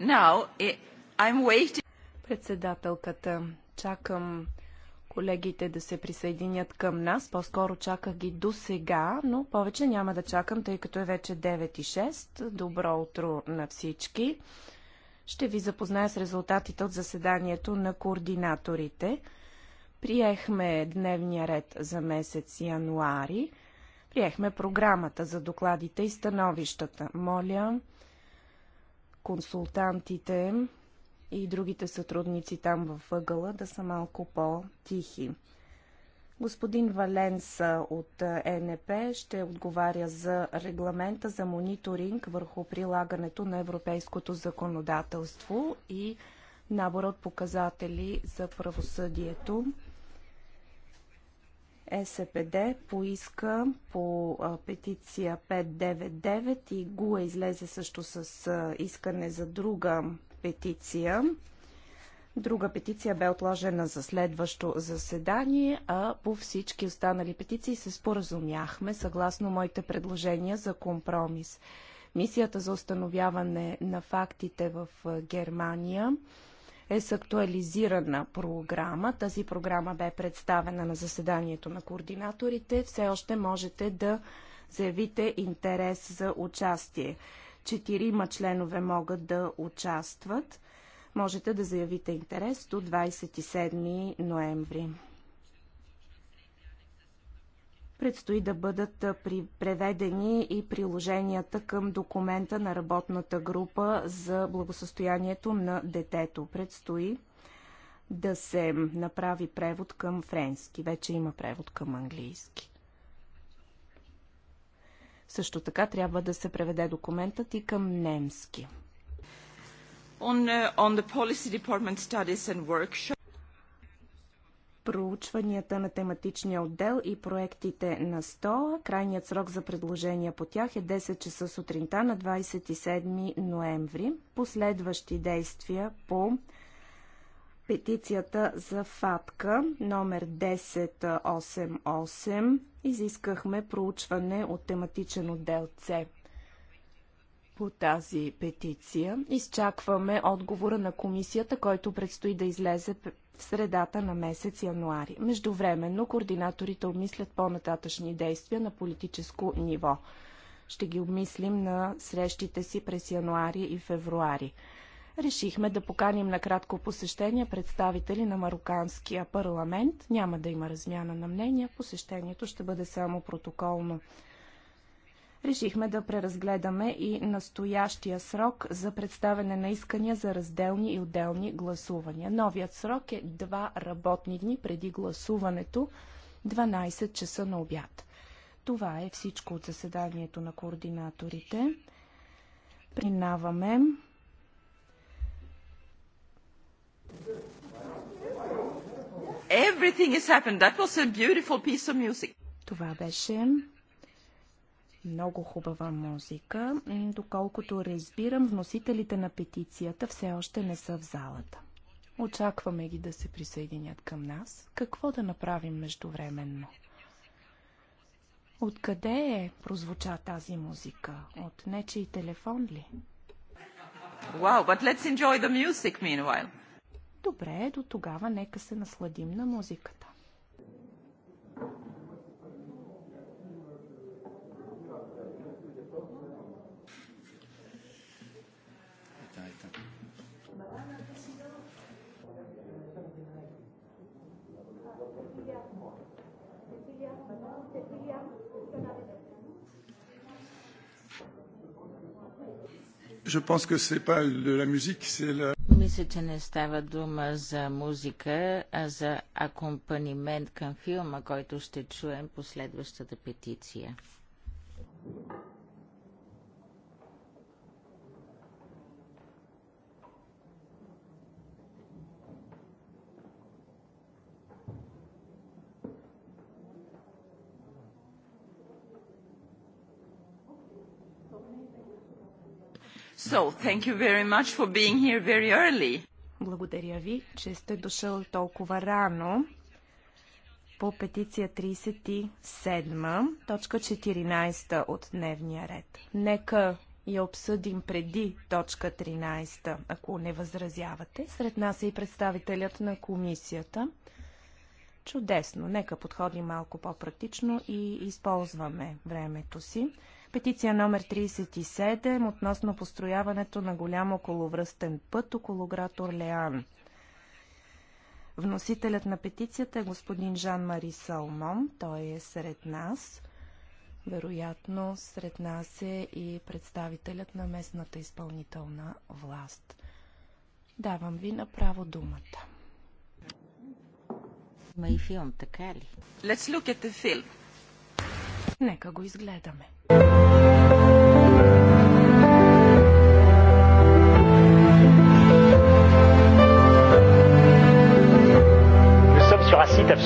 Now, I'm waiting. Председателката, чакам колегите да се присъединят към нас. По-скоро чаках ги до сега, но повече няма да чакам, тъй като е вече 9 и 6. Добро утро на всички. Ще ви запозная с резултатите от заседанието на координаторите. Приехме дневния ред за месец януари. Приехме програмата за докладите и становищата. Моля, консултантите и другите сътрудници там във въгъла да са малко по-тихи. Господин Валенса от ЕНП ще отговаря за регламента за мониторинг върху прилагането на европейското законодателство и набора от показатели за правосъдието. СПД поиска по петиция 599 и ГУА излезе също с искане за друга петиция. Друга петиция бе отложена за следващо заседание, а по всички останали петиции се споразумяхме съгласно моите предложения за компромис. Мисията за установяване на фактите в Германия – е с актуализирана програма. Тази програма бе представена на заседанието на координаторите. Все още можете да заявите интерес за участие. Четирима членове могат да участват. Можете да заявите интерес до 27 ноември. Предстои да бъдат преведени и приложенията към документа на работната група за благосъстоянието на детето. Предстои да се направи превод към френски. Вече има превод към английски. Също така трябва да се преведе документът и към немски. On, uh, on the policy department studies and workshops проучванията на тематичния отдел и проектите на СТОА. Крайният срок за предложения по тях е 10 часа сутринта на 27 ноември. Последващи действия по петицията за ФАТКА номер 1088 изискахме проучване от тематичен отдел С по тази петиция. Изчакваме отговора на комисията, който предстои да излезе в средата на месец януари. Междувременно координаторите обмислят по-нататъчни действия на политическо ниво. Ще ги обмислим на срещите си през януари и февруари. Решихме да поканим на кратко посещение представители на мароканския парламент. Няма да има размяна на мнения, посещението ще бъде само протоколно решихме да преразгледаме и настоящия срок за представяне на искания за разделни и отделни гласувания. Новият срок е два работни дни преди гласуването, 12 часа на обяд. Това е всичко от заседанието на координаторите. Принаваме. Everything has happened. That was a beautiful piece of music. Това беше много хубава музика. Доколкото разбирам, вносителите на петицията все още не са в залата. Очакваме ги да се присъединят към нас. Какво да направим междувременно? Откъде е прозвуча тази музика? От нечи и телефон ли? Wow, but let's enjoy the music meanwhile. Добре, до тогава нека се насладим на музиката. Je pense que c'est pas de la musique, c'est la... Мисля, че не става дума за музика, а за акомпанимент към филма, който ще чуем по следващата петиция. So, thank you very much for being here very early. Благодаря ви, че сте дошъл толкова рано по петиция 37, точка 14 от дневния ред. Нека я обсъдим преди точка 13, ако не възразявате. Сред нас е и представителят на комисията. Чудесно, нека подходим малко по-практично и използваме времето си. Петиция номер 37 относно построяването на голям околовръстен път около град Орлеан. Вносителят на петицията е господин Жан-Мари Салмон. Той е сред нас. Вероятно, сред нас е и представителят на местната изпълнителна власт. Давам ви направо думата. Ма и филм, така е ли? Let's look at the film. Нека го изгледаме.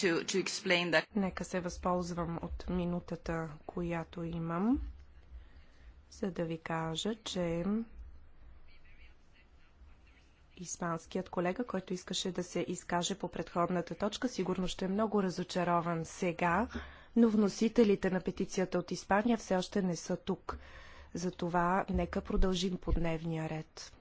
To, to Нека се възползвам от минутата, която имам, за да ви кажа, че испанският колега, който искаше да се изкаже по предходната точка, сигурно ще е много разочарован сега, но вносителите на петицията от Испания все още не са тук. Затова нека продължим по дневния ред.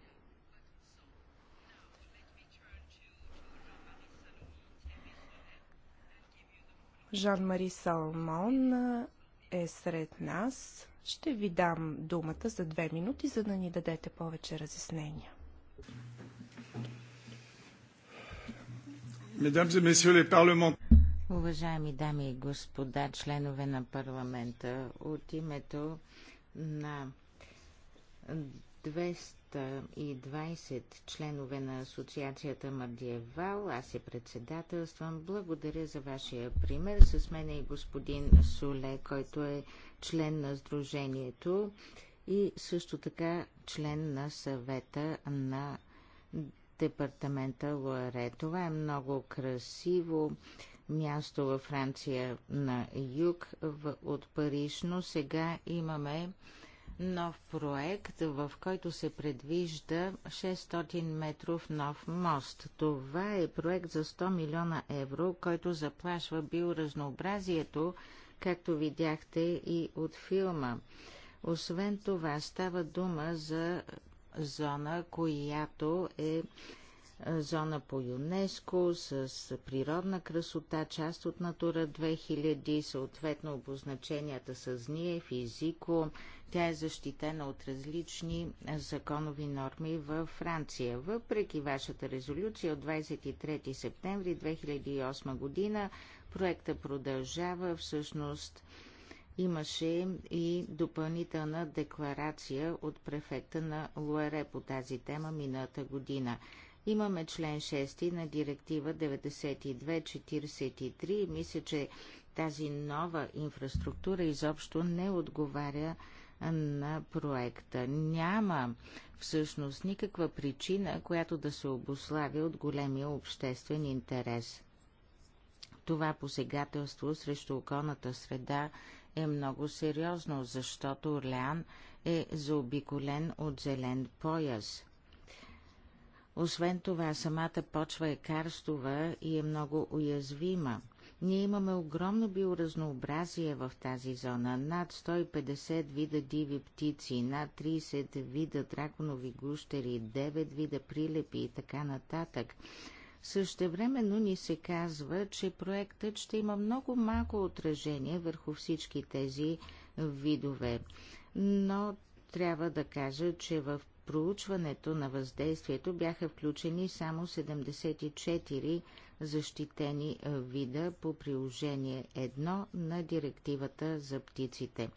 Жан-Мари Салмон е сред нас. Ще ви дам думата за две минути, за да ни дадете повече разяснения. Уважаеми дами и господа, членове на парламента, от името на 220 членове на Асоциацията Мадиевал. Аз се председателствам. Благодаря за вашия пример. С мен е и господин Соле, който е член на Сдружението и също така член на съвета на департамента Луаре. Това е много красиво място във Франция на юг от Париж, но сега имаме нов проект, в който се предвижда 600 метров нов мост. Това е проект за 100 милиона евро, който заплашва биоразнообразието, както видяхте и от филма. Освен това, става дума за зона, която е, е зона по ЮНЕСКо с природна красота, част от Натура 2000, съответно обозначенията с НИЕ, физико, тя е защитена от различни законови норми във Франция. Въпреки вашата резолюция от 23 септември 2008 година, проекта продължава. Всъщност имаше и допълнителна декларация от префекта на Луаре по тази тема мината година. Имаме член 6 на директива 9243 и мисля, че тази нова инфраструктура изобщо не отговаря на проекта. Няма всъщност никаква причина, която да се обославя от големия обществен интерес. Това посегателство срещу околната среда е много сериозно, защото Орлеан е заобиколен от зелен пояс. Освен това, самата почва е карстова и е много уязвима. Ние имаме огромно биоразнообразие в тази зона. Над 150 вида диви птици, над 30 вида драконови гущери, 9 вида прилепи и така нататък. Същевременно ни се казва, че проектът ще има много малко отражение върху всички тези видове. Но трябва да кажа, че в проучването на въздействието бяха включени само 74 защитени вида по приложение 1 на директивата за птиците.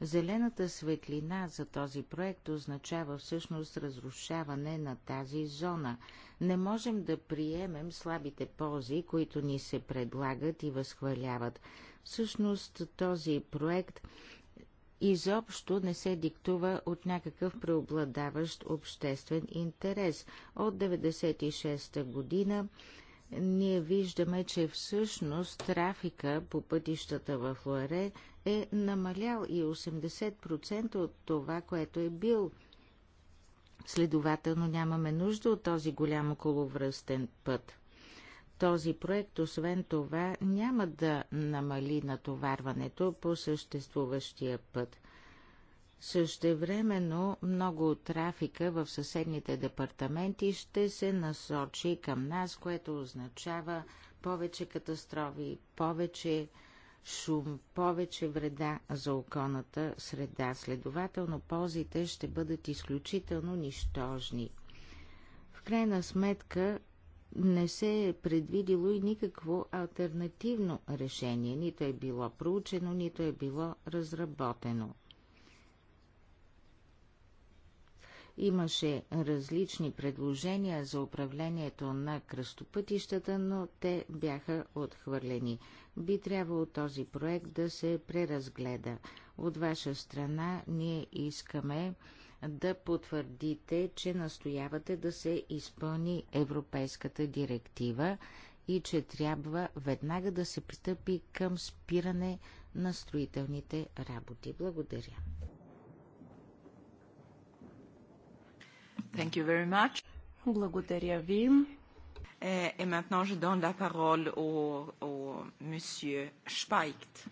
Зелената светлина за този проект означава всъщност разрушаване на тази зона. Не можем да приемем слабите ползи, които ни се предлагат и възхваляват. Всъщност този проект изобщо не се диктува от някакъв преобладаващ обществен интерес. От 1996 година ние виждаме, че всъщност трафика по пътищата в Луаре е намалял и 80% от това, което е бил. Следователно нямаме нужда от този голям околовръстен път. Този проект, освен това, няма да намали натоварването по съществуващия път. Същевременно много от трафика в съседните департаменти ще се насочи към нас, което означава повече катастрофи, повече шум, повече вреда за околната среда. Следователно, ползите ще бъдат изключително нищожни. В крайна сметка, не се е предвидило и никакво альтернативно решение, нито е било проучено, нито е било разработено. Имаше различни предложения за управлението на кръстопътищата, но те бяха отхвърлени. Би трябвало този проект да се преразгледа. От ваша страна ние искаме да потвърдите, че настоявате да се изпълни Европейската директива и че трябва веднага да се пристъпи към спиране на строителните работи. Благодаря. Thank you very much. Благодаря ви. Et е, е, maintenant, je donne la parole au, au monsieur Speicht.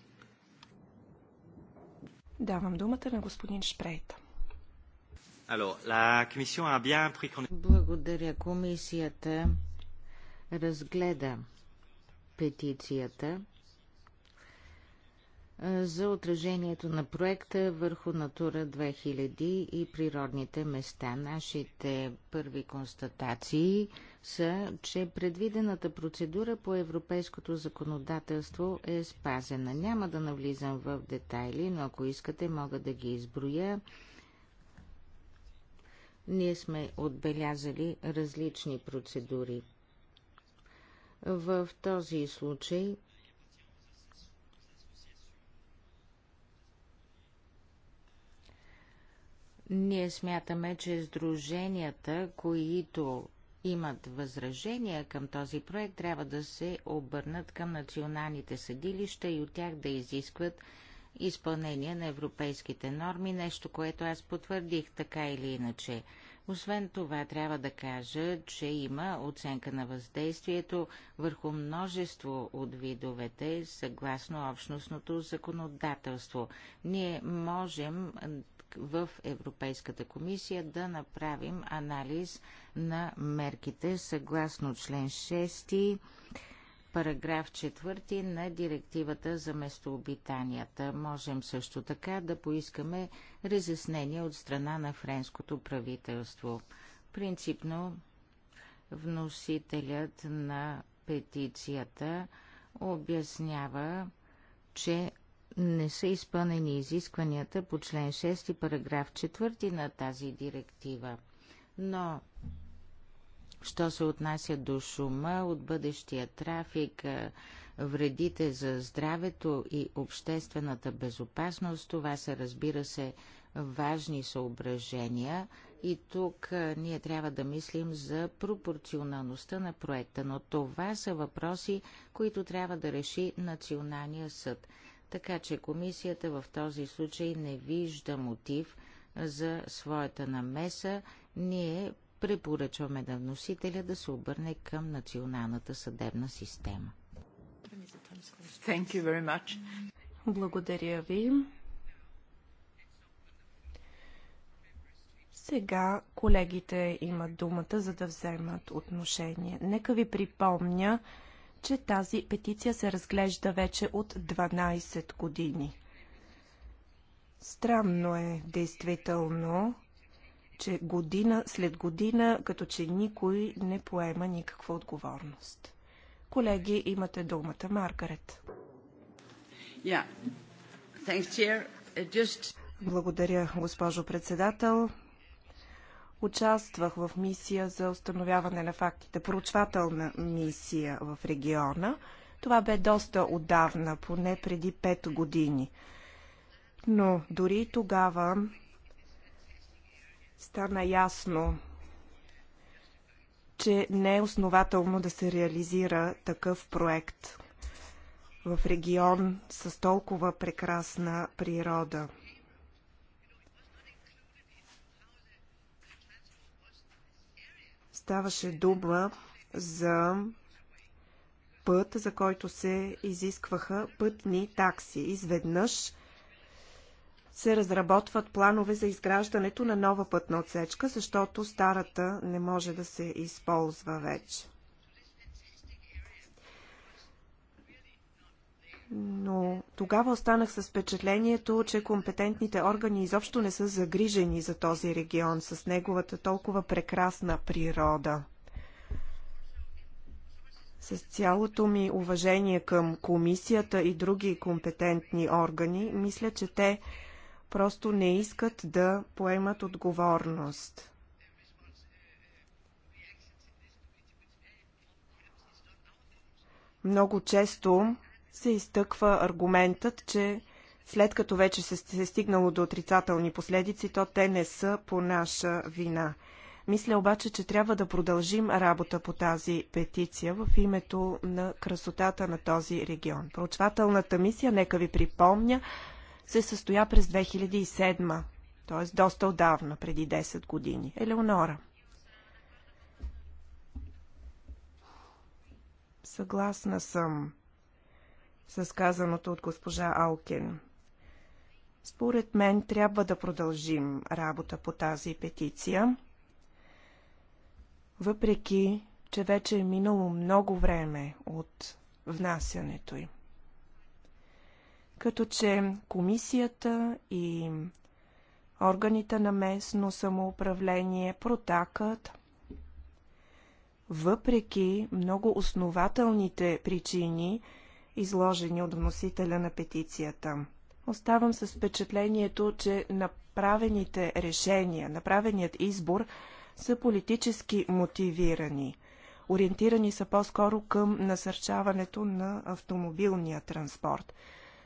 Давам думата на господин Шпрейт. Благодаря. Комисията разгледа петицията за отражението на проекта върху Натура 2000 и природните места. Нашите първи констатации са, че предвидената процедура по европейското законодателство е спазена. Няма да навлизам в детайли, но ако искате, мога да ги изброя. Ние сме отбелязали различни процедури. В този случай Ние смятаме, че сдруженията, които имат възражения към този проект, трябва да се обърнат към националните съдилища и от тях да изискват изпълнение на европейските норми, нещо, което аз потвърдих така или иначе. Освен това, трябва да кажа, че има оценка на въздействието върху множество от видовете, съгласно общностното законодателство. Ние можем в Европейската комисия да направим анализ на мерките съгласно член 6 параграф 4 на директивата за местообитанията. Можем също така да поискаме разяснение от страна на френското правителство. Принципно вносителят на петицията обяснява, че не са изпълнени изискванията по член 6 параграф 4 на тази директива. Но, що се отнася до шума от бъдещия трафик, вредите за здравето и обществената безопасност, това са, разбира се, важни съображения и тук ние трябва да мислим за пропорционалността на проекта, но това са въпроси, които трябва да реши Националния съд така че комисията в този случай не вижда мотив за своята намеса. Ние препоръчваме на вносителя да се обърне към националната съдебна система. Благодаря ви. Сега колегите имат думата, за да вземат отношение. Нека ви припомня, че тази петиция се разглежда вече от 12 години. Странно е, действително, че година след година, като че никой не поема никаква отговорност. Колеги, имате думата, Маргарет. Yeah. Thanks, Just... Благодаря, госпожо председател. Участвах в мисия за установяване на фактите, проучвателна мисия в региона. Това бе доста отдавна, поне преди 5 години. Но дори тогава стана ясно, че не е основателно да се реализира такъв проект в регион с толкова прекрасна природа. ставаше дума за път, за който се изискваха пътни такси. Изведнъж се разработват планове за изграждането на нова пътна отсечка, защото старата не може да се използва вече. но тогава останах с впечатлението, че компетентните органи изобщо не са загрижени за този регион с неговата толкова прекрасна природа. С цялото ми уважение към комисията и други компетентни органи, мисля, че те просто не искат да поемат отговорност. Много често се изтъква аргументът, че след като вече се, е стигнало до отрицателни последици, то те не са по наша вина. Мисля обаче, че трябва да продължим работа по тази петиция в името на красотата на този регион. Проучвателната мисия, нека ви припомня, се състоя през 2007, т.е. доста отдавна, преди 10 години. Елеонора. Съгласна съм с казаното от госпожа Алкин. Според мен трябва да продължим работа по тази петиция, въпреки, че вече е минало много време от внасянето й. Като че комисията и органите на местно самоуправление протакат, въпреки много основателните причини, изложени от вносителя на петицията. Оставам с впечатлението, че направените решения, направеният избор са политически мотивирани. Ориентирани са по-скоро към насърчаването на автомобилния транспорт,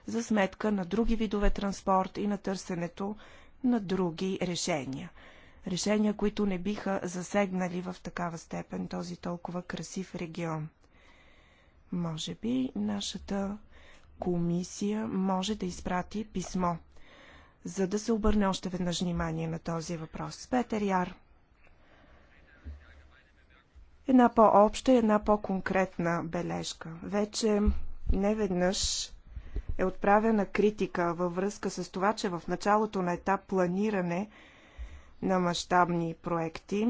за сметка на други видове транспорт и на търсенето на други решения. Решения, които не биха засегнали в такава степен този толкова красив регион. Може би нашата комисия може да изпрати писмо, за да се обърне още веднъж внимание на този въпрос. Петър Яр. Една по-обща и една по-конкретна бележка. Вече не веднъж е отправена критика във връзка с това, че в началото на етап планиране на мащабни проекти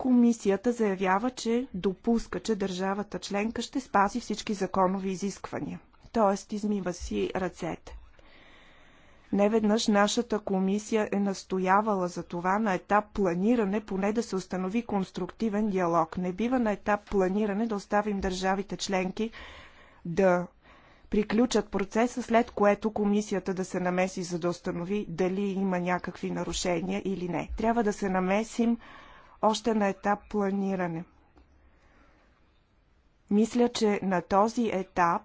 комисията заявява, че допуска, че държавата членка ще спази всички законови изисквания. Тоест, измива си ръцете. Неведнъж нашата комисия е настоявала за това на етап планиране поне да се установи конструктивен диалог. Не бива на етап планиране да оставим държавите членки да приключат процеса, след което комисията да се намеси, за да установи дали има някакви нарушения или не. Трябва да се намесим още на етап планиране. Мисля, че на този етап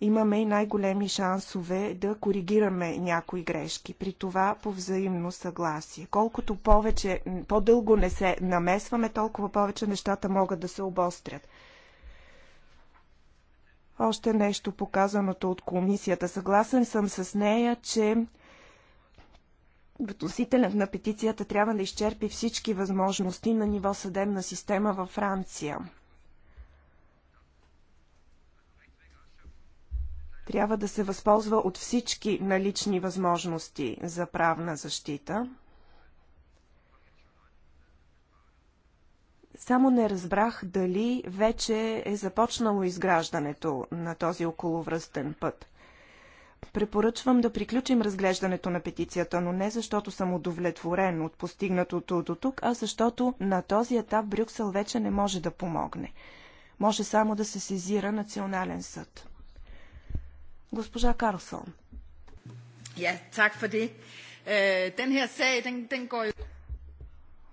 имаме и най-големи шансове да коригираме някои грешки, при това по взаимно съгласие. Колкото повече, по-дълго не се намесваме, толкова повече нещата могат да се обострят. Още нещо показаното от комисията. Съгласен съм с нея, че Вносителят на петицията трябва да изчерпи всички възможности на ниво съдебна система във Франция. Трябва да се възползва от всички налични възможности за правна защита. Само не разбрах дали вече е започнало изграждането на този околовръстен път. Препоръчвам да приключим разглеждането на петицията, но не защото съм удовлетворен от постигнатото до тук, а защото на този етап Брюксел вече не може да помогне. Може само да се сезира Национален съд. Госпожа Карлсон. Øh,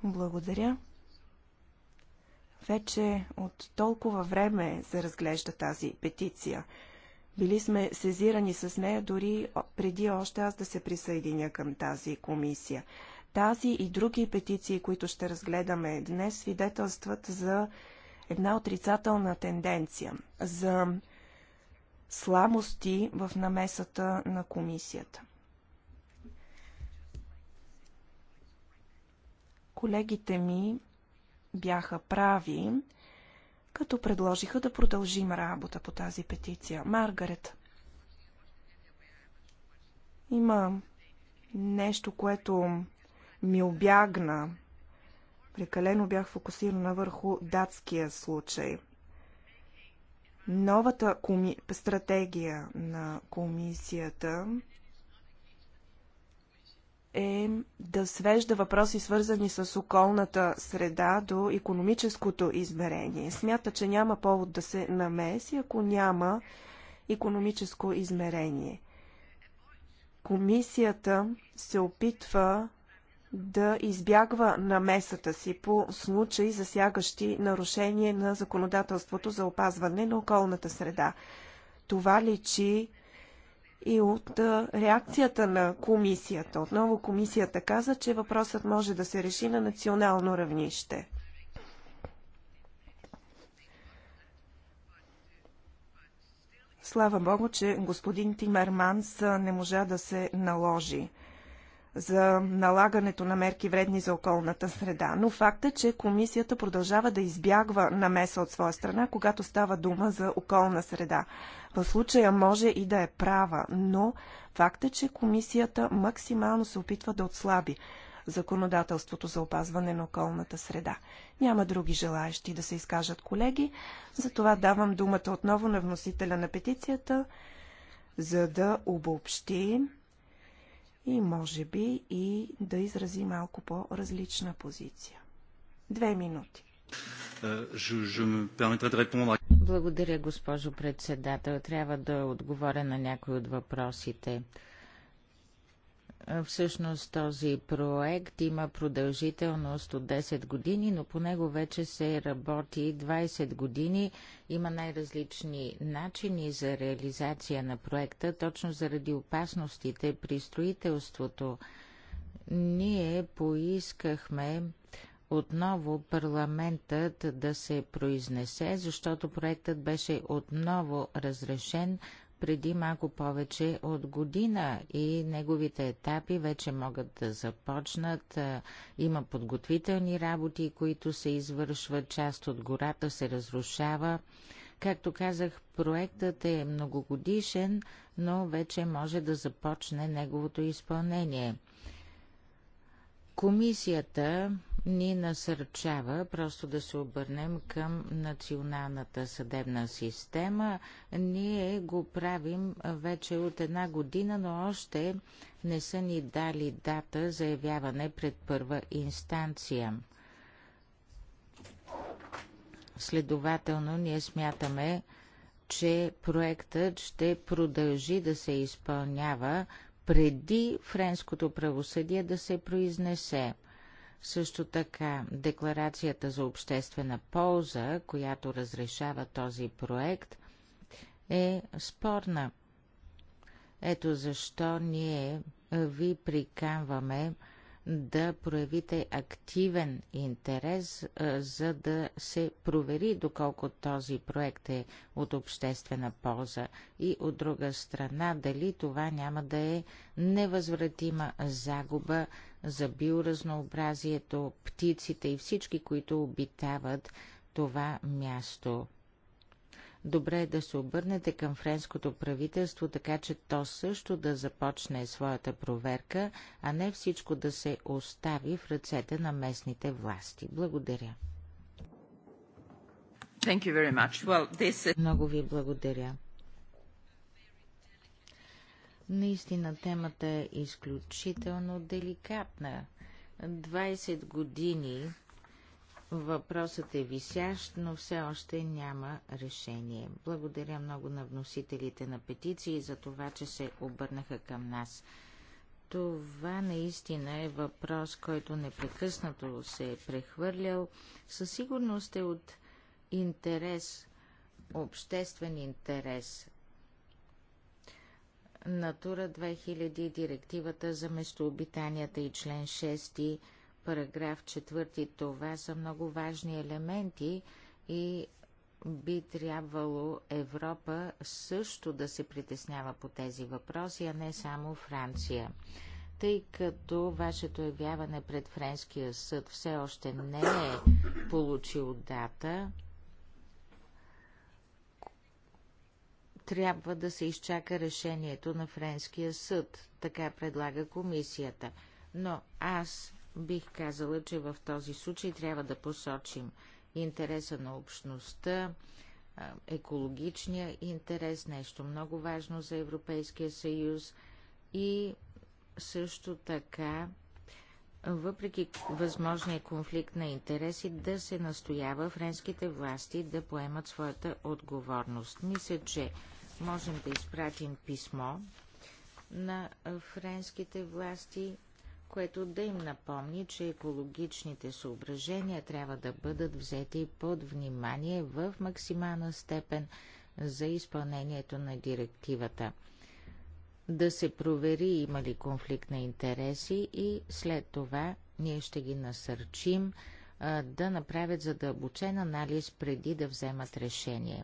Благодаря. Вече от толкова време се разглежда тази петиция. Били сме сезирани с нея дори преди още аз да се присъединя към тази комисия. Тази и други петиции, които ще разгледаме днес, свидетелстват за една отрицателна тенденция, за слабости в намесата на комисията. Колегите ми бяха прави, като предложиха да продължим работа по тази петиция. Маргарет, има нещо, което ми обягна. Прекалено бях фокусирана върху датския случай. Новата коми... стратегия на комисията е да свежда въпроси, свързани с околната среда, до економическото измерение. Смята, че няма повод да се намеси, ако няма економическо измерение. Комисията се опитва да избягва намесата си по случаи, засягащи нарушение на законодателството за опазване на околната среда. Това личи и от реакцията на комисията. Отново комисията каза, че въпросът може да се реши на национално равнище. Слава Богу, че господин Тимерманс не можа да се наложи за налагането на мерки вредни за околната среда, но факт е, че комисията продължава да избягва намеса от своя страна, когато става дума за околна среда. В случая може и да е права, но факт е, че комисията максимално се опитва да отслаби законодателството за опазване на околната среда. Няма други желаящи да се изкажат колеги, затова давам думата отново на вносителя на петицията, за да обобщи и може би и да изрази малко по-различна позиция. Две минути. Е, Благодаря, госпожо председател. Трябва да отговоря на някои от въпросите. Всъщност този проект има продължителност от 10 години, но по него вече се работи 20 години. Има най-различни начини за реализация на проекта, точно заради опасностите при строителството. Ние поискахме отново парламентът да се произнесе, защото проектът беше отново разрешен преди малко повече от година и неговите етапи вече могат да започнат. Има подготвителни работи, които се извършват, част от гората се разрушава. Както казах, проектът е многогодишен, но вече може да започне неговото изпълнение. Комисията ни насърчава просто да се обърнем към националната съдебна система. Ние го правим вече от една година, но още не са ни дали дата за явяване пред първа инстанция. Следователно, ние смятаме, че проектът ще продължи да се изпълнява преди френското правосъдие да се произнесе – също така декларацията за обществена полза, която разрешава този проект, е спорна. Ето защо ние ви приканваме да проявите активен интерес, за да се провери доколко този проект е от обществена полза и от друга страна дали това няма да е невъзвратима загуба за биоразнообразието, птиците и всички, които обитават това място. Добре е да се обърнете към френското правителство, така че то също да започне своята проверка, а не всичко да се остави в ръцете на местните власти. Благодаря. Well, this... Много ви благодаря. Наистина темата е изключително деликатна. 20 години въпросът е висящ, но все още няма решение. Благодаря много на вносителите на петиции за това, че се обърнаха към нас. Това наистина е въпрос, който непрекъснато се е прехвърлял. Със сигурност е от интерес, обществен интерес Натура 2000, директивата за местообитанията и член 6, параграф 4. Това са много важни елементи и би трябвало Европа също да се притеснява по тези въпроси, а не само Франция. Тъй като вашето явяване пред Френския съд все още не е получил дата, трябва да се изчака решението на Френския съд, така предлага комисията. Но аз бих казала, че в този случай трябва да посочим интереса на общността, екологичния интерес, нещо много важно за Европейския съюз и също така въпреки възможния конфликт на интереси, да се настоява френските власти да поемат своята отговорност. Мисля, че можем да изпратим писмо на френските власти, което да им напомни, че екологичните съображения трябва да бъдат взети под внимание в максимална степен за изпълнението на директивата да се провери има ли конфликт на интереси и след това ние ще ги насърчим да направят задълбочен анализ преди да вземат решение.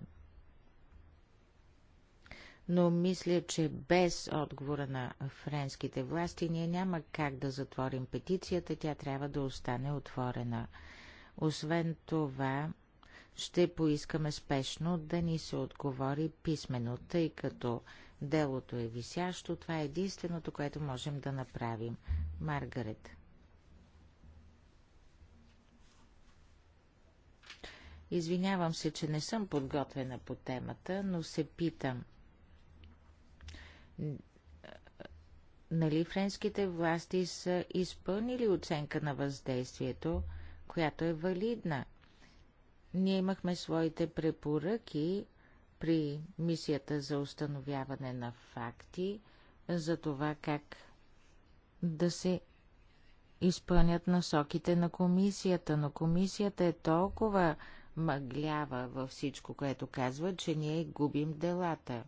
Но мисля, че без отговора на френските власти ние няма как да затворим петицията, тя трябва да остане отворена. Освен това, ще поискаме спешно да ни се отговори писменно, тъй като Делото е висящо. Това е единственото, което можем да направим. Маргарет. Извинявам се, че не съм подготвена по темата, но се питам. Нали френските власти са изпълнили оценка на въздействието, която е валидна? Ние имахме своите препоръки при мисията за установяване на факти за това как да се изпълнят насоките на комисията, но комисията е толкова мъглява във всичко, което казва, че ние губим делата.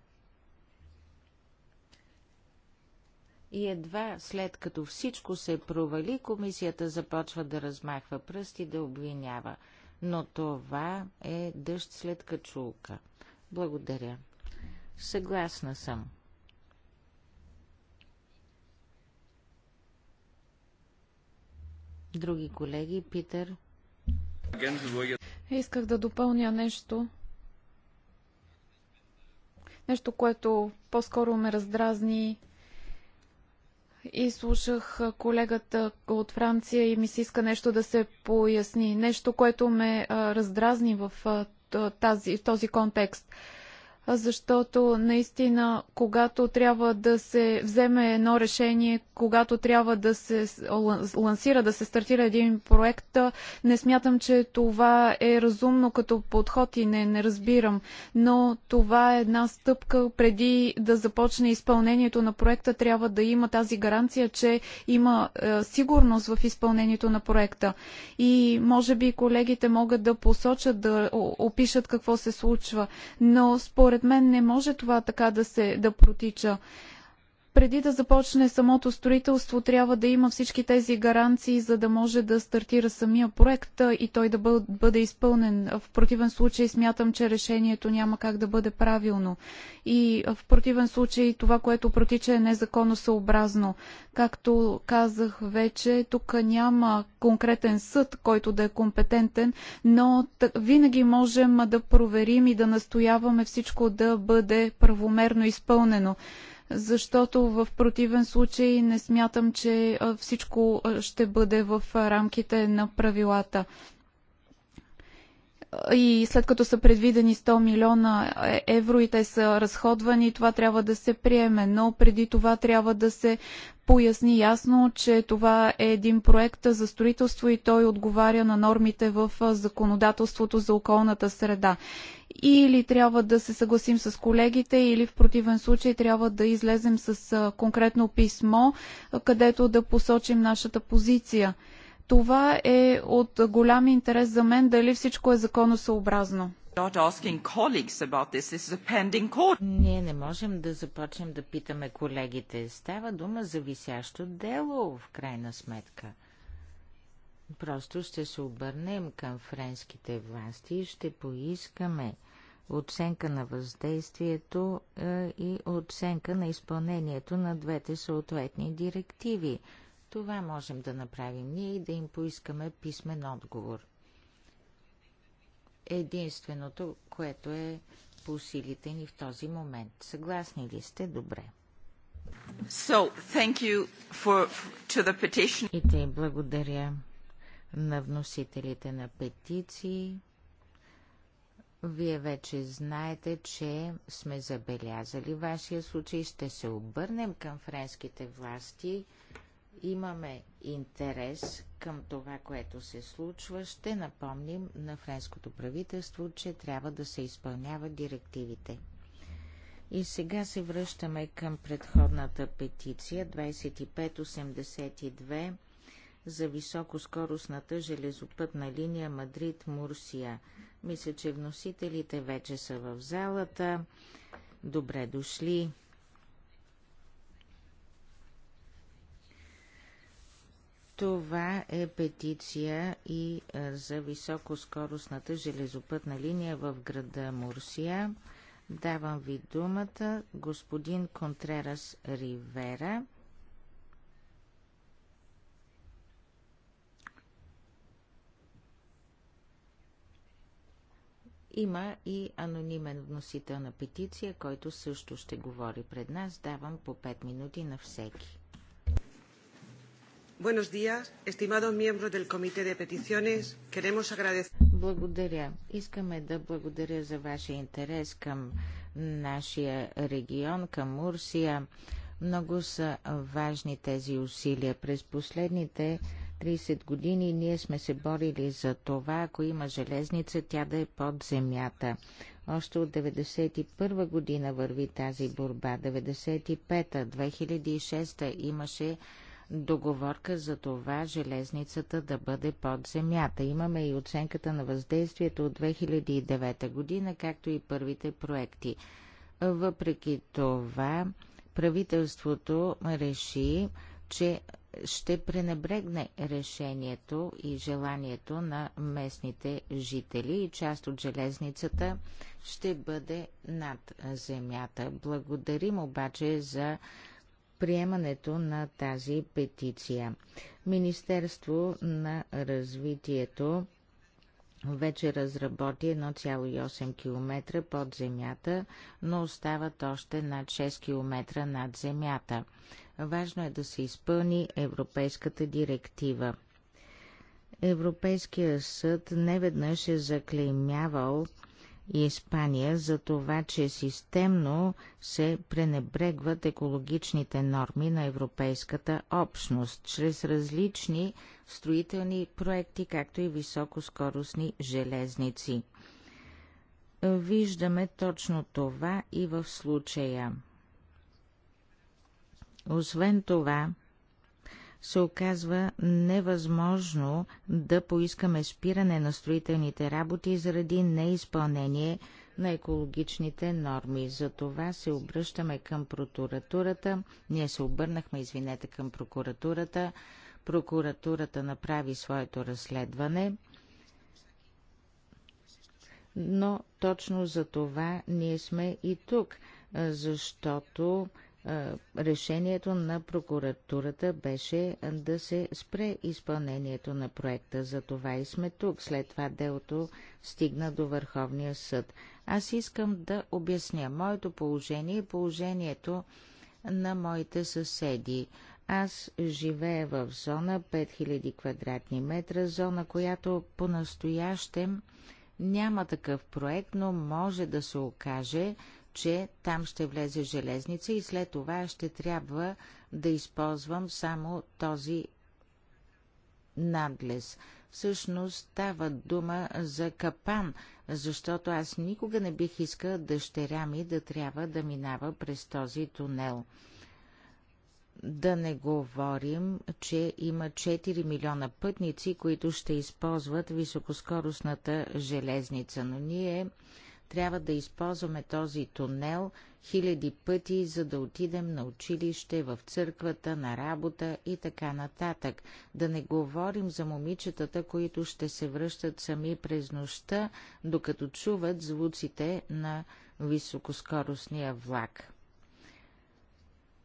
И едва след като всичко се провали, комисията започва да размахва пръсти, да обвинява. Но това е дъжд след качулка – благодаря. Съгласна съм. Други колеги, Питър. Исках да допълня нещо. Нещо, което по-скоро ме раздразни и слушах колегата от Франция и ми се иска нещо да се поясни. Нещо, което ме раздразни в тази, в този контекст защото наистина, когато трябва да се вземе едно решение, когато трябва да се лансира, да се стартира един проект, не смятам, че това е разумно като подход и не, не разбирам. Но това е една стъпка преди да започне изпълнението на проекта, трябва да има тази гаранция, че има е, сигурност в изпълнението на проекта. И може би колегите могат да посочат, да опишат какво се случва. Но според според мен не може това така да се да протича преди да започне самото строителство, трябва да има всички тези гаранции, за да може да стартира самия проект и той да бъде, изпълнен. В противен случай смятам, че решението няма как да бъде правилно. И в противен случай това, което протича е незаконосъобразно. Както казах вече, тук няма конкретен съд, който да е компетентен, но винаги можем да проверим и да настояваме всичко да бъде правомерно изпълнено защото в противен случай не смятам, че всичко ще бъде в рамките на правилата и след като са предвидени 100 милиона е, евро и те са разходвани, това трябва да се приеме. Но преди това трябва да се поясни ясно, че това е един проект за строителство и той отговаря на нормите в законодателството за околната среда или трябва да се съгласим с колегите, или в противен случай трябва да излезем с конкретно писмо, където да посочим нашата позиция. Това е от голям интерес за мен дали всичко е законосъобразно. Ние не можем да започнем да питаме колегите. Става дума за висящо дело, в крайна сметка. Просто ще се обърнем към френските власти и ще поискаме оценка на въздействието е, и оценка на изпълнението на двете съответни директиви. Това можем да направим ние и да им поискаме писмен отговор. Единственото, което е по силите ни в този момент. Съгласни ли сте? Добре. So, thank you for, to the petition. И те благодаря на вносителите на петиции. Вие вече знаете, че сме забелязали вашия случай. Ще се обърнем към френските власти. Имаме интерес към това, което се случва. Ще напомним на френското правителство, че трябва да се изпълняват директивите. И сега се връщаме към предходната петиция 2582 за високоскоростната железопътна линия Мадрид-Мурсия. Мисля, че вносителите вече са в залата. Добре дошли! Това е петиция и за високоскоростната железопътна линия в града Мурсия. Давам ви думата господин Контрерас Ривера. Има и анонимен вносител на петиция, който също ще говори пред нас. Давам по 5 минути на всеки. Buenos días, estimados miembros del Comité de Peticiones. Queremos agradecer. Благодаря. Искаме да благодаря за вашия интерес към нашия регион, към Мурсия. Много са важни тези усилия. През последните 30 години ние сме се борили за това, ако има железница, тя да е под земята. Още от 1991 година върви тази борба. 95-та, 2006-та имаше договорка за това железницата да бъде под земята. Имаме и оценката на въздействието от 2009 година, както и първите проекти. Въпреки това, правителството реши, че ще пренебрегне решението и желанието на местните жители и част от железницата ще бъде над земята. Благодарим обаче за приемането на тази петиция. Министерство на развитието вече разработи 1,8 км под земята, но остават още над 6 км над земята. Важно е да се изпълни Европейската директива. Европейския съд неведнъж е заклеймявал Испания за това, че системно се пренебрегват екологичните норми на Европейската общност чрез различни строителни проекти, както и високоскоростни железници. Виждаме точно това и в случая – освен това, се оказва невъзможно да поискаме спиране на строителните работи заради неизпълнение на екологичните норми. За това се обръщаме към прокуратурата. Ние се обърнахме, извинете, към прокуратурата. Прокуратурата направи своето разследване. Но точно за това ние сме и тук, защото решението на прокуратурата беше да се спре изпълнението на проекта. За това и сме тук. След това делото стигна до Върховния съд. Аз искам да обясня моето положение и положението на моите съседи. Аз живея в зона 5000 квадратни метра, зона, която по-настоящем няма такъв проект, но може да се окаже, че там ще влезе железница и след това ще трябва да използвам само този надлез. Всъщност става дума за капан, защото аз никога не бих искал дъщеря ми да трябва да минава през този тунел. Да не говорим, че има 4 милиона пътници, които ще използват високоскоростната железница, но ние трябва да използваме този тунел хиляди пъти, за да отидем на училище, в църквата, на работа и така нататък. Да не говорим за момичетата, които ще се връщат сами през нощта, докато чуват звуците на високоскоростния влак.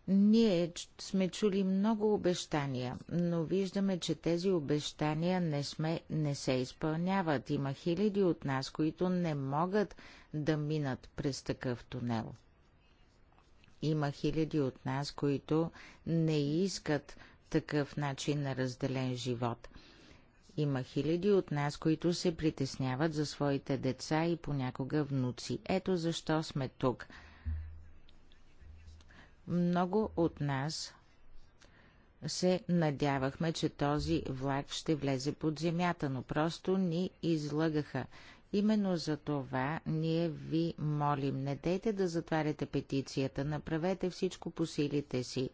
Ние сме чули много обещания, но виждаме, че тези обещания не, сме, не се изпълняват. Има хиляди от нас, които не могат да минат през такъв тунел. Има хиляди от нас, които не искат такъв начин на разделен живот. Има хиляди от нас, които се притесняват за своите деца и понякога внуци. Ето защо сме тук – много от нас се надявахме, че този влак ще влезе под земята, но просто ни излъгаха. Именно за това ние ви молим, не дейте да затваряте петицията, направете всичко по силите си.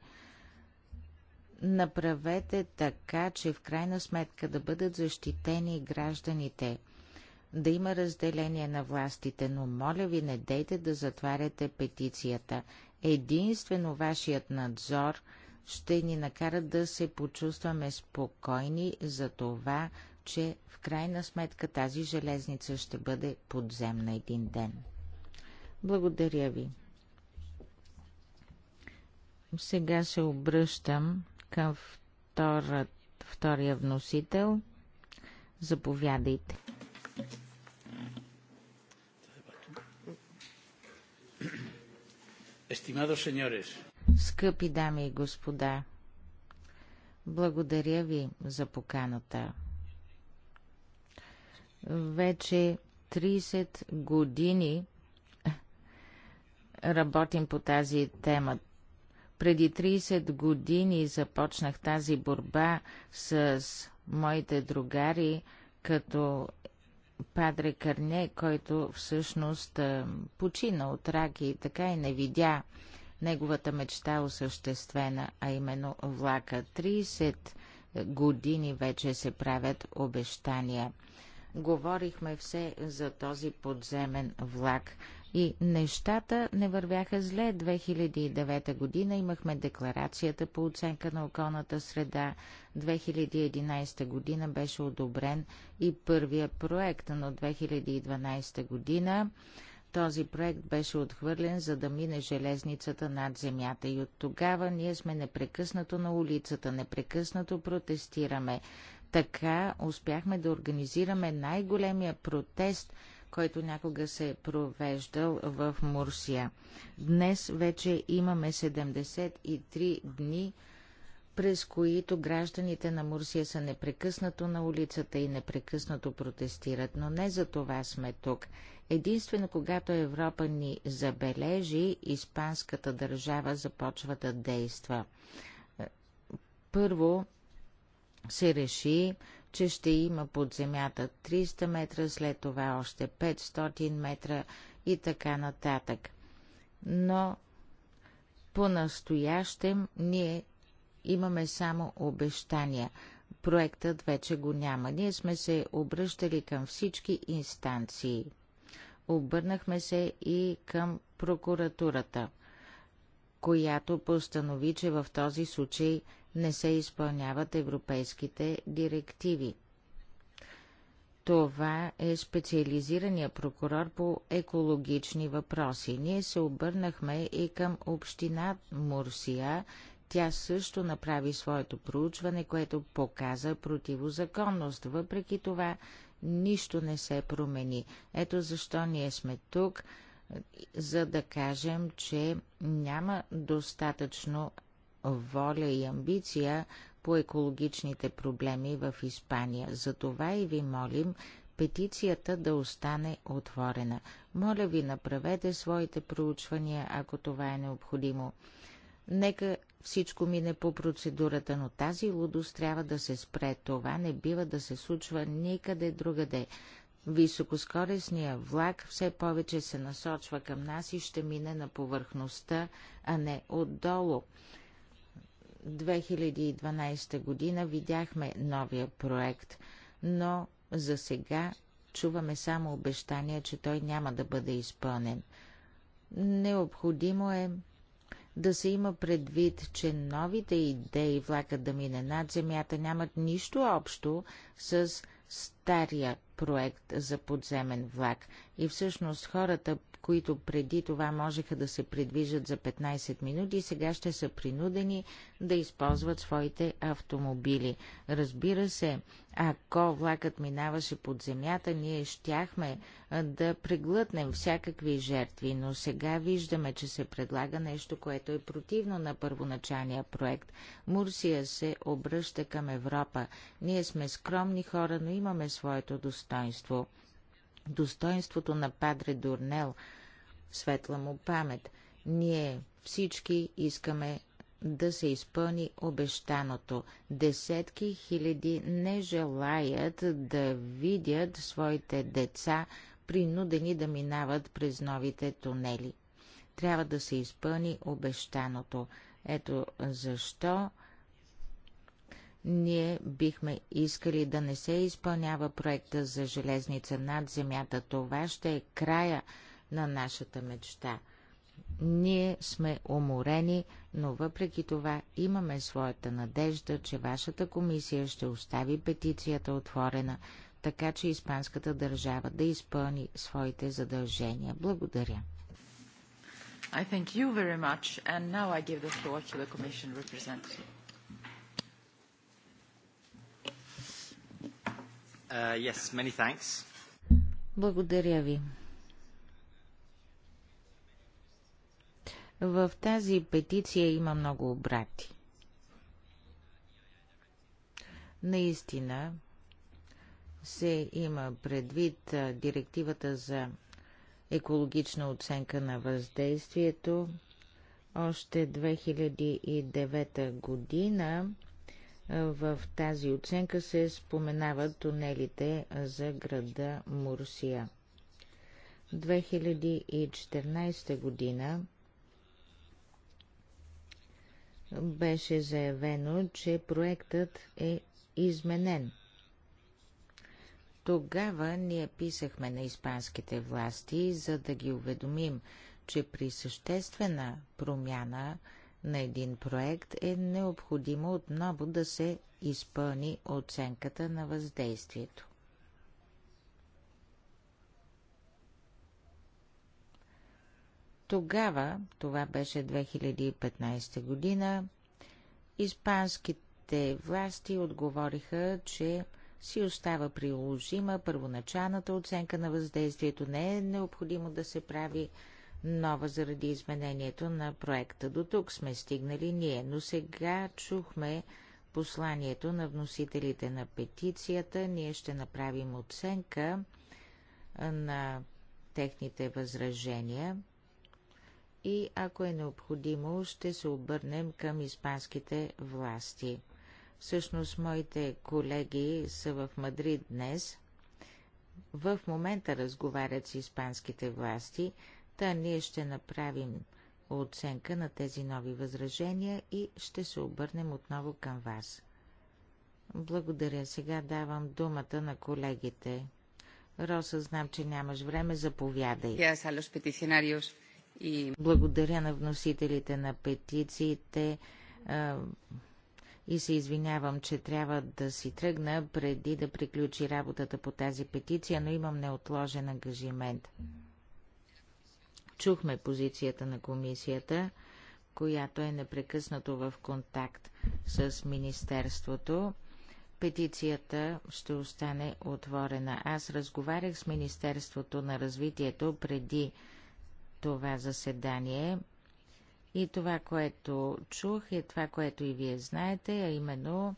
Направете така, че в крайна сметка да бъдат защитени гражданите, да има разделение на властите, но моля ви, не дейте да затваряте петицията единствено вашият надзор ще ни накара да се почувстваме спокойни за това, че в крайна сметка тази железница ще бъде подземна един ден. Благодаря ви. Сега се обръщам към втора, втория вносител. Заповядайте. Estimados señores. Скъпи дами и господа, благодаря ви за поканата. Вече 30 години работим по тази тема. Преди 30 години започнах тази борба с моите другари, като Падре Карне, който всъщност почина от рак и така и не видя неговата мечта осъществена, а именно влака. 30 години вече се правят обещания. Говорихме все за този подземен влак и нещата не вървяха зле. 2009 година имахме декларацията по оценка на околната среда. 2011 година беше одобрен и първия проект, но 2012 година този проект беше отхвърлен, за да мине железницата над земята и от тогава ние сме непрекъснато на улицата, непрекъснато протестираме. Така успяхме да организираме най-големия протест – който някога се е провеждал в Мурсия. Днес вече имаме 73 дни, през които гражданите на Мурсия са непрекъснато на улицата и непрекъснато протестират, но не за това сме тук. Единствено, когато Европа ни забележи, испанската държава започва да действа. Първо се реши че ще има под земята 300 метра, след това още 500 метра и така нататък. Но по-настоящем ние имаме само обещания. Проектът вече го няма. Ние сме се обръщали към всички инстанции. Обърнахме се и към прокуратурата, която постанови, че в този случай не се изпълняват европейските директиви. Това е специализирания прокурор по екологични въпроси. Ние се обърнахме и към община Мурсия. Тя също направи своето проучване, което показа противозаконност. Въпреки това, нищо не се промени. Ето защо ние сме тук, за да кажем, че няма достатъчно воля и амбиция по екологичните проблеми в Испания. Затова и ви молим петицията да остане отворена. Моля ви, направете своите проучвания, ако това е необходимо. Нека всичко мине по процедурата, но тази лудост трябва да се спре. Това не бива да се случва никъде другаде. Високоскоресният влак все повече се насочва към нас и ще мине на повърхността, а не отдолу. 2012 година видяхме новия проект, но за сега чуваме само обещания, че той няма да бъде изпълнен. Необходимо е да се има предвид, че новите идеи влака да мине над земята нямат нищо общо с стария проект за подземен влак. И всъщност хората, които преди това можеха да се придвижат за 15 минути, сега ще са принудени да използват своите автомобили. Разбира се, ако влакът минаваше под земята, ние щяхме да преглътнем всякакви жертви, но сега виждаме, че се предлага нещо, което е противно на първоначалния проект. Мурсия се обръща към Европа. Ние сме скромни хора, но имаме своето достоинство. Достоинството на Падре Дурнел, светла му памет, ние всички искаме да се изпълни обещаното. Десетки хиляди не желаят да видят своите деца принудени да минават през новите тунели. Трябва да се изпълни обещаното. Ето защо ние бихме искали да не се изпълнява проекта за железница над земята. Това ще е края на нашата мечта. Ние сме уморени, но въпреки това имаме своята надежда, че вашата комисия ще остави петицията отворена, така че испанската държава да изпълни своите задължения. Благодаря. I thank you very much and now I give the floor to the Commission representative. Uh, yes, many thanks. Благодаря ви. В тази петиция има много обрати. Наистина се има предвид директивата за екологична оценка на въздействието. Още 2009 година в тази оценка се споменават тунелите за града Мурсия. 2014 година беше заявено, че проектът е изменен. Тогава ние писахме на испанските власти, за да ги уведомим, че при съществена промяна – на един проект, е необходимо отново да се изпълни оценката на въздействието. Тогава, това беше 2015 година, испанските власти отговориха, че си остава приложима първоначалната оценка на въздействието. Не е необходимо да се прави нова заради изменението на проекта. До тук сме стигнали ние, но сега чухме посланието на вносителите на петицията. Ние ще направим оценка на техните възражения и ако е необходимо, ще се обърнем към испанските власти. Всъщност, моите колеги са в Мадрид днес. В момента разговарят с испанските власти, Та ние ще направим оценка на тези нови възражения и ще се обърнем отново към вас. Благодаря. Сега давам думата на колегите. Роса, знам, че нямаш време. Заповядай. Благодаря на вносителите на петициите и се извинявам, че трябва да си тръгна преди да приключи работата по тази петиция, но имам неотложен ангажимент. Чухме позицията на комисията, която е непрекъснато в контакт с Министерството. Петицията ще остане отворена. Аз разговарях с Министерството на развитието преди това заседание и това, което чух е това, което и вие знаете, а именно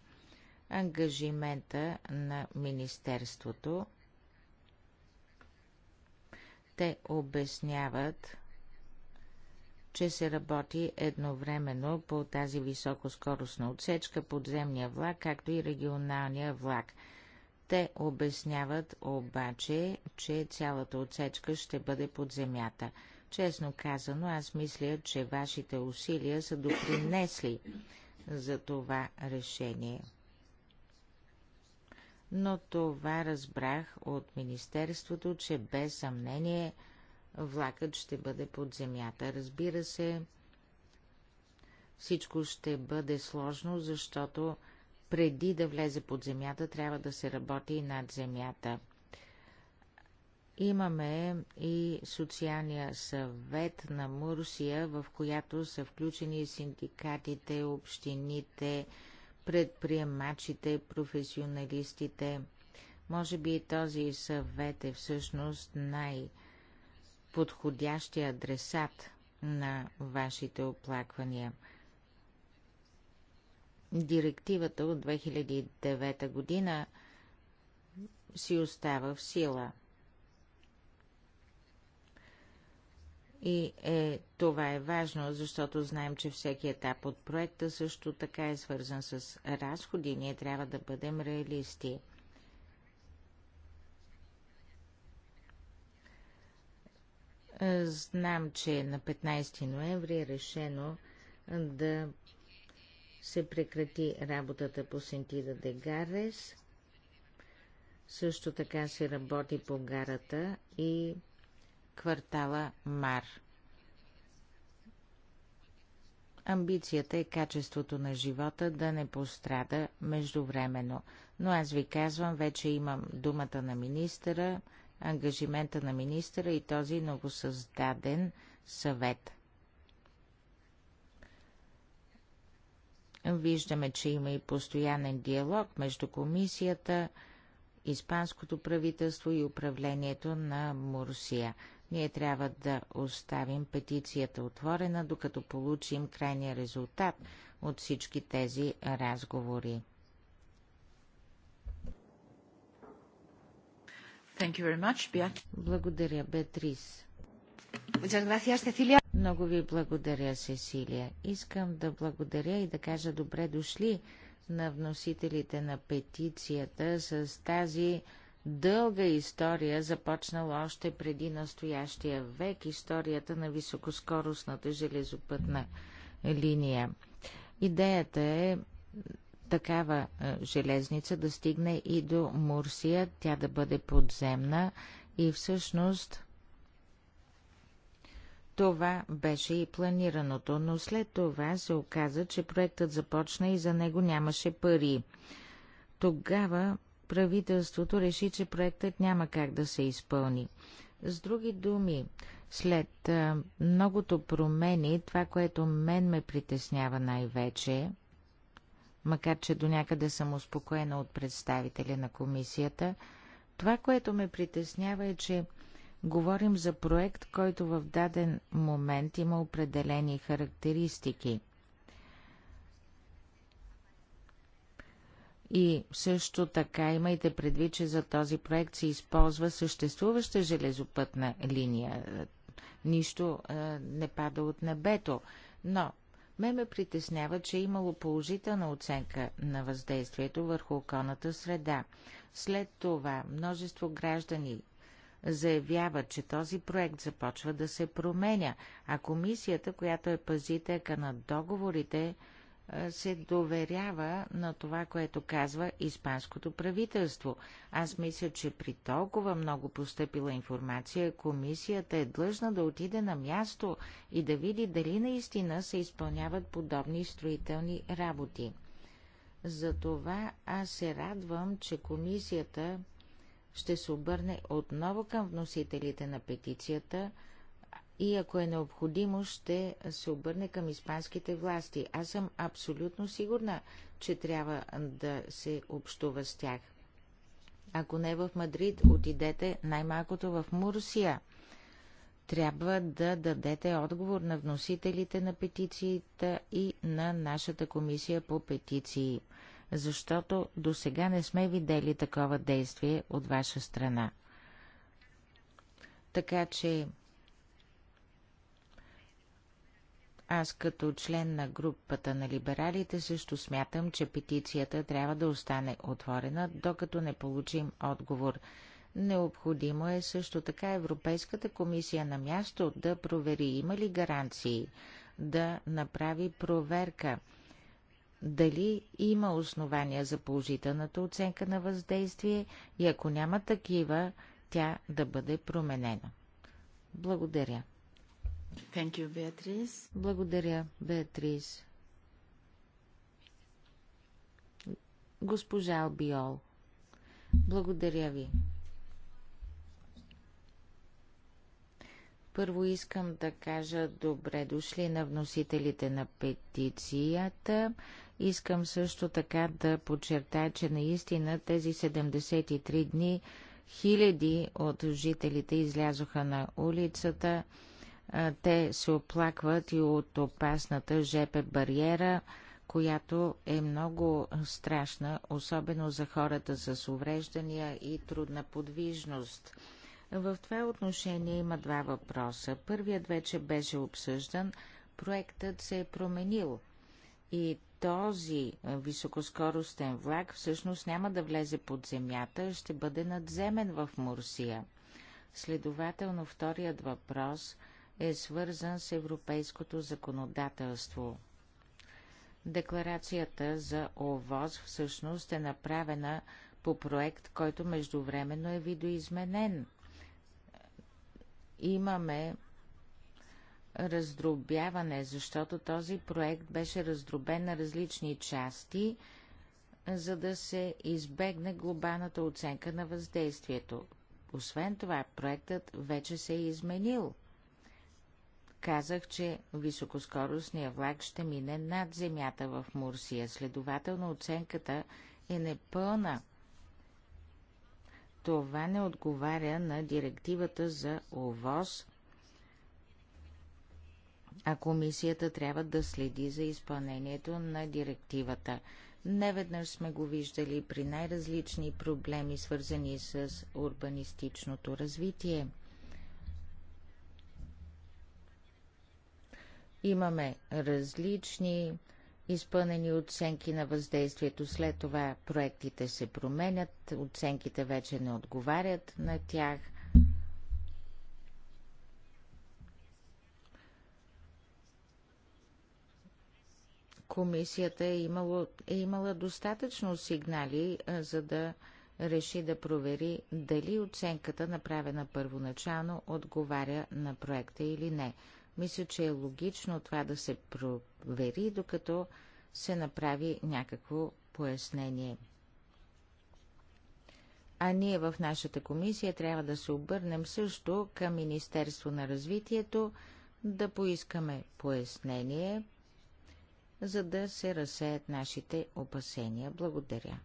ангажимента на Министерството те обясняват, че се работи едновременно по тази високоскоростна отсечка, подземния влак, както и регионалния влак. Те обясняват обаче, че цялата отсечка ще бъде под земята. Честно казано, аз мисля, че вашите усилия са допринесли за това решение но това разбрах от Министерството, че без съмнение влакът ще бъде под земята. Разбира се, всичко ще бъде сложно, защото преди да влезе под земята, трябва да се работи над земята. Имаме и социалния съвет на Мурсия, в която са включени синдикатите, общините, предприемачите, професионалистите. Може би този съвет е всъщност най-подходящия адресат на вашите оплаквания. Директивата от 2009 година си остава в сила – И е, това е важно, защото знаем, че всеки етап от проекта също така е свързан с разходи. Ние трябва да бъдем реалисти. Е, знам, че на 15 ноември е решено да се прекрати работата по Сентида де Гарес. Също така се работи по гарата и квартала Мар. Амбицията е качеството на живота да не пострада междувременно. Но аз ви казвам, вече имам думата на министъра, ангажимента на министъра и този новосъздаден съвет. Виждаме, че има и постоянен диалог между комисията, испанското правителство и управлението на Мурсия. Ние трябва да оставим петицията отворена, докато получим крайния резултат от всички тези разговори. Thank you very much, Благодаря, Бетрис. Gracias, Много ви благодаря, Сесилия. Искам да благодаря и да кажа добре дошли на вносителите на петицията с тази дълга история, започнала още преди настоящия век, историята на високоскоростната железопътна линия. Идеята е такава е, железница да стигне и до Мурсия, тя да бъде подземна и всъщност това беше и планираното, но след това се оказа, че проектът започна и за него нямаше пари. Тогава правителството реши, че проектът няма как да се изпълни. С други думи, след многото промени, това, което мен ме притеснява най-вече, макар че до някъде съм успокоена от представителя на комисията, това, което ме притеснява е, че говорим за проект, който в даден момент има определени характеристики – И също така имайте предвид, че за този проект се използва съществуваща железопътна линия. Нищо а, не пада от небето. Но ме ме притеснява, че е имало положителна оценка на въздействието върху околната среда. След това множество граждани заявяват, че този проект започва да се променя, а комисията, която е пазителка на договорите, се доверява на това, което казва испанското правителство. Аз мисля, че при толкова много поступила информация, комисията е длъжна да отиде на място и да види дали наистина се изпълняват подобни строителни работи. Затова аз се радвам, че комисията ще се обърне отново към вносителите на петицията – и ако е необходимо, ще се обърне към испанските власти. Аз съм абсолютно сигурна, че трябва да се общува с тях. Ако не в Мадрид, отидете най-малкото в Мурсия. Трябва да дадете отговор на вносителите на петициите и на нашата комисия по петиции, защото до сега не сме видели такова действие от ваша страна. Така че Аз като член на групата на либералите също смятам, че петицията трябва да остане отворена, докато не получим отговор. Необходимо е също така Европейската комисия на място да провери има ли гаранции, да направи проверка дали има основания за положителната оценка на въздействие и ако няма такива, тя да бъде променена. Благодаря. Thank you, Beatrice. Благодаря, Беатрис. Госпожа Албиол, благодаря ви. Първо искам да кажа добре дошли на вносителите на петицията. Искам също така да подчертая, че наистина тези 73 дни хиляди от жителите излязоха на улицата – те се оплакват и от опасната ЖП бариера, която е много страшна, особено за хората с увреждания и трудна подвижност. В това отношение има два въпроса. Първият вече беше обсъждан. Проектът се е променил и този високоскоростен влак всъщност няма да влезе под земята, ще бъде надземен в Мурсия. Следователно, вторият въпрос – е свързан с европейското законодателство. Декларацията за ОВОз всъщност е направена по проект, който междувременно е видоизменен. Имаме раздробяване, защото този проект беше раздробен на различни части, за да се избегне глобалната оценка на въздействието. Освен това, проектът вече се е изменил. Казах, че високоскоростния влак ще мине над земята в Мурсия, следователно оценката е непълна. Това не отговаря на директивата за ОВОз, а комисията трябва да следи за изпълнението на директивата. Неведнъж сме го виждали при най-различни проблеми, свързани с урбанистичното развитие – Имаме различни изпълнени оценки на въздействието. След това проектите се променят, оценките вече не отговарят на тях. Комисията е, имала, е имала достатъчно сигнали, за да реши да провери дали оценката, направена първоначално, отговаря на проекта или не. Мисля, че е логично това да се провери, докато се направи някакво пояснение. А ние в нашата комисия трябва да се обърнем също към Министерство на развитието, да поискаме пояснение, за да се разсеят нашите опасения. Благодаря.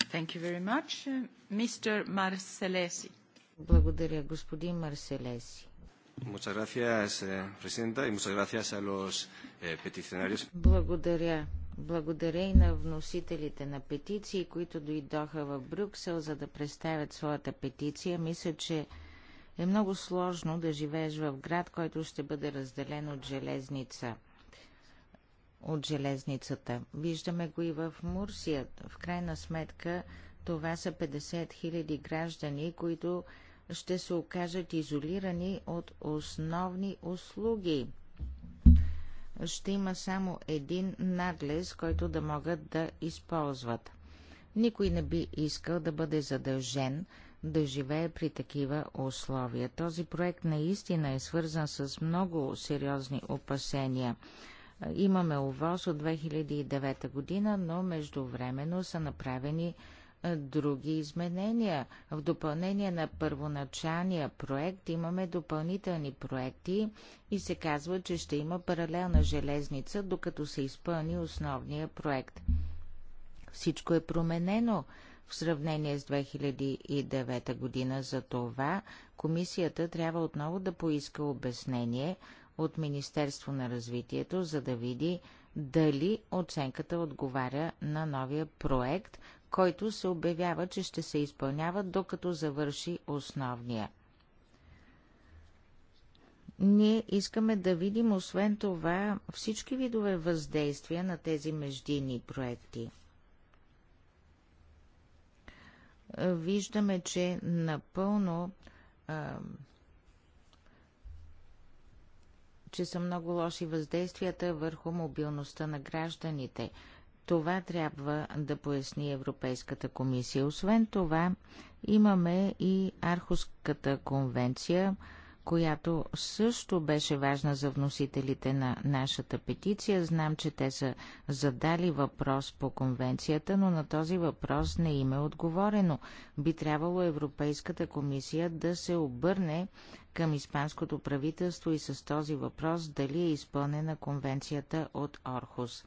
Thank you very much. Mr. Marcelesi. Благодаря, господин Марселеси. Muchas gracias, eh, Presidenta, y muchas gracias a los eh, peticionarios. Благодаря. Благодаря и на вносителите на петиции, които дойдоха в Брюксел, за да представят своята петиция. Мисля, че е много сложно да живееш в град, който ще бъде разделен от железница. От железницата. Виждаме го и в Мурсия. В крайна сметка това са 50 000 граждани, които ще се окажат изолирани от основни услуги. Ще има само един надлез, който да могат да използват. Никой не би искал да бъде задължен да живее при такива условия. Този проект наистина е свързан с много сериозни опасения. Имаме ОВОз от 2009 година, но междувременно са направени други изменения. В допълнение на първоначалния проект имаме допълнителни проекти и се казва, че ще има паралелна железница, докато се изпълни основния проект. Всичко е променено в сравнение с 2009 година. За това комисията трябва отново да поиска обяснение от Министерство на развитието, за да види дали оценката отговаря на новия проект – който се обявява, че ще се изпълнява, докато завърши основния. Ние искаме да видим, освен това, всички видове въздействия на тези междинни проекти. Виждаме, че напълно а, че са много лоши въздействията върху мобилността на гражданите – това трябва да поясни Европейската комисия. Освен това, имаме и Архуската конвенция, която също беше важна за вносителите на нашата петиция. Знам, че те са задали въпрос по конвенцията, но на този въпрос не им е отговорено. Би трябвало Европейската комисия да се обърне към Испанското правителство и с този въпрос дали е изпълнена конвенцията от Орхус.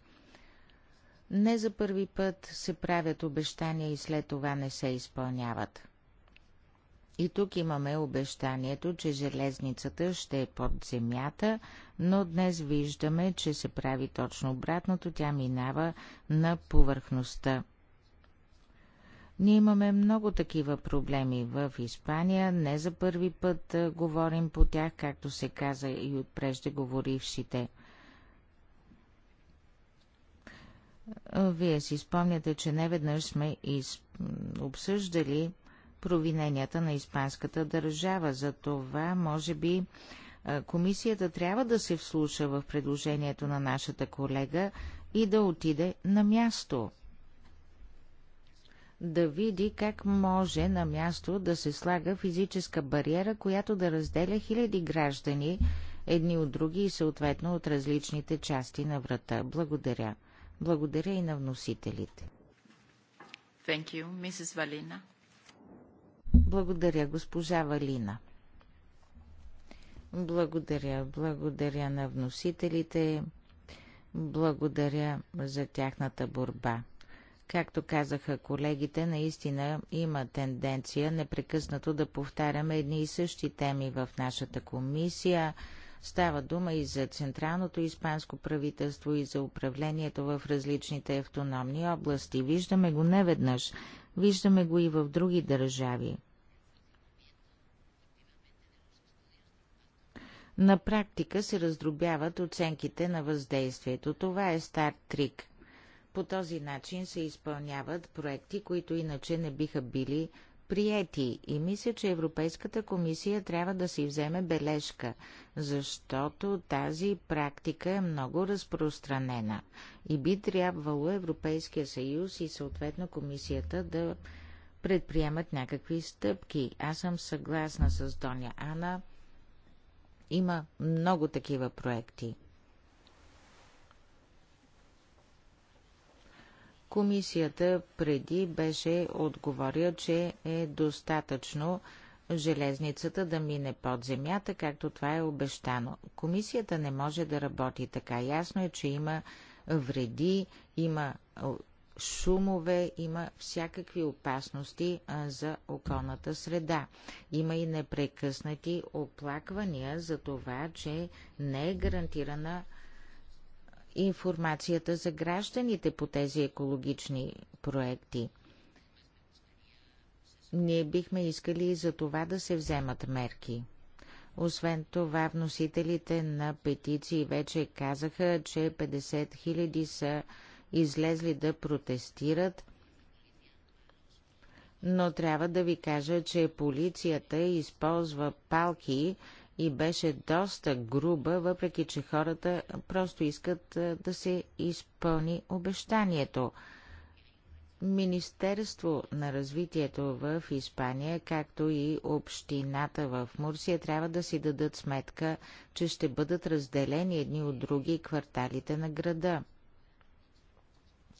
Не за първи път се правят обещания и след това не се изпълняват. И тук имаме обещанието, че железницата ще е под земята, но днес виждаме, че се прави точно обратното, тя минава на повърхността. Ние имаме много такива проблеми в Испания. Не за първи път говорим по тях, както се каза и от преждеговорившите. Вие си спомняте, че неведнъж сме из... обсъждали провиненията на испанската държава. За това, може би, комисията трябва да се вслуша в предложението на нашата колега и да отиде на място. Да види как може на място да се слага физическа бариера, която да разделя хиляди граждани едни от други и съответно от различните части на врата. Благодаря. Благодаря и на вносителите. Thank you, Mrs. Valina. Благодаря, госпожа Валина. Благодаря, благодаря на вносителите, благодаря за тяхната борба. Както казаха колегите, наистина има тенденция непрекъснато да повтаряме едни и същи теми в нашата комисия – Става дума и за Централното испанско правителство и за управлението в различните автономни области. Виждаме го неведнъж, виждаме го и в други държави. На практика се раздробяват оценките на въздействието. Това е стар трик. По този начин се изпълняват проекти, които иначе не биха били приети и мисля, че Европейската комисия трябва да си вземе бележка, защото тази практика е много разпространена и би трябвало Европейския съюз и съответно комисията да предприемат някакви стъпки. Аз съм съгласна с Доня Ана. Има много такива проекти. Комисията преди беше отговорила, че е достатъчно железницата да мине под земята, както това е обещано. Комисията не може да работи така. Ясно е, че има вреди, има шумове, има всякакви опасности за околната среда. Има и непрекъснати оплаквания за това, че не е гарантирана информацията за гражданите по тези екологични проекти. Ние бихме искали и за това да се вземат мерки. Освен това, вносителите на петиции вече казаха, че 50 000 са излезли да протестират, но трябва да ви кажа, че полицията използва палки, и беше доста груба, въпреки че хората просто искат да се изпълни обещанието. Министерство на развитието в Испания, както и общината в Мурсия, трябва да си дадат сметка, че ще бъдат разделени едни от други кварталите на града.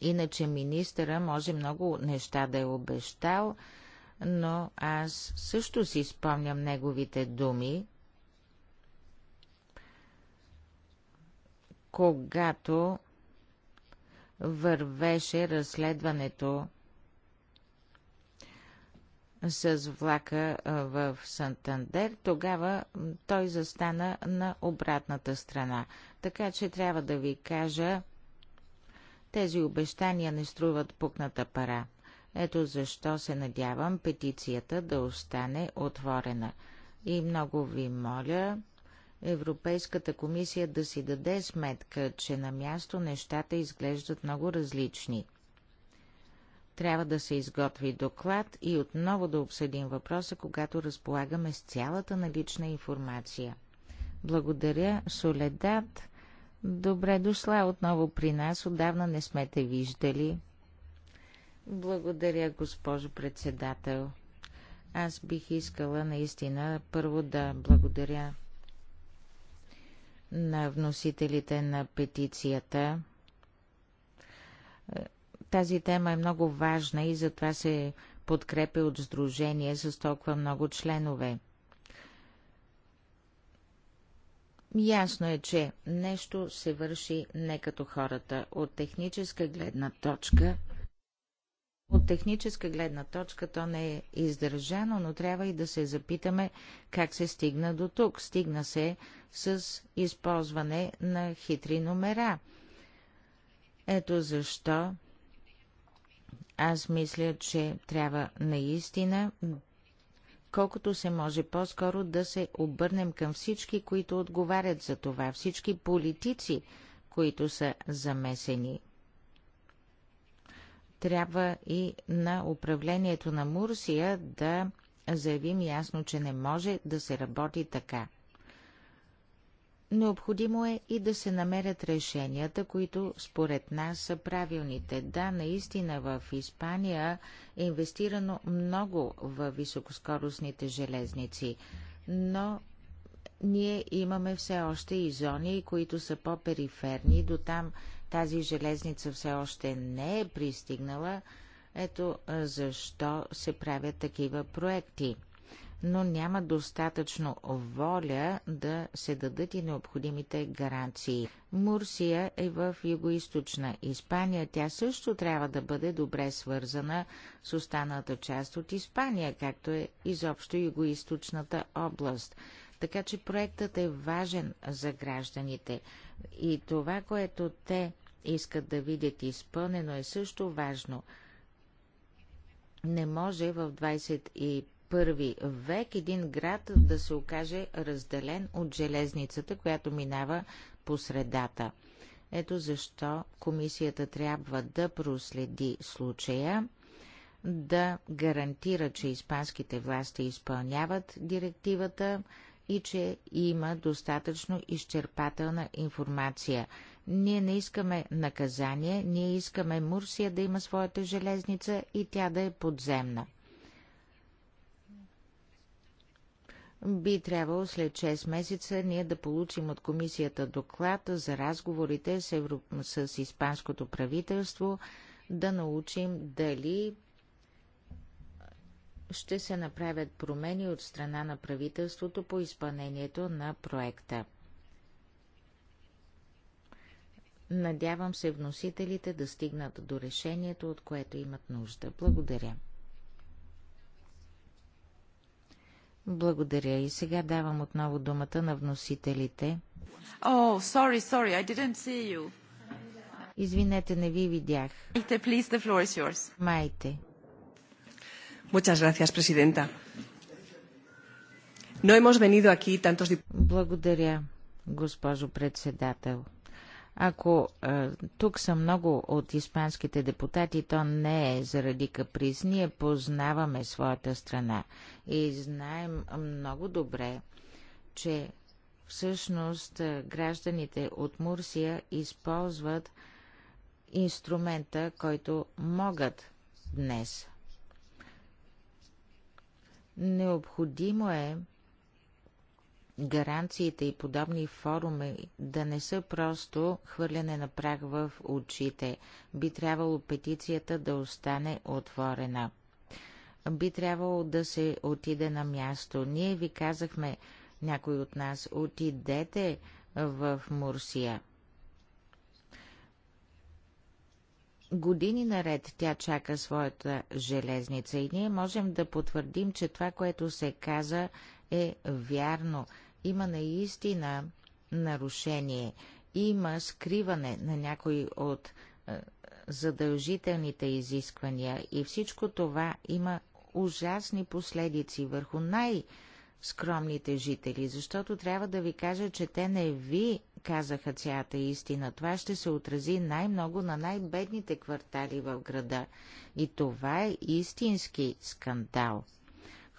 Иначе министъра може много неща да е обещал, но аз също си спомням неговите думи, когато вървеше разследването с влака в Сантандер, тогава той застана на обратната страна. Така че трябва да ви кажа, тези обещания не струват пукната пара. Ето защо се надявам петицията да остане отворена. И много ви моля Европейската комисия да си даде сметка, че на място нещата изглеждат много различни. Трябва да се изготви доклад и отново да обсъдим въпроса, когато разполагаме с цялата налична информация. Благодаря, Соледат. Добре дошла отново при нас. Отдавна не сме те виждали. Благодаря, госпожо председател. Аз бих искала наистина първо да благодаря на вносителите на петицията. Е, тази тема е много важна и затова се подкрепя от сдружение с толкова много членове. Ясно е, че нещо се върши не като хората. От техническа гледна точка от техническа гледна точка то не е издържано, но трябва и да се запитаме как се стигна до тук. Стигна се с използване на хитри номера. Ето защо аз мисля, че трябва наистина колкото се може по-скоро да се обърнем към всички, които отговарят за това, всички политици, които са замесени. Трябва и на управлението на Мурсия да заявим ясно, че не може да се работи така. Необходимо е и да се намерят решенията, които според нас са правилните. Да, наистина в Испания е инвестирано много в високоскоростните железници, но ние имаме все още и зони, които са по-периферни, до там тази железница все още не е пристигнала, ето защо се правят такива проекти. Но няма достатъчно воля да се дадат и необходимите гаранции. Мурсия е в югоисточна Испания. Тя също трябва да бъде добре свързана с останалата част от Испания, както е изобщо югоизточната област. Така че проектът е важен за гражданите. И това, което те искат да видят изпълнено е също важно. Не може в 21 век един град да се окаже разделен от железницата, която минава по средата. Ето защо комисията трябва да проследи случая, да гарантира, че испанските власти изпълняват директивата и че има достатъчно изчерпателна информация – ние не искаме наказание, ние искаме Мурсия да има своята железница и тя да е подземна. Би трябвало след 6 месеца ние да получим от комисията доклад за разговорите с, Евро... с испанското правителство, да научим дали ще се направят промени от страна на правителството по изпълнението на проекта. Надявам се вносителите да стигнат до решението, от което имат нужда. Благодаря. Благодаря и сега давам отново думата на вносителите. Oh, sorry, sorry, I didn't see you. Извинете, не ви видях. Майте, please, the floor is yours. Майте. Muchas gracias, Presidenta. No hemos venido aquí tantos... Благодаря, госпожо председател. Ако а, е, тук са много от испанските депутати, то не е заради каприз. Ние познаваме своята страна и знаем много добре, че всъщност е, гражданите от Мурсия използват инструмента, който могат днес. Необходимо е гаранциите и подобни форуми да не са просто хвърляне на прах в очите. Би трябвало петицията да остане отворена. Би трябвало да се отиде на място. Ние ви казахме, някой от нас, отидете в Мурсия. Години наред тя чака своята железница и ние можем да потвърдим, че това, което се каза, е вярно има наистина нарушение, има скриване на някои от е, задължителните изисквания и всичко това има ужасни последици върху най-скромните жители, защото трябва да ви кажа, че те не ви казаха цялата истина. Това ще се отрази най-много на най-бедните квартали в града. И това е истински скандал.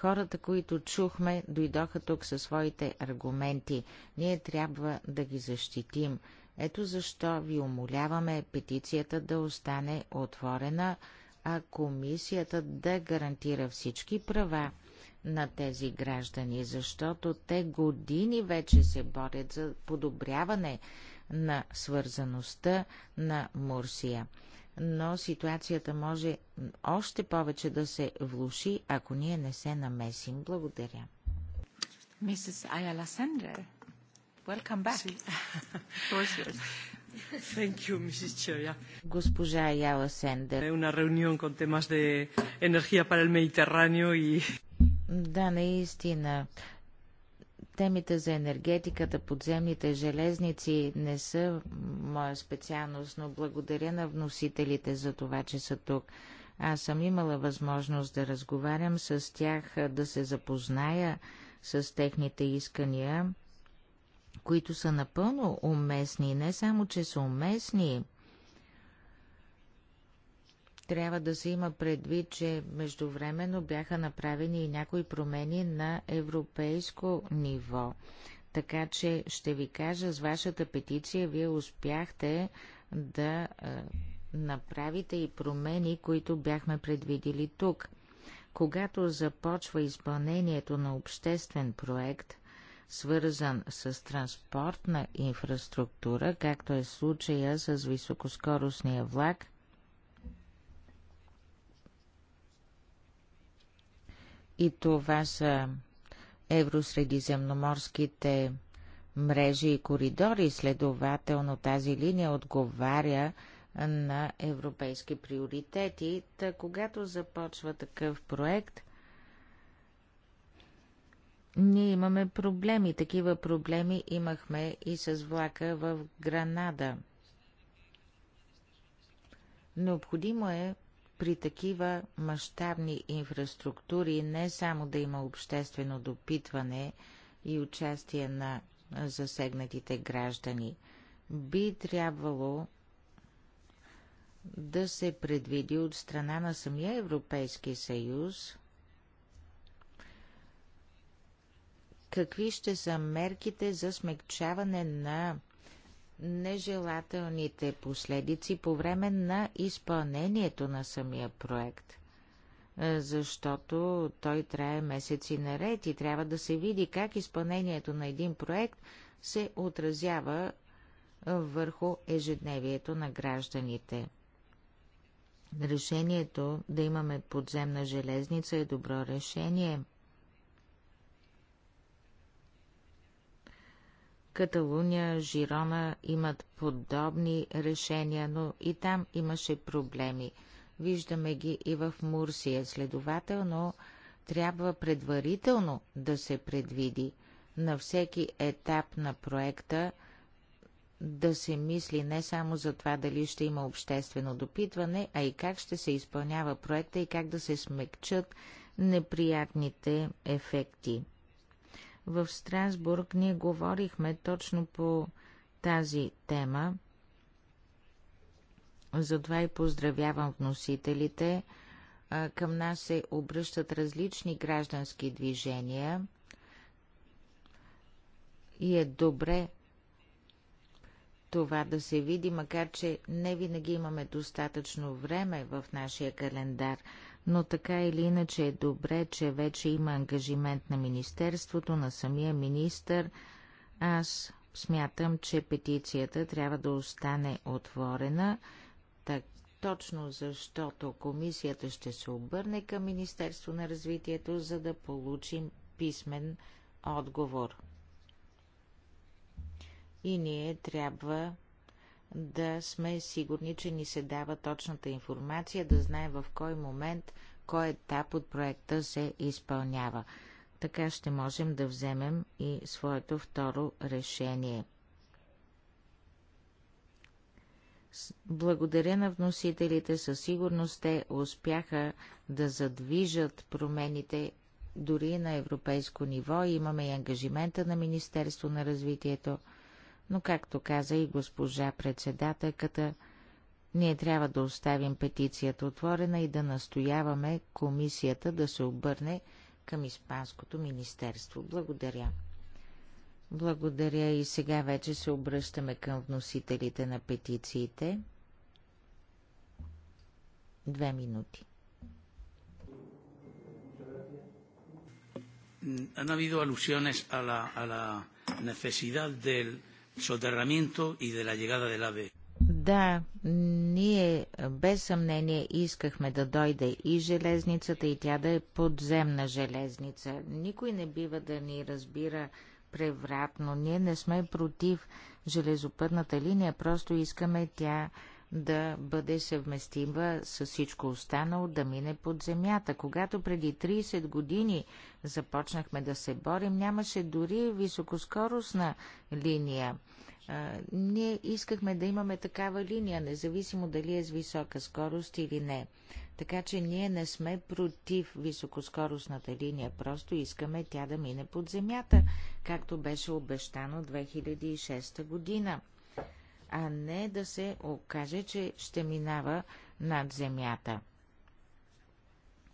Хората, които чухме, дойдоха тук със своите аргументи. Ние трябва да ги защитим. Ето защо ви умоляваме петицията да остане отворена, а комисията да гарантира всички права на тези граждани, защото те години вече се борят за подобряване на свързаността на Мурсия но ситуацията може още повече да се влуши, ако ние не се намесим. Благодаря. Мисис Ая Ласендре, welcome back. Thank you, Mrs. Choya. Госпожа Яла Сендер. Una reunión con temas de energía para el Mediterráneo y... Да, наистина. Темите за енергетиката, подземните железници не са моя специалност, но благодаря на вносителите за това, че са тук. Аз съм имала възможност да разговарям с тях, да се запозная с техните искания, които са напълно уместни. Не само, че са уместни, трябва да се има предвид, че междувременно бяха направени и някои промени на европейско ниво. Така че ще ви кажа, с вашата петиция вие успяхте да направите и промени, които бяхме предвидили тук. Когато започва изпълнението на обществен проект, свързан с транспортна инфраструктура, както е случая с високоскоростния влак, И това са евросредиземноморските мрежи и коридори. Следователно тази линия отговаря на европейски приоритети. Та когато започва такъв проект, ние имаме проблеми. Такива проблеми имахме и с влака в Гранада. Необходимо е при такива мащабни инфраструктури не само да има обществено допитване и участие на засегнатите граждани, би трябвало да се предвиди от страна на самия Европейски съюз какви ще са мерките за смягчаване на нежелателните последици по време на изпълнението на самия проект. Е, защото той трае месеци наред и трябва да се види как изпълнението на един проект се отразява върху ежедневието на гражданите. Решението да имаме подземна железница е добро решение – Каталуния, Жирона имат подобни решения, но и там имаше проблеми. Виждаме ги и в Мурсия. Следователно, трябва предварително да се предвиди на всеки етап на проекта да се мисли не само за това дали ще има обществено допитване, а и как ще се изпълнява проекта и как да се смекчат неприятните ефекти. В Страсбург ние говорихме точно по тази тема. Затова и поздравявам вносителите. Към нас се обръщат различни граждански движения и е добре това да се види, макар че не винаги имаме достатъчно време в нашия календар – но така или иначе е добре, че вече има ангажимент на Министерството, на самия министър. Аз смятам, че петицията трябва да остане отворена, так, точно защото комисията ще се обърне към Министерство на развитието, за да получим писмен отговор. И ние трябва да сме сигурни, че ни се дава точната информация, да знаем в кой момент, кой етап от проекта се изпълнява. Така ще можем да вземем и своето второ решение. Благодаря на вносителите, със сигурност те успяха да задвижат промените дори на европейско ниво. Имаме и ангажимента на Министерство на развитието но както каза и госпожа председателката, ние трябва да оставим петицията отворена и да настояваме комисията да се обърне към Испанското министерство. Благодаря. Благодаря и сега вече се обръщаме към вносителите на петициите. Две минути. Han habido alusiones a la, a la necesidad del, soterramiento и де ла llegada del AVE. Да, ние без съмнение искахме да дойде и железницата, и тя да е подземна железница. Никой не бива да ни разбира превратно. Ние не сме против железопътната линия, просто искаме тя да бъде съвместима с всичко останало, да мине под земята. Когато преди 30 години започнахме да се борим, нямаше дори високоскоростна линия. А, ние искахме да имаме такава линия, независимо дали е с висока скорост или не. Така че ние не сме против високоскоростната линия, просто искаме тя да мине под земята, както беше обещано 2006 година а не да се окаже, че ще минава над земята.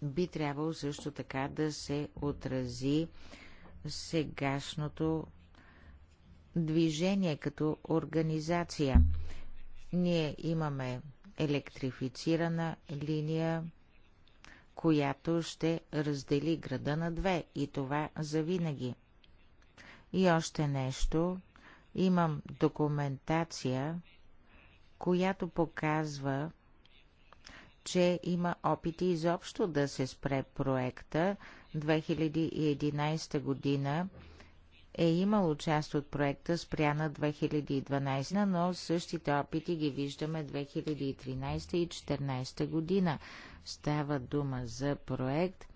Би трябвало също така да се отрази сегашното движение като организация. Ние имаме електрифицирана линия, която ще раздели града на две и това завинаги. И още нещо Имам документация, която показва, че има опити изобщо да се спре проекта. 2011 година е имало част от проекта спряна 2012, но същите опити ги виждаме 2013 и 2014 година. Става дума за проект –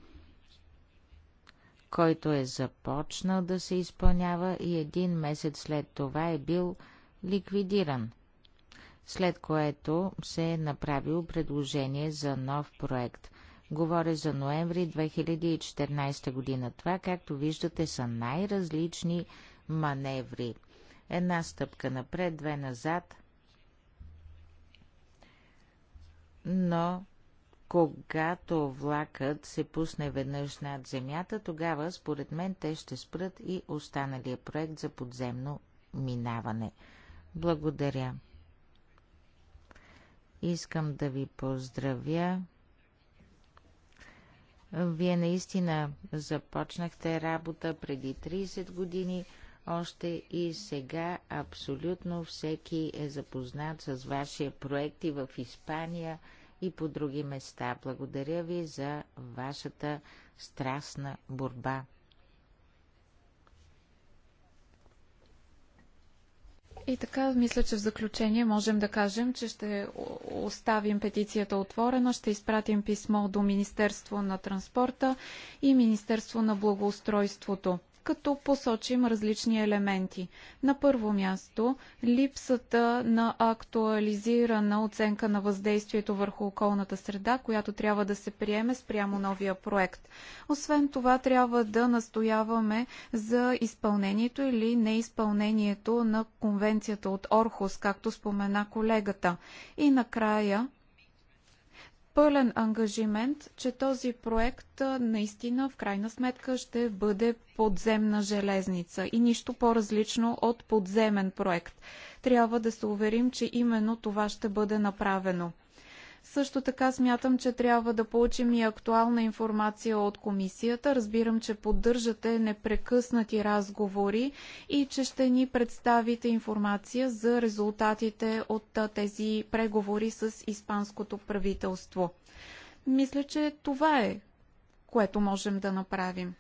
който е започнал да се изпълнява и един месец след това е бил ликвидиран, след което се е направил предложение за нов проект. Говоря за ноември 2014 година. Това, както виждате, са най-различни маневри. Една стъпка напред, две назад, но когато влакът се пусне веднъж над земята, тогава според мен те ще спрат и останалия проект за подземно минаване. Благодаря. Искам да ви поздравя. Вие наистина започнахте работа преди 30 години, още и сега абсолютно всеки е запознат с вашия проект и в Испания – и по други места. Благодаря ви за вашата страстна борба. И така, мисля, че в заключение можем да кажем, че ще оставим петицията отворена, ще изпратим писмо до Министерство на транспорта и Министерство на благоустройството като посочим различни елементи. На първо място, липсата на актуализирана оценка на въздействието върху околната среда, която трябва да се приеме спрямо новия проект. Освен това, трябва да настояваме за изпълнението или неизпълнението на конвенцията от Орхус, както спомена колегата. И накрая, пълен ангажимент, че този проект наистина в крайна сметка ще бъде подземна железница и нищо по-различно от подземен проект. Трябва да се уверим, че именно това ще бъде направено. Също така смятам, че трябва да получим и актуална информация от комисията. Разбирам, че поддържате непрекъснати разговори и че ще ни представите информация за резултатите от тези преговори с испанското правителство. Мисля, че това е, което можем да направим.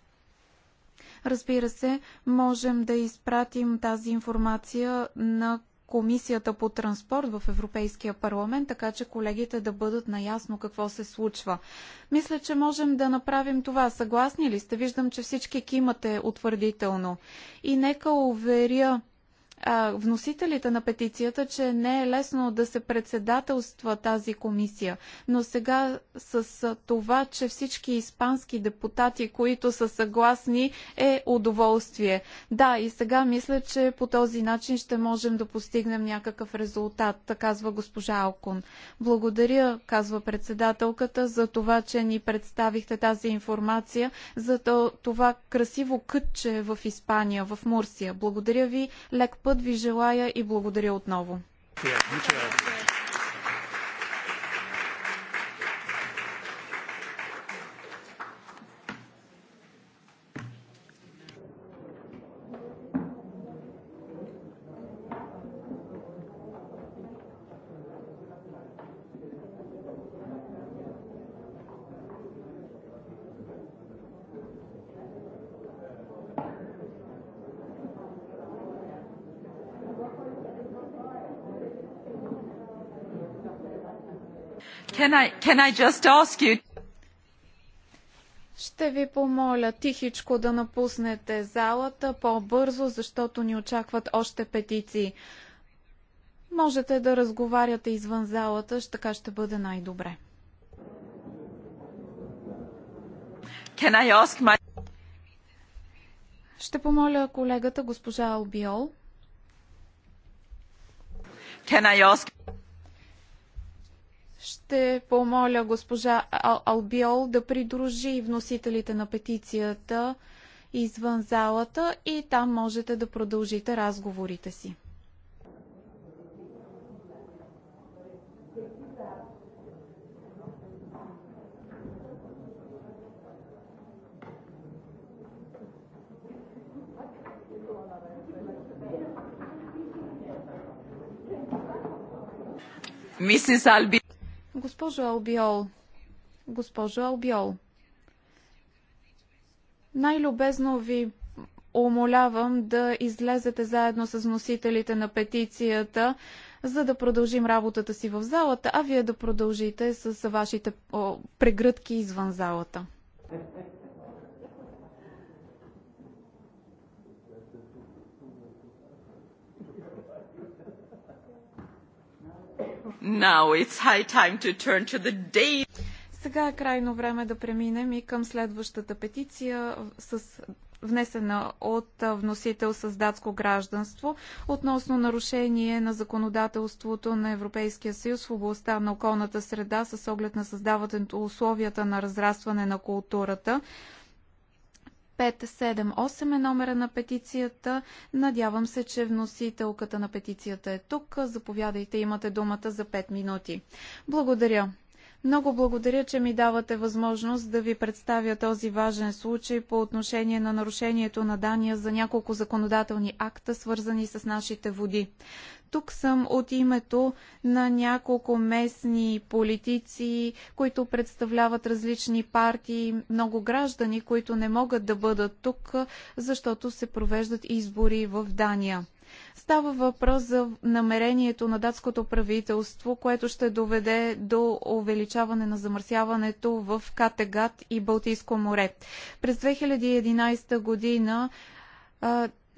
Разбира се, можем да изпратим тази информация на Комисията по транспорт в Европейския парламент, така че колегите да бъдат наясно какво се случва. Мисля, че можем да направим това. Съгласни ли сте? Виждам, че всички кимате утвърдително. И нека уверя вносителите на петицията, че не е лесно да се председателства тази комисия. Но сега с това, че всички испански депутати, които са съгласни, е удоволствие. Да, и сега мисля, че по този начин ще можем да постигнем някакъв резултат, казва госпожа Алкон. Благодаря, казва председателката, за това, че ни представихте тази информация, за това красиво кътче в Испания, в Мурсия. Благодаря ви, лек път път ви желая и благодаря отново. Yeah, Can I, can I just ask you... Ще ви помоля тихичко да напуснете залата по-бързо, защото ни очакват още петиции. Можете да разговаряте извън залата, така ще бъде най-добре. My... Ще помоля колегата госпожа Албиол. Ask... Ще помоля госпожа Албиол да придружи вносителите на петицията извън залата и там можете да продължите разговорите си. Mrs. Albi. Госпожо Албиол, госпожо Албиол, най-любезно ви умолявам да излезете заедно с носителите на петицията, за да продължим работата си в залата, а вие да продължите с вашите о, прегръдки извън залата. Now Сега е крайно време да преминем и към следващата петиция с внесена от вносител с датско гражданство относно нарушение на законодателството на Европейския съюз в областта на околната среда с оглед на създаването условията на разрастване на културата сем-8 е номера на петицията. Надявам се, че вносителката на петицията е тук. Заповядайте, имате думата за 5 минути. Благодаря. Много благодаря, че ми давате възможност да ви представя този важен случай по отношение на нарушението на Дания за няколко законодателни акта, свързани с нашите води. Тук съм от името на няколко местни политици, които представляват различни партии, много граждани, които не могат да бъдат тук, защото се провеждат избори в Дания. Става въпрос за намерението на датското правителство, което ще доведе до увеличаване на замърсяването в Категат и Балтийско море. През 2011 година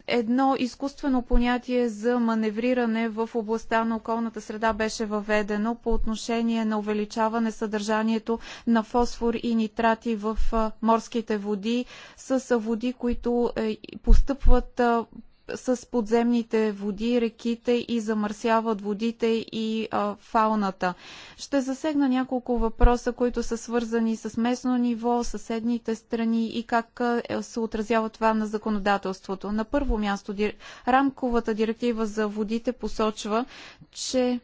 едно изкуствено понятие за маневриране в областта на околната среда беше въведено по отношение на увеличаване съдържанието на фосфор и нитрати в морските води с води, които е, постъпват с подземните води, реките и замърсяват водите и а, фауната. Ще засегна няколко въпроса, които са свързани с местно ниво, съседните страни и как е, се отразява това на законодателството. На първо място, рамковата директива за водите посочва, че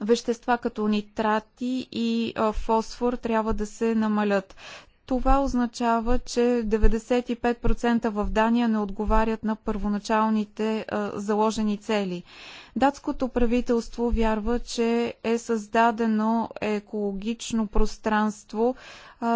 вещества като нитрати и фосфор трябва да се намалят. Това означава, че 95% в Дания не отговарят на първоначалните а, заложени цели. Датското правителство вярва, че е създадено екологично пространство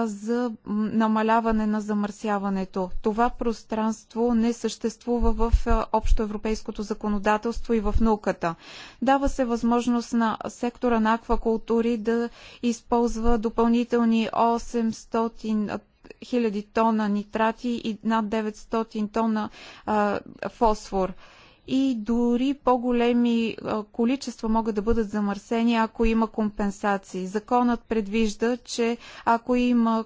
за намаляване на замърсяването. Това пространство не съществува в общоевропейското законодателство и в науката. Дава се възможност на сектора на аквакултури да използва допълнителни 800 хиляди тона нитрати и над 900 тона а, фосфор и дори по-големи количества могат да бъдат замърсени, ако има компенсации. Законът предвижда, че ако има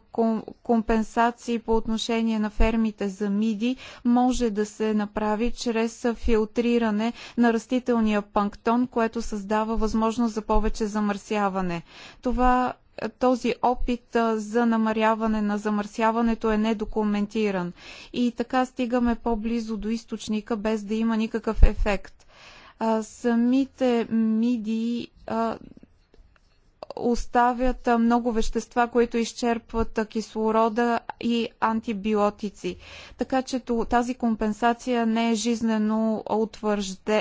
компенсации по отношение на фермите за миди, може да се направи чрез филтриране на растителния панктон, което създава възможност за повече замърсяване. Това този опит за намаряване на замърсяването е недокументиран. И така стигаме по-близо до източника, без да има никакъв ефект. А, самите мидии а, оставят много вещества, които изчерпват кислорода и антибиотици. Така че тази компенсация не е жизнено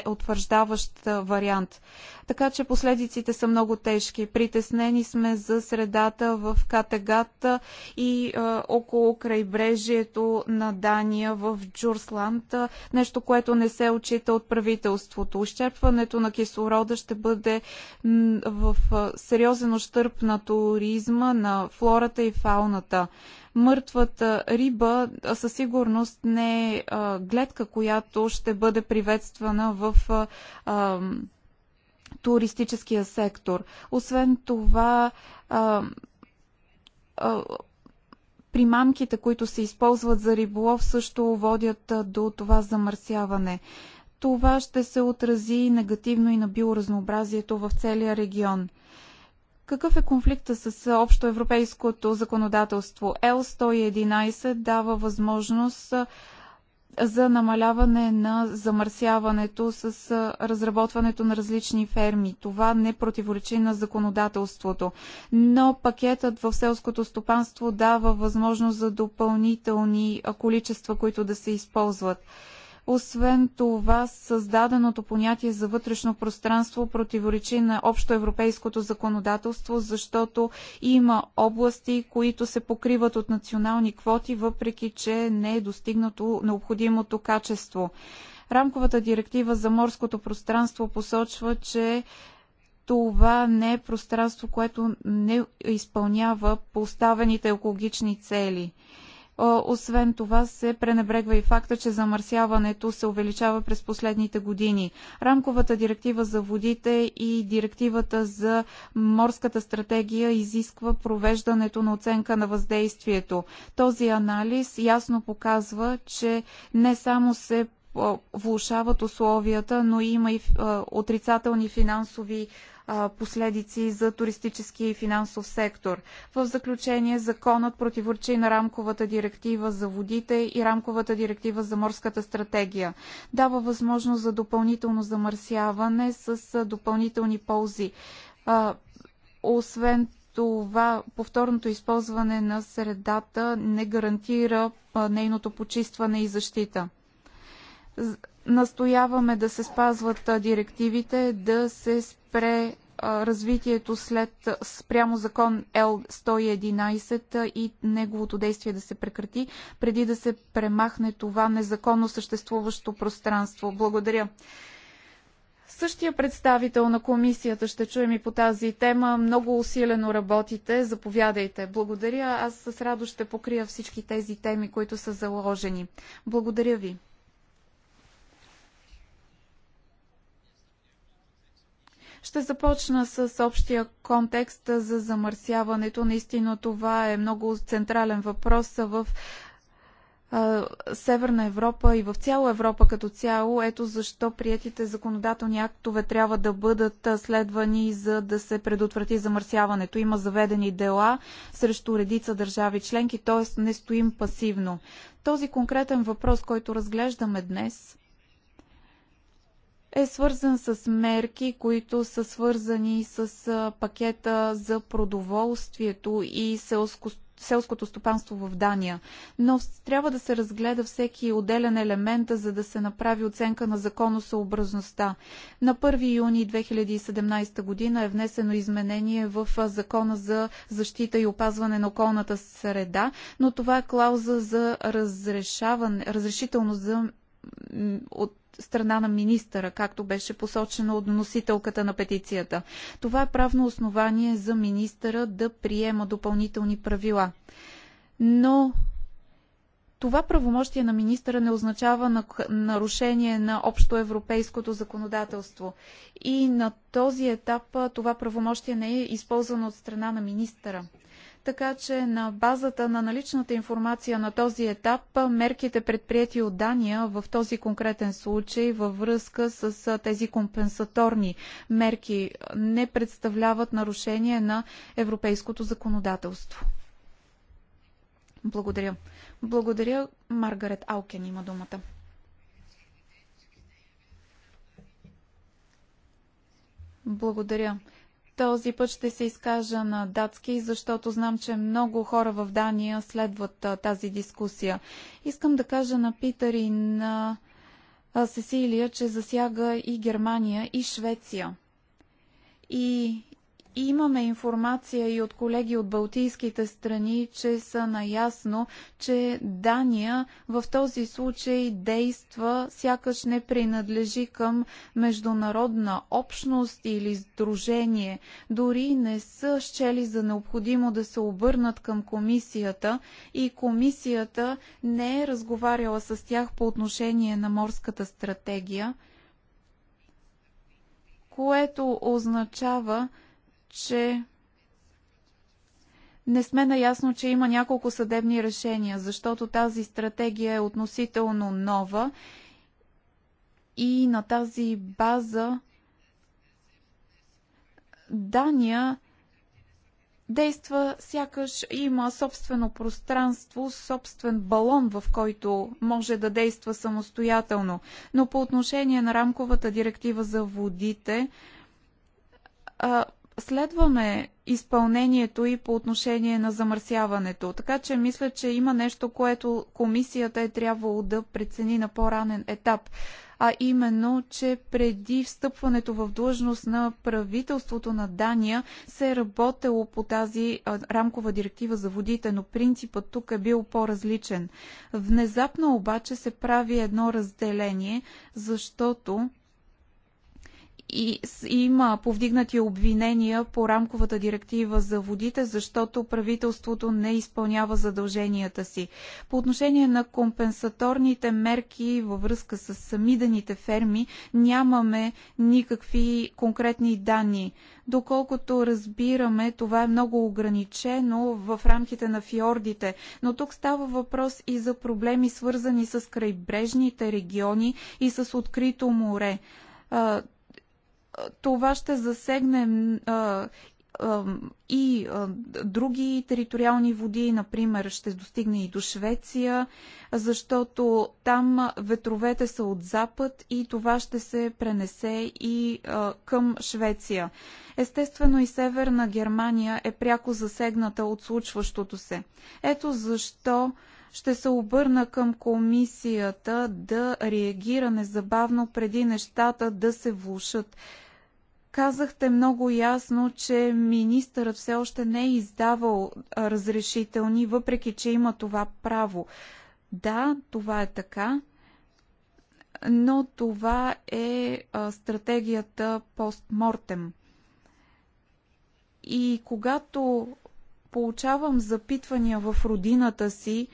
утвърждаващ вариант така че последиците са много тежки. Притеснени сме за средата в Категат и е, около крайбрежието на Дания в Джурсланд, нещо, което не се очита от правителството. Ощерпването на кислорода ще бъде в е, сериозен ощърп на туризма, на флората и фауната мъртвата риба е, със сигурност не е гледка, която ще бъде приветствана в а, туристическия сектор. Освен това, а, а, примамките, които се използват за риболов, също водят до това замърсяване. Това ще се отрази негативно и на биоразнообразието в целия регион. Какъв е конфликта с общоевропейското законодателство? Л111 дава възможност за намаляване на замърсяването с разработването на различни ферми. Това не противоречи на законодателството. Но пакетът в селското стопанство дава възможност за допълнителни количества, които да се използват. Освен това, създаденото понятие за вътрешно пространство противоречи на общоевропейското законодателство, защото има области, които се покриват от национални квоти, въпреки че не е достигнато необходимото качество. Рамковата директива за морското пространство посочва, че това не е пространство, което не изпълнява поставените екологични цели. Е, освен това се пренебрегва и факта, че замърсяването се увеличава през последните години. Рамковата директива за водите и директивата за морската стратегия изисква провеждането на оценка на въздействието. Този анализ ясно показва, че не само се е, влушават условията, но има и е, отрицателни финансови последици за туристическия и финансов сектор. В заключение, законът противоречи на рамковата директива за водите и рамковата директива за морската стратегия. Дава възможност за допълнително замърсяване с допълнителни ползи. Освен това повторното използване на средата не гарантира нейното почистване и защита. Настояваме да се спазват директивите, да се спре развитието след спрямо закон Л-111 и неговото действие да се прекрати, преди да се премахне това незаконно съществуващо пространство. Благодаря. Същия представител на комисията ще чуем и по тази тема. Много усилено работите. Заповядайте. Благодаря. Аз с радост ще покрия всички тези теми, които са заложени. Благодаря ви. Ще започна с общия контекст за замърсяването. Наистина това е много централен въпрос в Северна Европа и в цяла Европа като цяло. Ето защо приетите законодателни актове трябва да бъдат следвани, за да се предотврати замърсяването. Има заведени дела срещу редица държави членки, т.е. не стоим пасивно. Този конкретен въпрос, който разглеждаме днес, е свързан с мерки, които са свързани с пакета за продоволствието и селското селското стопанство в Дания. Но трябва да се разгледа всеки отделен елемент, за да се направи оценка на законосъобразността. На 1 юни 2017 година е внесено изменение в Закона за защита и опазване на околната среда, но това е клауза за разрешително за от страна на министъра, както беше посочено от носителката на петицията. Това е правно основание за министъра да приема допълнителни правила. Но това правомощие на министъра не означава нарушение на общоевропейското законодателство. И на този етап това правомощие не е използвано от страна на министъра така че на базата на наличната информация на този етап, мерките предприяти от Дания в този конкретен случай във връзка с тези компенсаторни мерки не представляват нарушение на европейското законодателство. Благодаря. Благодаря. Маргарет Алкен има думата. Благодаря. Този път ще се изкажа на датски, защото знам, че много хора в Дания следват а, тази дискусия. Искам да кажа на Питър и на а, Сесилия, че засяга и Германия, и Швеция. И и имаме информация и от колеги от Балтийските страни, че са наясно, че Дания в този случай действа сякаш не принадлежи към международна общност или сдружение. Дори не са щели за необходимо да се обърнат към комисията и комисията не е разговаряла с тях по отношение на морската стратегия, което означава, че не сме наясно, че има няколко съдебни решения, защото тази стратегия е относително нова и на тази база Дания действа сякаш има собствено пространство, собствен балон, в който може да действа самостоятелно. Но по отношение на рамковата директива за водите, следваме изпълнението и по отношение на замърсяването. Така че мисля, че има нещо, което комисията е трябвало да прецени на по-ранен етап. А именно, че преди встъпването в длъжност на правителството на Дания се е работело по тази рамкова директива за водите, но принципът тук е бил по-различен. Внезапно обаче се прави едно разделение, защото и има повдигнати обвинения по рамковата директива за водите, защото правителството не изпълнява задълженията си. По отношение на компенсаторните мерки във връзка с самидените ферми, нямаме никакви конкретни данни. Доколкото разбираме, това е много ограничено в рамките на фиордите, но тук става въпрос и за проблеми свързани с крайбрежните региони и с открито море това ще засегне а, а, и а, други териториални води, например, ще достигне и до Швеция, защото там ветровете са от запад и това ще се пренесе и към Швеция. Естествено и Северна Германия е пряко засегната от случващото се. Ето защо ще се обърна към комисията да реагира незабавно преди нещата да се влушат. Казахте много ясно, че министърът все още не е издавал разрешителни, въпреки че има това право. Да, това е така, но това е стратегията постмортем. И когато получавам запитвания в родината си,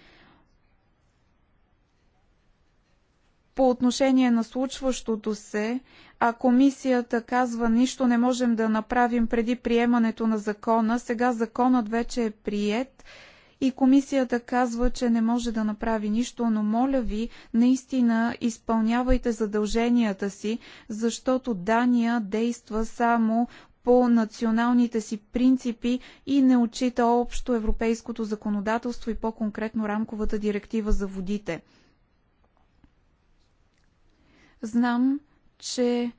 по отношение на случващото се, а комисията казва нищо не можем да направим преди приемането на закона, сега законът вече е прият и комисията казва, че не може да направи нищо, но моля ви, наистина изпълнявайте задълженията си, защото Дания действа само по националните си принципи и не отчита общо европейското законодателство и по-конкретно рамковата директива за водите. Знам, че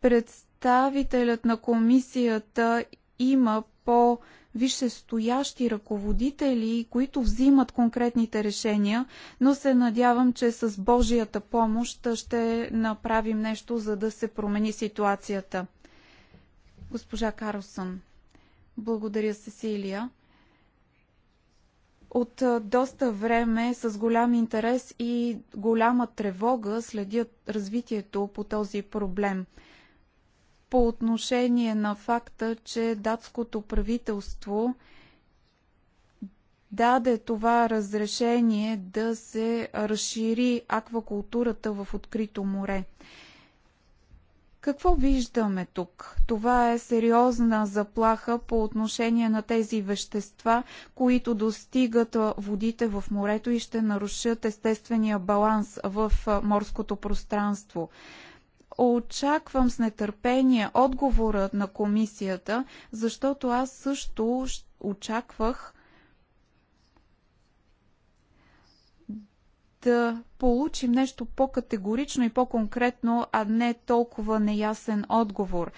представителят на комисията има по висшестоящи ръководители, които взимат конкретните решения, но се надявам, че с Божията помощ ще направим нещо, за да се промени ситуацията. Госпожа Карлсон, благодаря Сесилия от доста време с голям интерес и голяма тревога следят развитието по този проблем. По отношение на факта, че датското правителство даде това разрешение да се разшири аквакултурата в открито море. Какво виждаме тук? Това е сериозна заплаха по отношение на тези вещества, които достигат водите в морето и ще нарушат естествения баланс в морското пространство. Очаквам с нетърпение отговора на комисията, защото аз също очаквах да получим нещо по-категорично и по-конкретно, а не толкова неясен отговор.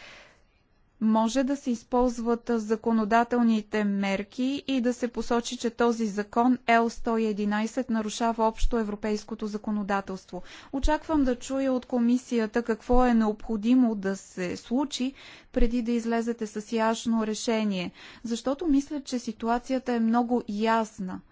Може да се използват законодателните мерки и да се посочи, че този закон Л-111 нарушава общо европейското законодателство. Очаквам да чуя от комисията какво е необходимо да се случи преди да излезете с ясно решение, защото мисля, че ситуацията е много ясна –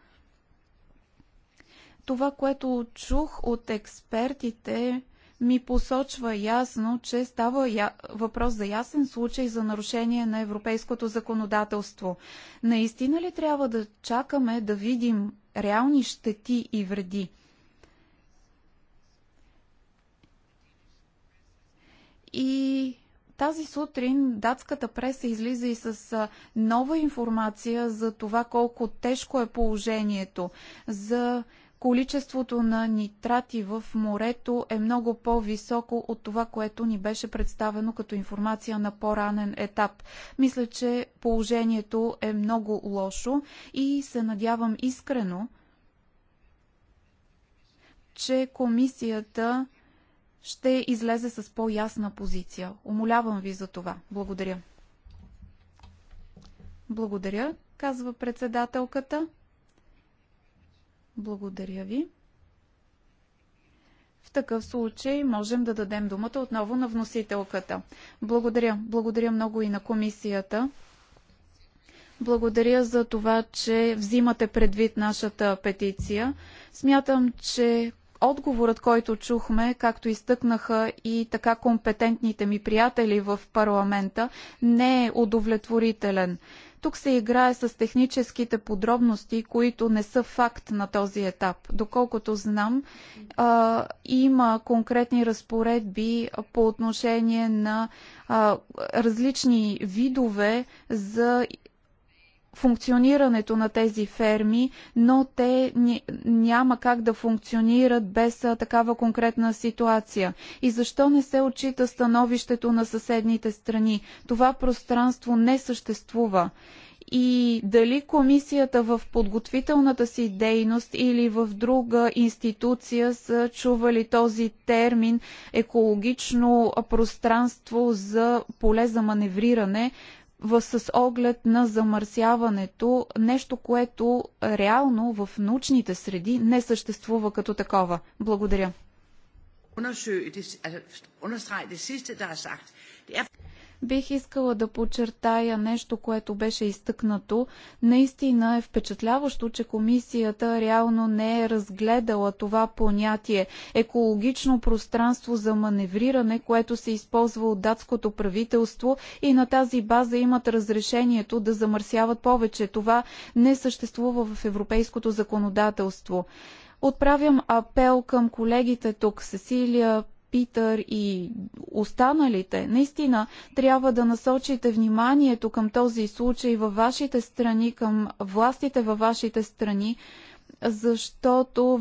това, което чух от експертите, ми посочва ясно, че става я... въпрос за ясен случай за нарушение на европейското законодателство. Наистина ли трябва да чакаме да видим реални щети и вреди? И тази сутрин датската преса излиза и с нова информация за това колко тежко е положението, за количеството на нитрати в морето е много по-високо от това, което ни беше представено като информация на по-ранен етап. Мисля, че положението е много лошо и се надявам искрено, че комисията ще излезе с по-ясна позиция. Умолявам ви за това. Благодаря. Благодаря, казва председателката. Благодаря ви. В такъв случай можем да дадем думата отново на вносителката. Благодаря. Благодаря много и на комисията. Благодаря за това, че взимате предвид нашата петиция. Смятам, че отговорът, който чухме, както изтъкнаха и така компетентните ми приятели в парламента, не е удовлетворителен. Тук се играе с техническите подробности, които не са факт на този етап. Доколкото знам, а, има конкретни разпоредби по отношение на а, различни видове за функционирането на тези ферми, но те няма как да функционират без такава конкретна ситуация. И защо не се отчита становището на съседните страни? Това пространство не съществува и дали комисията в подготвителната си дейност или в друга институция са чували този термин екологично пространство за поле за маневриране, в, с оглед на замърсяването, нещо, което реално в научните среди не съществува като такова. Благодаря. Бих искала да подчертая нещо, което беше изтъкнато. Наистина е впечатляващо, че комисията реално не е разгледала това понятие екологично пространство за маневриране, което се използва от датското правителство и на тази база имат разрешението да замърсяват повече. Това не съществува в европейското законодателство. Отправям апел към колегите тук, Сесилия, Питър и останалите, наистина трябва да насочите вниманието към този случай във вашите страни, към властите във вашите страни, защото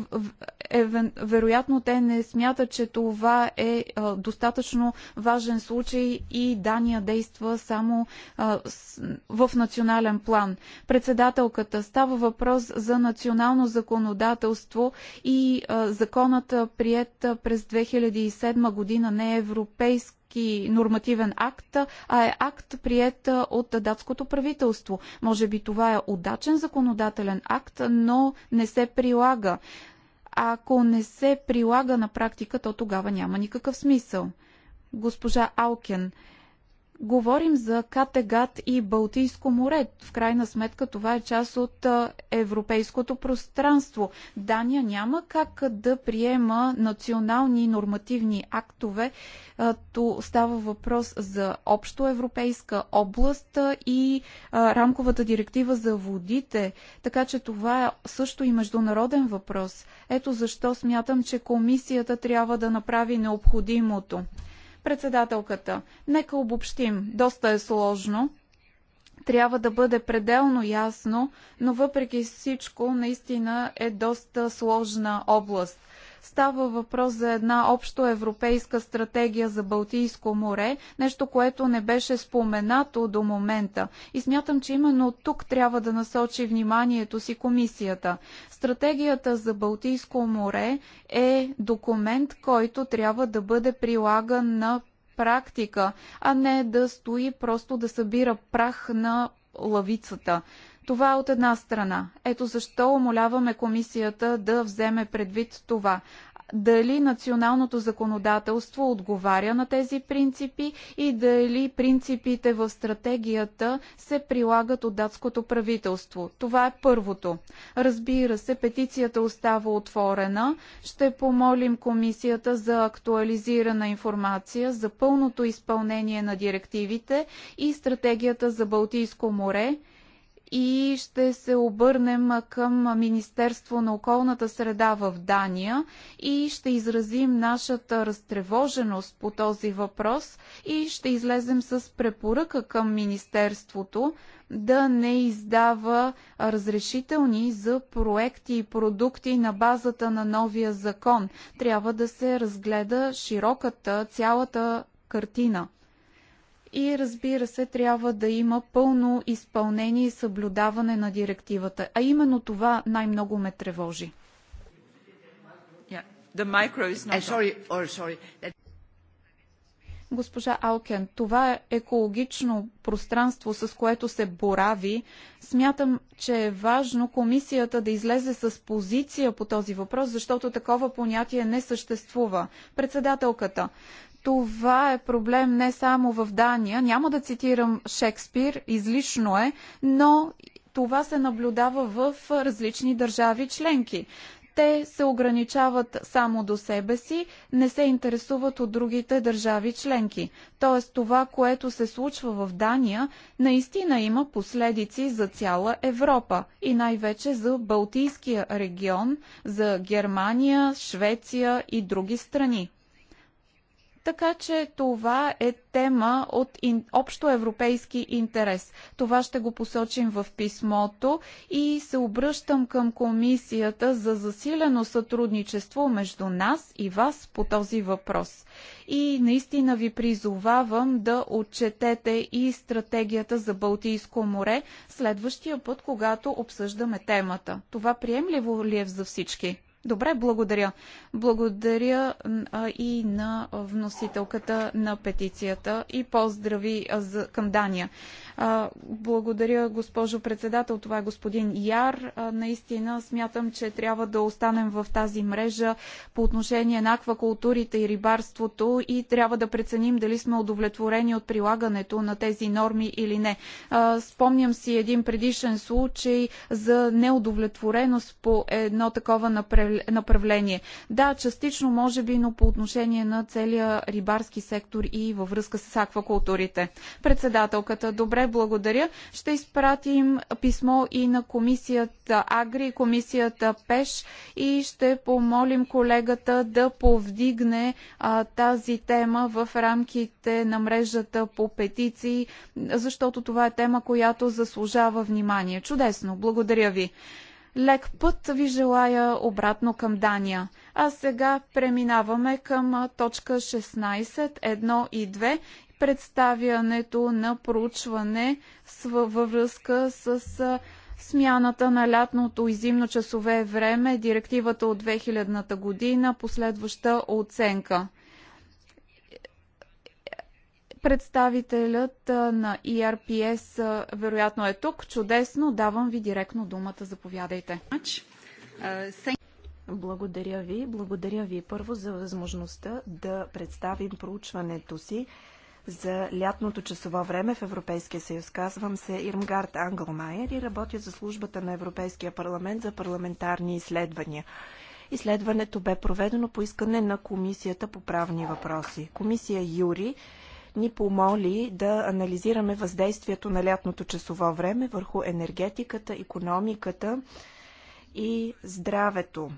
вероятно те не смятат, че това е достатъчно важен случай и Дания действа само в национален план. Председателката става въпрос за национално законодателство и законът прият през 2007 година не е европейски датски нормативен акт, а е акт прият от датското правителство. Може би това е удачен законодателен акт, но не се прилага. А ако не се прилага на практика, то тогава няма никакъв смисъл. Госпожа Алкен, Говорим за Категат и Балтийско море. В крайна сметка това е част от европейското пространство. Дания няма как да приема национални нормативни актове. То става въпрос за общо европейска област и рамковата директива за водите. Така че това е също и международен въпрос. Ето защо смятам, че комисията трябва да направи необходимото. Председателката, нека обобщим. Доста е сложно. Трябва да бъде пределно ясно, но въпреки всичко, наистина е доста сложна област. Става въпрос за една общо европейска стратегия за Балтийско море, нещо, което не беше споменато до момента. И смятам, че именно тук трябва да насочи вниманието си комисията. Стратегията за Балтийско море е документ, който трябва да бъде прилаган на практика, а не да стои просто да събира прах на лавицата. Това е от една страна. Ето защо умоляваме комисията да вземе предвид това дали националното законодателство отговаря на тези принципи и дали принципите в стратегията се прилагат от датското правителство. Това е първото. Разбира се, петицията остава отворена. Ще помолим комисията за актуализирана информация за пълното изпълнение на директивите и стратегията за Балтийско море и ще се обърнем към Министерство на околната среда в Дания и ще изразим нашата разтревоженост по този въпрос и ще излезем с препоръка към Министерството да не издава разрешителни за проекти и продукти на базата на новия закон. Трябва да се разгледа широката, цялата картина и разбира се, трябва да има пълно изпълнение и съблюдаване на директивата. А именно това най-много ме тревожи. Oh, Госпожа Алкен, това е екологично пространство, с което се борави. Смятам, че е важно комисията да излезе с позиция по този въпрос, защото такова понятие не съществува. Председателката, това е проблем не само в Дания. Няма да цитирам Шекспир, излишно е, но това се наблюдава в различни държави членки. Те се ограничават само до себе си, не се интересуват от другите държави членки. Тоест това, което се случва в Дания, наистина има последици за цяла Европа и най-вече за Балтийския регион, за Германия, Швеция и други страни. Така че това е тема от ин, общо европейски интерес. Това ще го посочим в писмото и се обръщам към комисията за засилено сътрудничество между нас и вас по този въпрос. И наистина ви призовавам да отчетете и стратегията за Балтийско море следващия път, когато обсъждаме темата. Това приемливо ли е за всички? Добре, благодаря. Благодаря и на вносителката на петицията и поздрави към Дания. Благодаря, госпожо председател. Това е господин Яр. Наистина смятам, че трябва да останем в тази мрежа по отношение на аквакултурите и рибарството и трябва да преценим дали сме удовлетворени от прилагането на тези норми или не. Спомням си един предишен случай за неудовлетвореност по едно такова направление направление. Да, частично може би, но по отношение на целия рибарски сектор и във връзка с аквакултурите. Председателката, добре, благодаря. Ще изпратим писмо и на комисията Агри, комисията Пеш и ще помолим колегата да повдигне а, тази тема в рамките на мрежата по петиции, защото това е тема, която заслужава внимание. Чудесно, благодаря ви лек път ви желая обратно към Дания. А сега преминаваме към точка 16, 1 и 2 представянето на проучване във връзка с смяната на лятното и зимно часове време, директивата от 2000-та година, последваща оценка. Представителят на ERPS вероятно е тук. Чудесно, давам ви директно думата. Заповядайте. Благодаря ви. Благодаря ви първо за възможността да представим проучването си за лятното часово време в Европейския съюз. Казвам се Ирмгард Англмайер и работя за службата на Европейския парламент за парламентарни изследвания. Изследването бе проведено по искане на Комисията по правни въпроси. Комисия Юри ни помоли да анализираме въздействието на лятното часово време върху енергетиката, економиката и здравето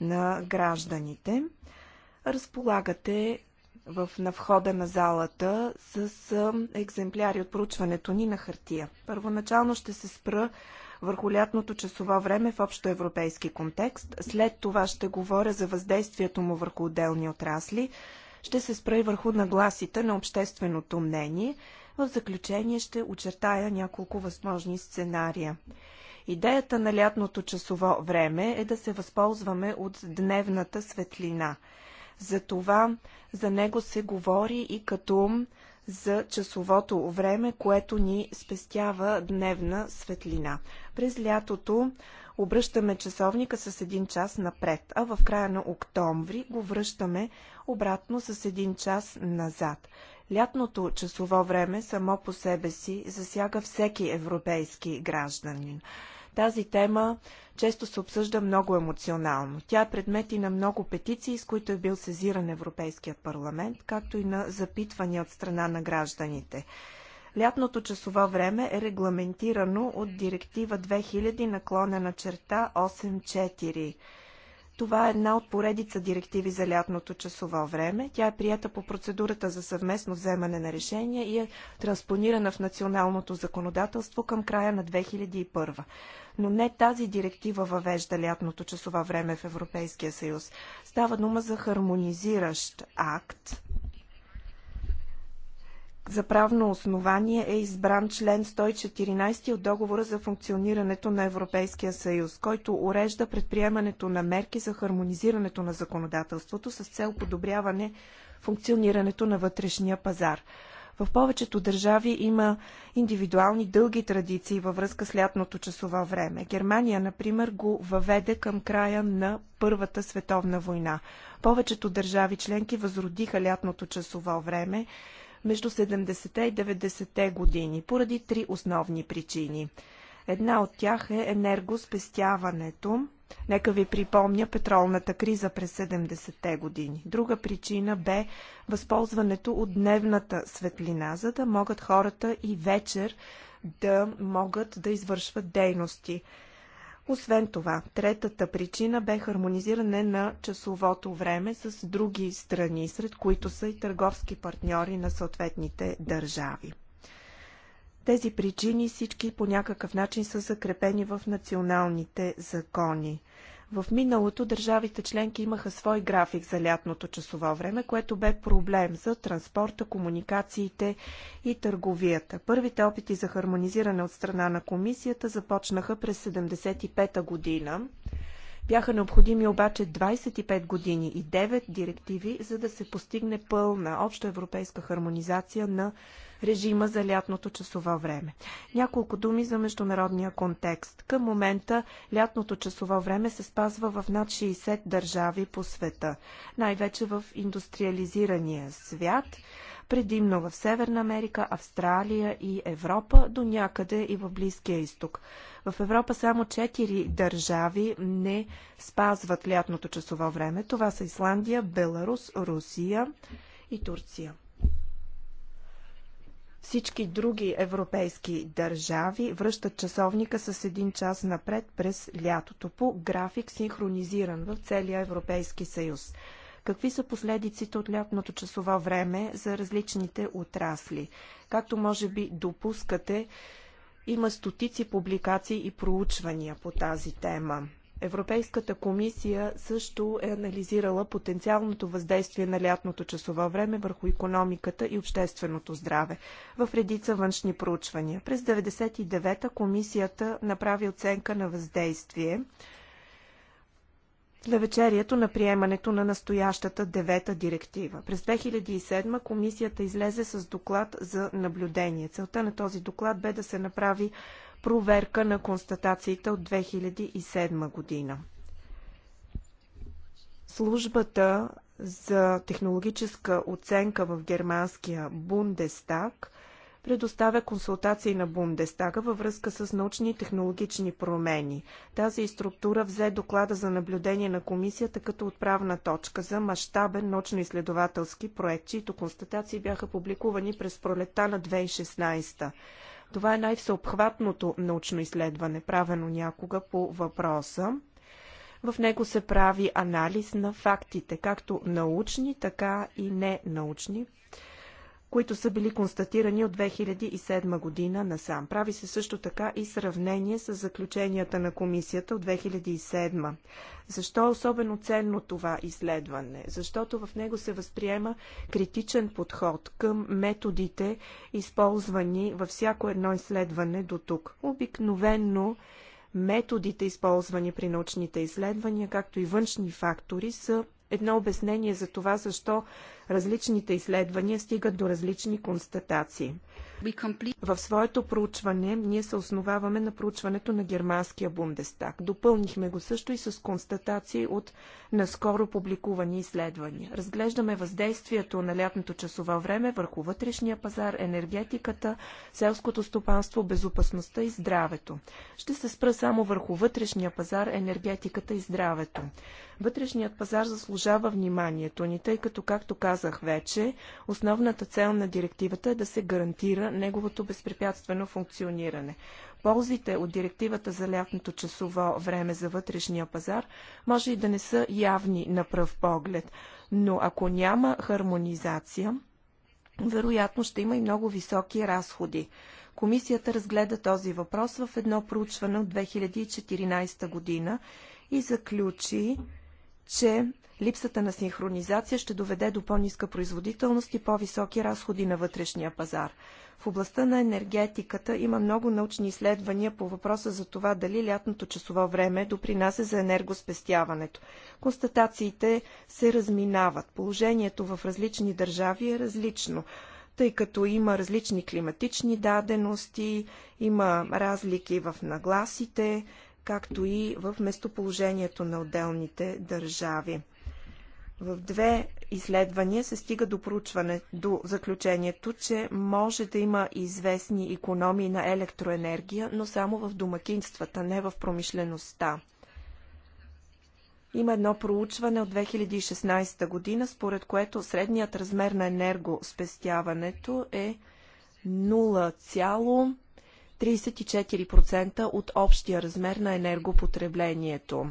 на гражданите. Разполагате в, на входа на залата с екземпляри от проучването ни на хартия. Първоначално ще се спра върху лятното часово време в общоевропейски контекст. След това ще говоря за въздействието му върху отделни отрасли. Ще се спра и върху нагласите на общественото мнение. В заключение ще очертая няколко възможни сценария. Идеята на лятното часово време е да се възползваме от дневната светлина. Затова за него се говори и като за часовото време, което ни спестява дневна светлина. През лятото обръщаме часовника с един час напред, а в края на октомври го връщаме обратно с един час назад. Лятното часово време само по себе си засяга всеки европейски гражданин. Тази тема често се обсъжда много емоционално. Тя е предмет и на много петиции, с които е бил сезиран Европейският парламент, както и на запитвания от страна на гражданите. Лятното часово време е регламентирано от Директива 2000 наклона на черта 84 това е една от поредица директиви за лятното часово време. Тя е прията по процедурата за съвместно вземане на решения и е транспонирана в националното законодателство към края на 2001. Но не тази директива въвежда лятното часово време в Европейския съюз. Става дума за хармонизиращ акт, за правно основание е избран член 114 от договора за функционирането на Европейския съюз, който урежда предприемането на мерки за хармонизирането на законодателството с цел подобряване функционирането на вътрешния пазар. В повечето държави има индивидуални дълги традиции във връзка с лятното часово време. Германия, например, го въведе към края на Първата световна война. Повечето държави членки възродиха лятното часово време между 70-те и 90-те години, поради три основни причини. Една от тях е енергоспестяването. Нека ви припомня петролната криза през 70-те години. Друга причина бе възползването от дневната светлина, за да могат хората и вечер да могат да извършват дейности. Освен това, третата причина бе хармонизиране на часовото време с други страни, сред които са и търговски партньори на съответните държави. Тези причини всички по някакъв начин са закрепени в националните закони. В миналото държавите членки имаха свой график за лятното часово време, което бе проблем за транспорта, комуникациите и търговията. Първите опити за хармонизиране от страна на комисията започнаха през 1975 година. Бяха необходими обаче 25 години и 9 директиви, за да се постигне пълна обща европейска хармонизация на режима за лятното часово време. Няколко думи за международния контекст. Към момента лятното часово време се спазва в над 60 държави по света, най-вече в индустриализирания свят предимно в Северна Америка, Австралия и Европа, до някъде и в Близкия изток. В Европа само 4 държави не спазват лятното часово време. Това са Исландия, Беларус, Русия и Турция. Всички други европейски държави връщат часовника с един час напред през лятото по график синхронизиран в целия Европейски съюз. Какви са последиците от лятното часово време за различните отрасли? Както може би допускате, има стотици публикации и проучвания по тази тема. Европейската комисия също е анализирала потенциалното въздействие на лятното часово време върху економиката и общественото здраве в редица външни проучвания. През 1999-та комисията направи оценка на въздействие на вечерието на приемането на настоящата девета директива. През 2007 комисията излезе с доклад за наблюдение. Целта на този доклад бе да се направи проверка на констатациите от 2007 година. Службата за технологическа оценка в германския Бундестаг предоставя консултации на Бундестага във връзка с научни и технологични промени. Тази структура взе доклада за наблюдение на комисията като отправна точка за мащабен научно-изследователски проект, чието констатации бяха публикувани през пролета на 2016. Това е най-всеобхватното научно изследване, правено някога по въпроса. В него се прави анализ на фактите, както научни, така и ненаучни, които са били констатирани от 2007 година насам. Прави се също така и сравнение с заключенията на комисията от 2007. Защо е особено ценно това изследване? Защото в него се възприема критичен подход към методите, използвани във всяко едно изследване до тук. Обикновенно методите, използвани при научните изследвания, както и външни фактори, са едно обяснение за това, защо различните изследвания стигат до различни констатации. В своето проучване ние се основаваме на проучването на германския Бундестаг. Допълнихме го също и с констатации от наскоро публикувани изследвания. Разглеждаме въздействието на лятното часово време върху вътрешния пазар, енергетиката, селското стопанство, безопасността и здравето. Ще се спра само върху вътрешния пазар, енергетиката и здравето. Вътрешният пазар заслужава вниманието ни, тъй като, както казах вече, основната цел на директивата е да се гарантира неговото безпрепятствено функциониране. Ползите от директивата за лятното часово време за вътрешния пазар може и да не са явни на пръв поглед, но ако няма хармонизация, вероятно ще има и много високи разходи. Комисията разгледа този въпрос в едно проучване от 2014 година и заключи, че липсата на синхронизация ще доведе до по-ниска производителност и по-високи разходи на вътрешния пазар. В областта на енергетиката има много научни изследвания по въпроса за това дали лятното часово време допринася за енергоспестяването. Констатациите се разминават. Положението в различни държави е различно тъй като има различни климатични дадености, има разлики в нагласите, както и в местоположението на отделните държави. В две изследвания се стига до проучване, до заключението, че може да има известни економии на електроенергия, но само в домакинствата, не в промишлеността. Има едно проучване от 2016 година, според което средният размер на енергоспестяването е 34% от общия размер на енергопотреблението.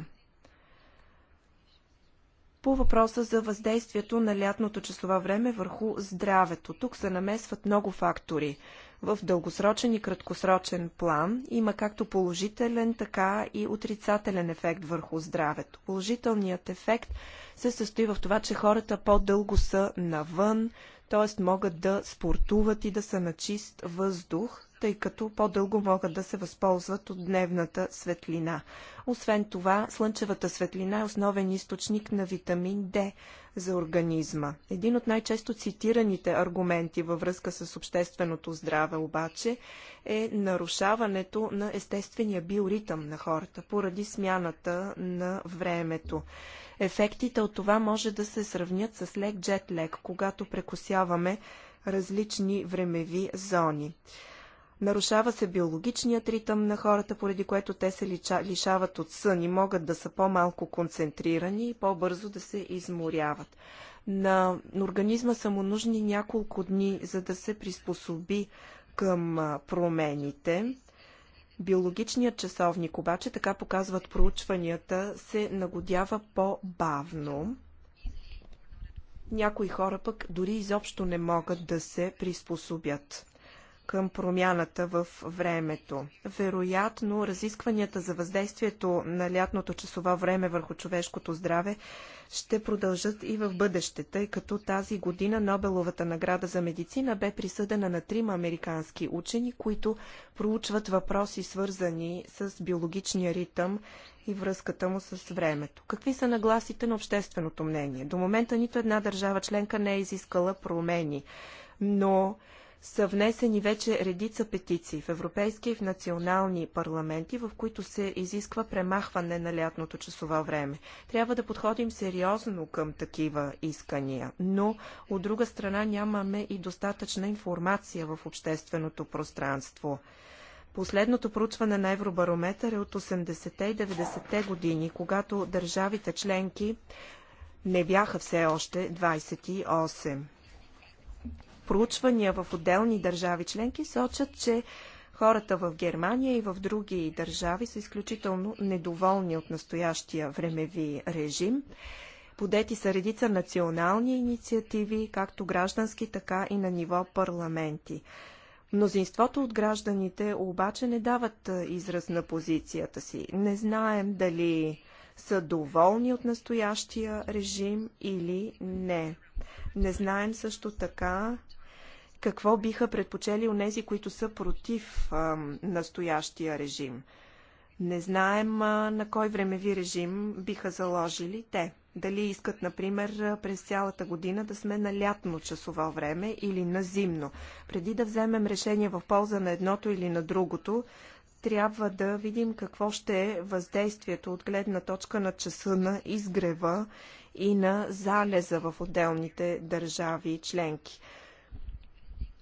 По въпроса за въздействието на лятното часова време върху здравето. Тук се намесват много фактори. В дългосрочен и краткосрочен план има както положителен, така и отрицателен ефект върху здравето. Положителният ефект се състои в това, че хората по-дълго са навън, т.е. могат да спортуват и да са на чист въздух, тъй като по-дълго могат да се възползват от дневната светлина. Освен това, слънчевата светлина е основен източник на витамин D за организма. Един от най-често цитираните аргументи във връзка с общественото здраве обаче е нарушаването на естествения биоритъм на хората поради смяната на времето. Ефектите от това може да се сравнят с лек джетлек, когато прекосяваме различни времеви зони. Нарушава се биологичният ритъм на хората, поради което те се лишават от сън и могат да са по-малко концентрирани и по-бързо да се изморяват. На организма са му нужни няколко дни, за да се приспособи към промените. Биологичният часовник обаче, така показват проучванията, се нагодява по-бавно. Някои хора пък дори изобщо не могат да се приспособят към промяната в времето. Вероятно, разискванията за въздействието на лятното часова време върху човешкото здраве ще продължат и в бъдеще, тъй като тази година Нобеловата награда за медицина бе присъдена на трима американски учени, които проучват въпроси свързани с биологичния ритъм и връзката му с времето. Какви са нагласите на общественото мнение? До момента нито една държава членка не е изискала промени, но са внесени вече редица петиции в европейски и в национални парламенти, в които се изисква премахване на лятното часово време. Трябва да подходим сериозно към такива искания, но от друга страна нямаме и достатъчна информация в общественото пространство. Последното проучване на Евробарометър е от 80-те и 90-те години, когато държавите членки не бяха все още 28 проучвания в отделни държави членки сочат, че хората в Германия и в други държави са изключително недоволни от настоящия времеви режим. Подети са редица национални инициативи, както граждански, така и на ниво парламенти. Мнозинството от гражданите обаче не дават израз на позицията си. Не знаем дали са доволни от настоящия режим или не. Не знаем също така какво биха предпочели онези, които са против а, настоящия режим. Не знаем а, на кой времеви режим биха заложили те. Дали искат, например, през цялата година да сме на лятно часово време или на зимно. Преди да вземем решение в полза на едното или на другото, трябва да видим какво ще е въздействието от гледна точка на часа на изгрева и на залеза в отделните държави и членки.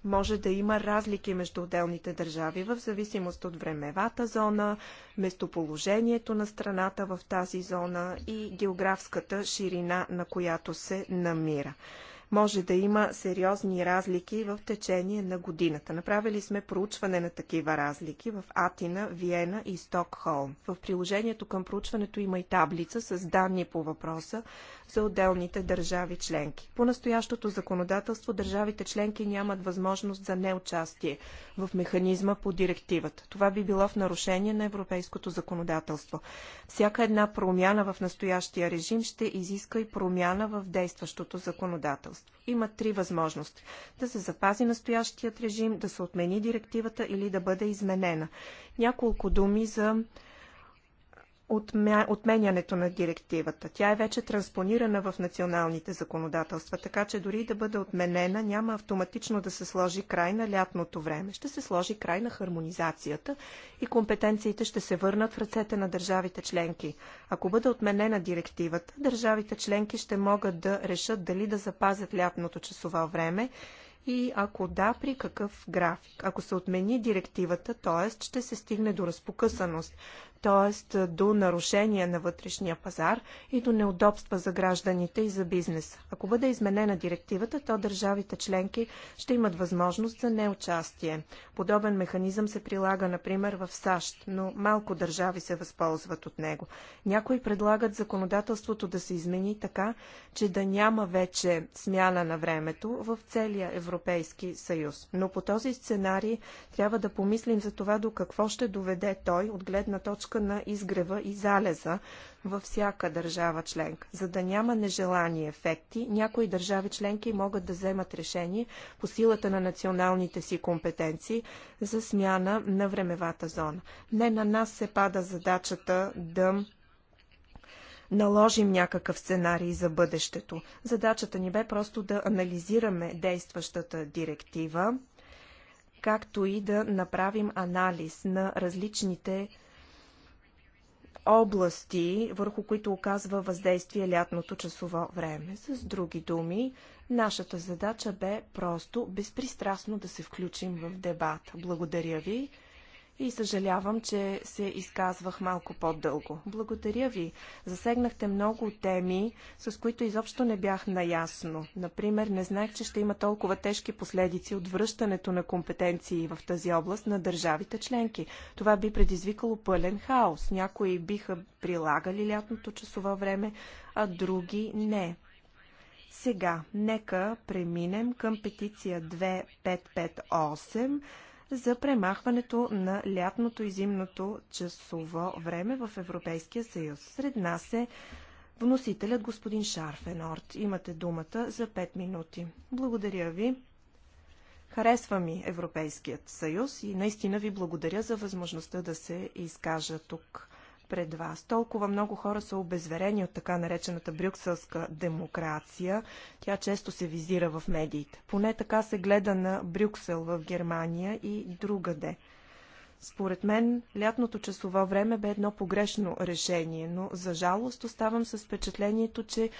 Може да има разлики между отделните държави в зависимост от времевата зона, местоположението на страната в тази зона и географската ширина, на която се намира може да има сериозни разлики в течение на годината. Направили сме проучване на такива разлики в Атина, Виена и Стокхолм. В приложението към проучването има и таблица с данни по въпроса, за отделните държави членки. По настоящото законодателство държавите членки нямат възможност за неучастие в механизма по директивата. Това би било в нарушение на европейското законодателство. Всяка една промяна в настоящия режим ще изиска и промяна в действащото законодателство. Има три възможности. Да се запази настоящият режим, да се отмени директивата или да бъде изменена. Няколко думи за отмя... отменянето на директивата. Тя е вече транспонирана в националните законодателства, така че дори да бъде отменена, няма автоматично да се сложи край на лятното време. Ще се сложи край на хармонизацията и компетенциите ще се върнат в ръцете на държавите членки. Ако бъде отменена директивата, държавите членки ще могат да решат дали да запазят лятното часово време и ако да, при какъв график. Ако се отмени директивата, т.е. ще се стигне до разпокъсаност т.е. до нарушения на вътрешния пазар и до неудобства за гражданите и за бизнеса. Ако бъде изменена директивата, то държавите членки ще имат възможност за неучастие. Подобен механизъм се прилага, например, в САЩ, но малко държави се възползват от него. Някои предлагат законодателството да се измени така, че да няма вече смяна на времето в целия Европейски съюз. Но по този сценарий трябва да помислим за това до какво ще доведе той от гледна точка точка на изгрева и залеза във всяка държава членка. За да няма нежелани ефекти, някои държави членки могат да вземат решение по силата на националните си компетенции за смяна на времевата зона. Не на нас се пада задачата да наложим някакъв сценарий за бъдещето. Задачата ни бе просто да анализираме действащата директива, както и да направим анализ на различните области, върху които оказва въздействие лятното часово време. С други думи, нашата задача бе просто безпристрастно да се включим в дебат. Благодаря ви и съжалявам, че се изказвах малко по-дълго. Благодаря ви. Засегнахте много теми, с които изобщо не бях наясно. Например, не знаех, че ще има толкова тежки последици от връщането на компетенции в тази област на държавите членки. Това би предизвикало пълен хаос. Някои биха прилагали лятното часово време, а други не. Сега, нека преминем към петиция 2558 за премахването на лятното и зимното часово време в Европейския съюз. Сред нас е вносителят господин Шарфенорт. Имате думата за 5 минути. Благодаря ви. Харесва ми Европейският съюз и наистина ви благодаря за възможността да се изкажа тук пред вас. Толкова много хора са обезверени от така наречената брюкселска демокрация. Тя често се визира в медиите. Поне така се гледа на Брюксел в Германия и другаде. Според мен, лятното часово време бе едно погрешно решение, но за жалост оставам с впечатлението, че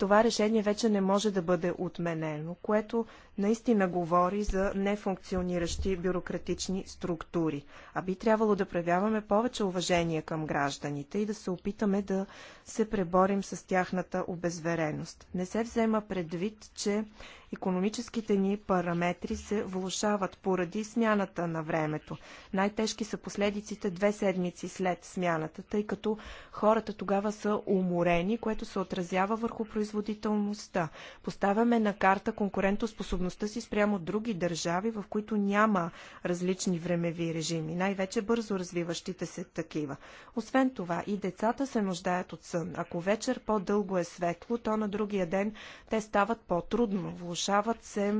това решение вече не може да бъде отменено, което наистина говори за нефункциониращи бюрократични структури. А би трябвало да проявяваме повече уважение към гражданите и да се опитаме да се преборим с тяхната обезвереност. Не се взема предвид, че економическите ни параметри се влушават поради смяната на времето. Най-тежки са последиците две седмици след смяната, тъй като хората тогава са уморени, което се отразява върху производителността. Поставяме на карта конкурентоспособността си спрямо други държави, в които няма различни времеви режими, най-вече бързо развиващите се такива. Освен това, и децата се нуждаят от сън. Ако вечер по-дълго е светло, то на другия ден те стават по-трудно Влушават се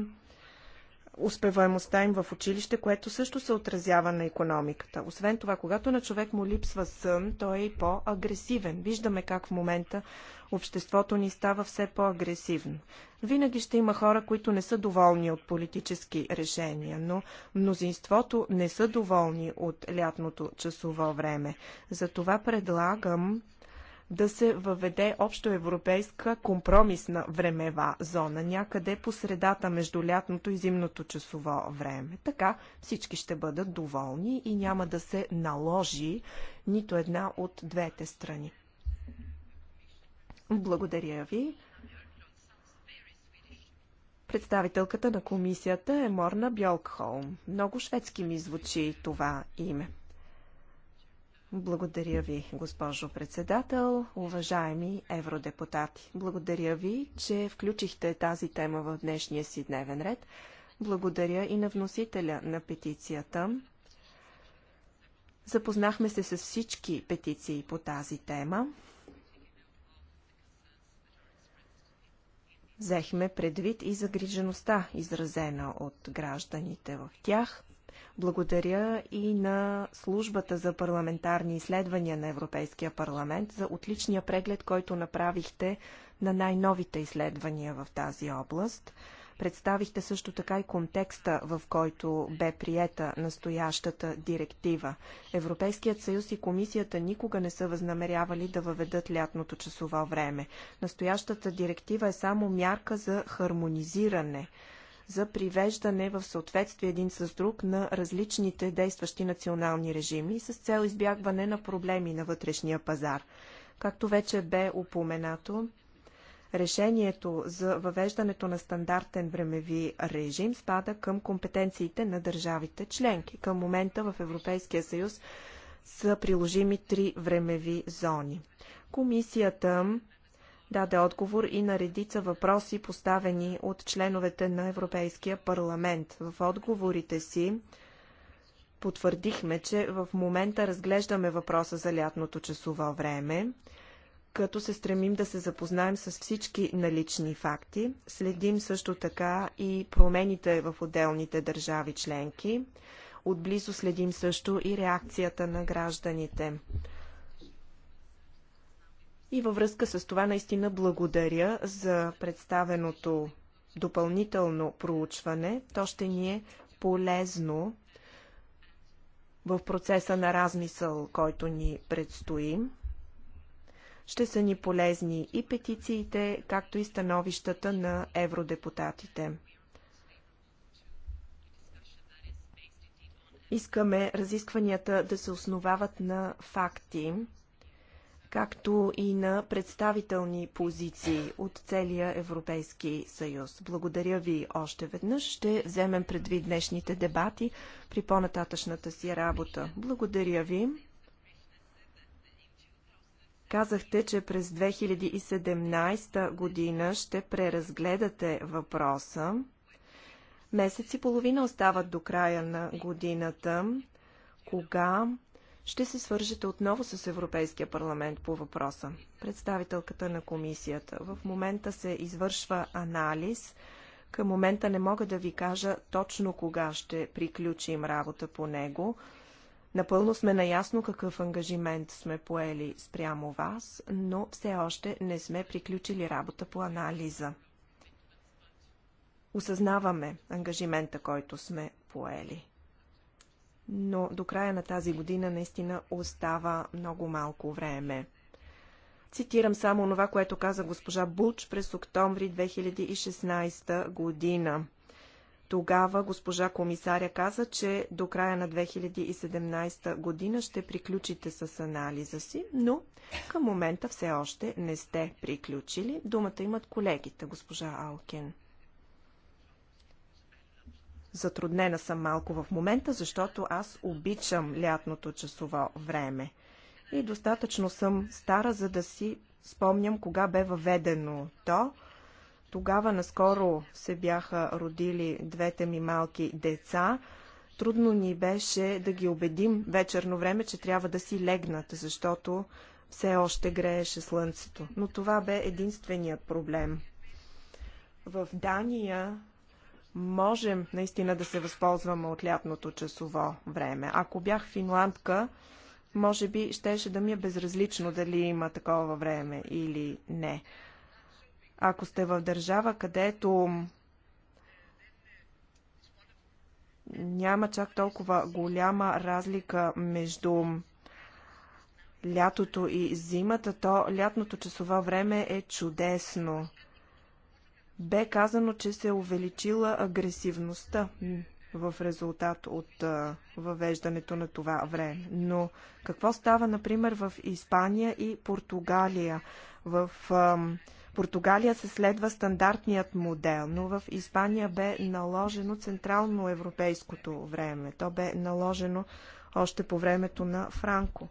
успеваемостта им в училище, което също се отразява на економиката. Освен това, когато на човек му липсва сън, той е и по-агресивен. Виждаме как в момента обществото ни става все по-агресивно. Винаги ще има хора, които не са доволни от политически решения, но мнозинството не са доволни от лятното часово време. Затова предлагам да се въведе общоевропейска компромисна времева зона, някъде по средата между лятното и зимното часово време. Така всички ще бъдат доволни и няма да се наложи нито една от двете страни. Благодаря ви. Представителката на комисията е Морна Бьолкхолм. Много шведски ми звучи това име. Благодаря ви, госпожо председател, уважаеми евродепутати. Благодаря ви, че включихте тази тема в днешния си дневен ред. Благодаря и на вносителя на петицията. Запознахме се с всички петиции по тази тема. Взехме предвид и загрижеността, изразена от гражданите в тях – благодаря и на службата за парламентарни изследвания на Европейския парламент за отличния преглед, който направихте на най-новите изследвания в тази област. Представихте също така и контекста, в който бе приета настоящата директива. Европейският съюз и комисията никога не са възнамерявали да въведат лятното часово време. Настоящата директива е само мярка за хармонизиране за привеждане в съответствие един с друг на различните действащи национални режими с цел избягване на проблеми на вътрешния пазар. Както вече бе упоменато, решението за въвеждането на стандартен времеви режим спада към компетенциите на държавите членки. Към момента в Европейския съюз са приложими три времеви зони. Комисията даде отговор и на редица въпроси, поставени от членовете на Европейския парламент. В отговорите си потвърдихме, че в момента разглеждаме въпроса за лятното часово време, като се стремим да се запознаем с всички налични факти. Следим също така и промените в отделните държави членки. Отблизо следим също и реакцията на гражданите. И във връзка с това наистина благодаря за представеното допълнително проучване. То ще ни е полезно в процеса на размисъл, който ни предстои. Ще са ни полезни и петициите, както и становищата на евродепутатите. Искаме разискванията да се основават на факти, както и на представителни позиции от целия Европейски съюз. Благодаря ви още веднъж. Ще вземем предвид днешните дебати при по-нататъчната си работа. Благодаря ви. Казахте, че през 2017 година ще преразгледате въпроса. Месец и половина остават до края на годината. Кога ще се свържете отново с Европейския парламент по въпроса. Представителката на комисията. В момента се извършва анализ. Към момента не мога да ви кажа точно кога ще приключим работа по него. Напълно сме наясно какъв ангажимент сме поели спрямо вас, но все още не сме приключили работа по анализа. Осъзнаваме ангажимента, който сме поели но до края на тази година наистина остава много малко време. Цитирам само това, което каза госпожа Буч през октомври 2016 година. Тогава госпожа комисаря каза, че до края на 2017 година ще приключите с анализа си, но към момента все още не сте приключили. Думата имат колегите, госпожа Алкен. Затруднена съм малко в момента, защото аз обичам лятното часово време. И достатъчно съм стара, за да си спомням кога бе въведено то. Тогава наскоро се бяха родили двете ми малки деца. Трудно ни беше да ги убедим вечерно време, че трябва да си легнат, защото все още грееше слънцето. Но това бе единственият проблем. В Дания можем наистина да се възползваме от лятното часово време. Ако бях финландка, може би щеше да ми е безразлично дали има такова време или не. Ако сте в държава, където няма чак толкова голяма разлика между лятото и зимата, то лятното часово време е чудесно. Бе казано, че се е увеличила агресивността в резултат от въвеждането на това време. Но какво става, например, в Испания и Португалия? В Португалия се следва стандартният модел, но в Испания бе наложено централно европейското време. То бе наложено още по времето на Франко.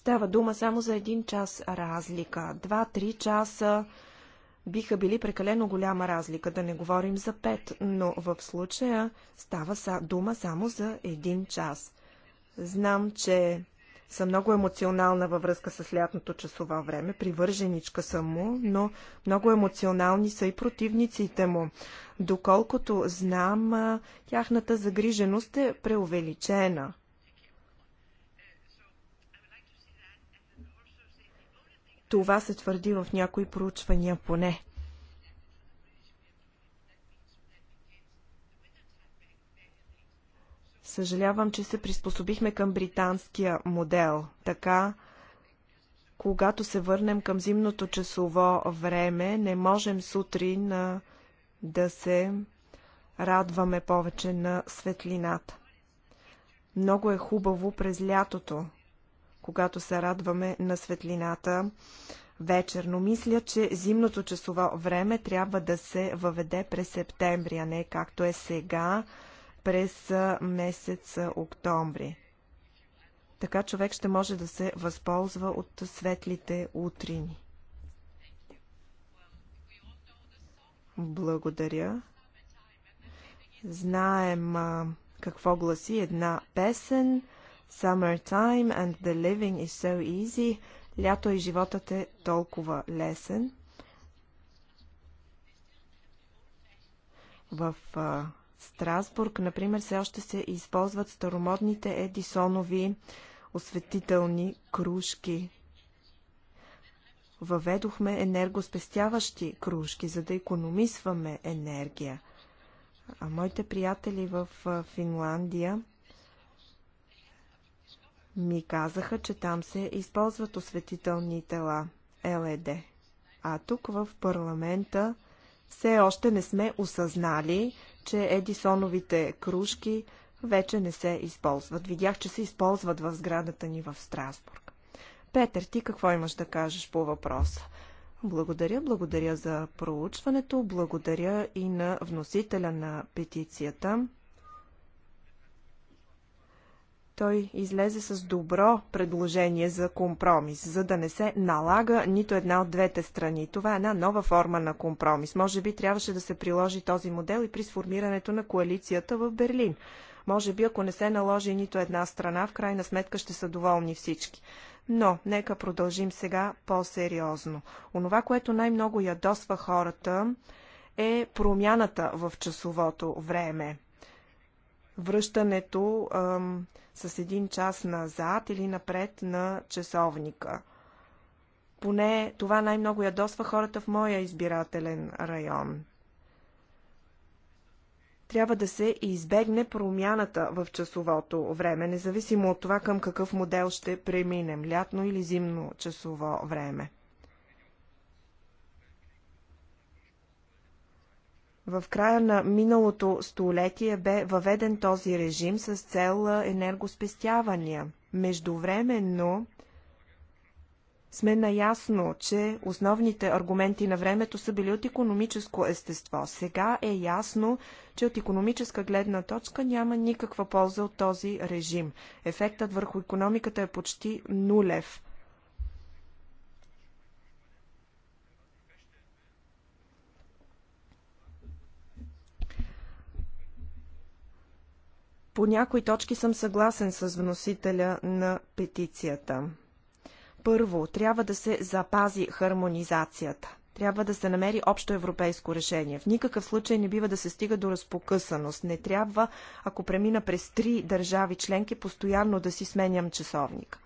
Става дума само за един час разлика. Два-три часа биха били прекалено голяма разлика, да не говорим за пет, но в случая става дума само за един час. Знам, че съм много емоционална във връзка с лятното часова време, привърженичка съм му, но много емоционални са и противниците му. Доколкото знам, тяхната загриженост е преувеличена. Това се твърди в някои проучвания поне. Съжалявам, че се приспособихме към британския модел. Така, когато се върнем към зимното часово време, не можем сутрин да се радваме повече на светлината. Много е хубаво през лятото, когато се радваме на светлината вечерно. Мисля, че зимното часово време трябва да се въведе през септември, а не както е сега през месец октомври. Така човек ще може да се възползва от светлите утрини. Благодаря. Знаем какво гласи една песен. Summer time and the living is so easy. Лято и животът е толкова лесен. В uh, Страсбург, например, все още се използват старомодните едисонови осветителни кружки. Въведохме енергоспестяващи кружки, за да економисваме енергия. А моите приятели в Финландия ми казаха, че там се използват осветителни тела ЛЕД. А тук в парламента все още не сме осъзнали, че Едисоновите кружки вече не се използват. Видях, че се използват в сградата ни в Страсбург. Петър, ти какво имаш да кажеш по въпроса? Благодаря, благодаря за проучването, благодаря и на вносителя на петицията той излезе с добро предложение за компромис, за да не се налага нито една от двете страни. Това е една нова форма на компромис. Може би трябваше да се приложи този модел и при сформирането на коалицията в Берлин. Може би, ако не се наложи нито една страна, в крайна сметка ще са доволни всички. Но, нека продължим сега по-сериозно. Онова, което най-много ядосва хората, е промяната в часовото време връщането а, с един час назад или напред на часовника. Поне това най-много ядосва хората в моя избирателен район. Трябва да се избегне промяната в часовото време, независимо от това към какъв модел ще преминем лятно или зимно часово време. В края на миналото столетие бе въведен този режим с цел енергоспестявания. Междувременно сме наясно, че основните аргументи на времето са били от економическо естество. Сега е ясно, че от економическа гледна точка няма никаква полза от този режим. Ефектът върху економиката е почти нулев. По някои точки съм съгласен с вносителя на петицията. Първо, трябва да се запази хармонизацията. Трябва да се намери общо европейско решение. В никакъв случай не бива да се стига до разпокъсаност. Не трябва, ако премина през три държави членки, постоянно да си сменям часовник.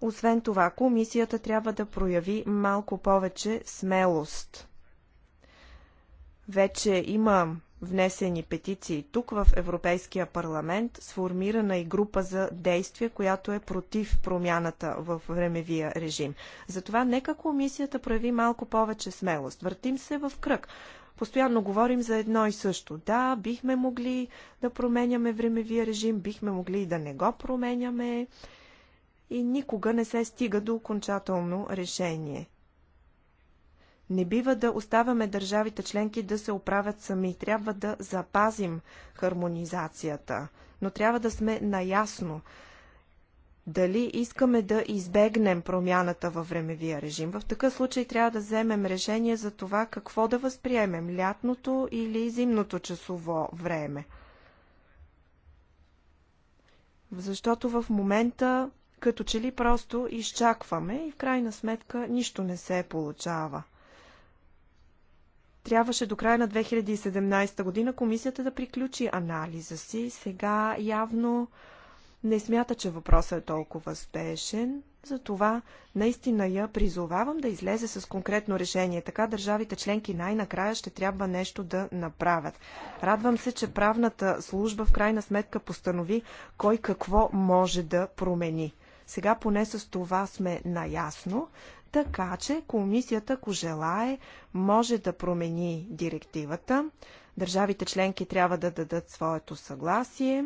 Освен това, комисията трябва да прояви малко повече смелост вече има внесени петиции тук в Европейския парламент, сформирана и група за действие, която е против промяната в времевия режим. Затова нека комисията прави малко повече смелост. Въртим се в кръг. Постоянно говорим за едно и също. Да, бихме могли да променяме времевия режим, бихме могли и да не го променяме и никога не се стига до окончателно решение. Не бива да оставяме държавите членки да се оправят сами. Трябва да запазим хармонизацията, но трябва да сме наясно дали искаме да избегнем промяната във времевия режим. В такъв случай трябва да вземем решение за това какво да възприемем лятното или зимното часово време. Защото в момента като че ли просто изчакваме и в крайна сметка нищо не се получава. Трябваше до края на 2017 година комисията да приключи анализа си. Сега явно не смята, че въпросът е толкова спешен. Затова наистина я призовавам да излезе с конкретно решение. Така държавите членки най-накрая ще трябва нещо да направят. Радвам се, че правната служба в крайна сметка постанови кой какво може да промени. Сега поне с това сме наясно така че комисията, ако желае, може да промени директивата. Държавите членки трябва да дадат своето съгласие.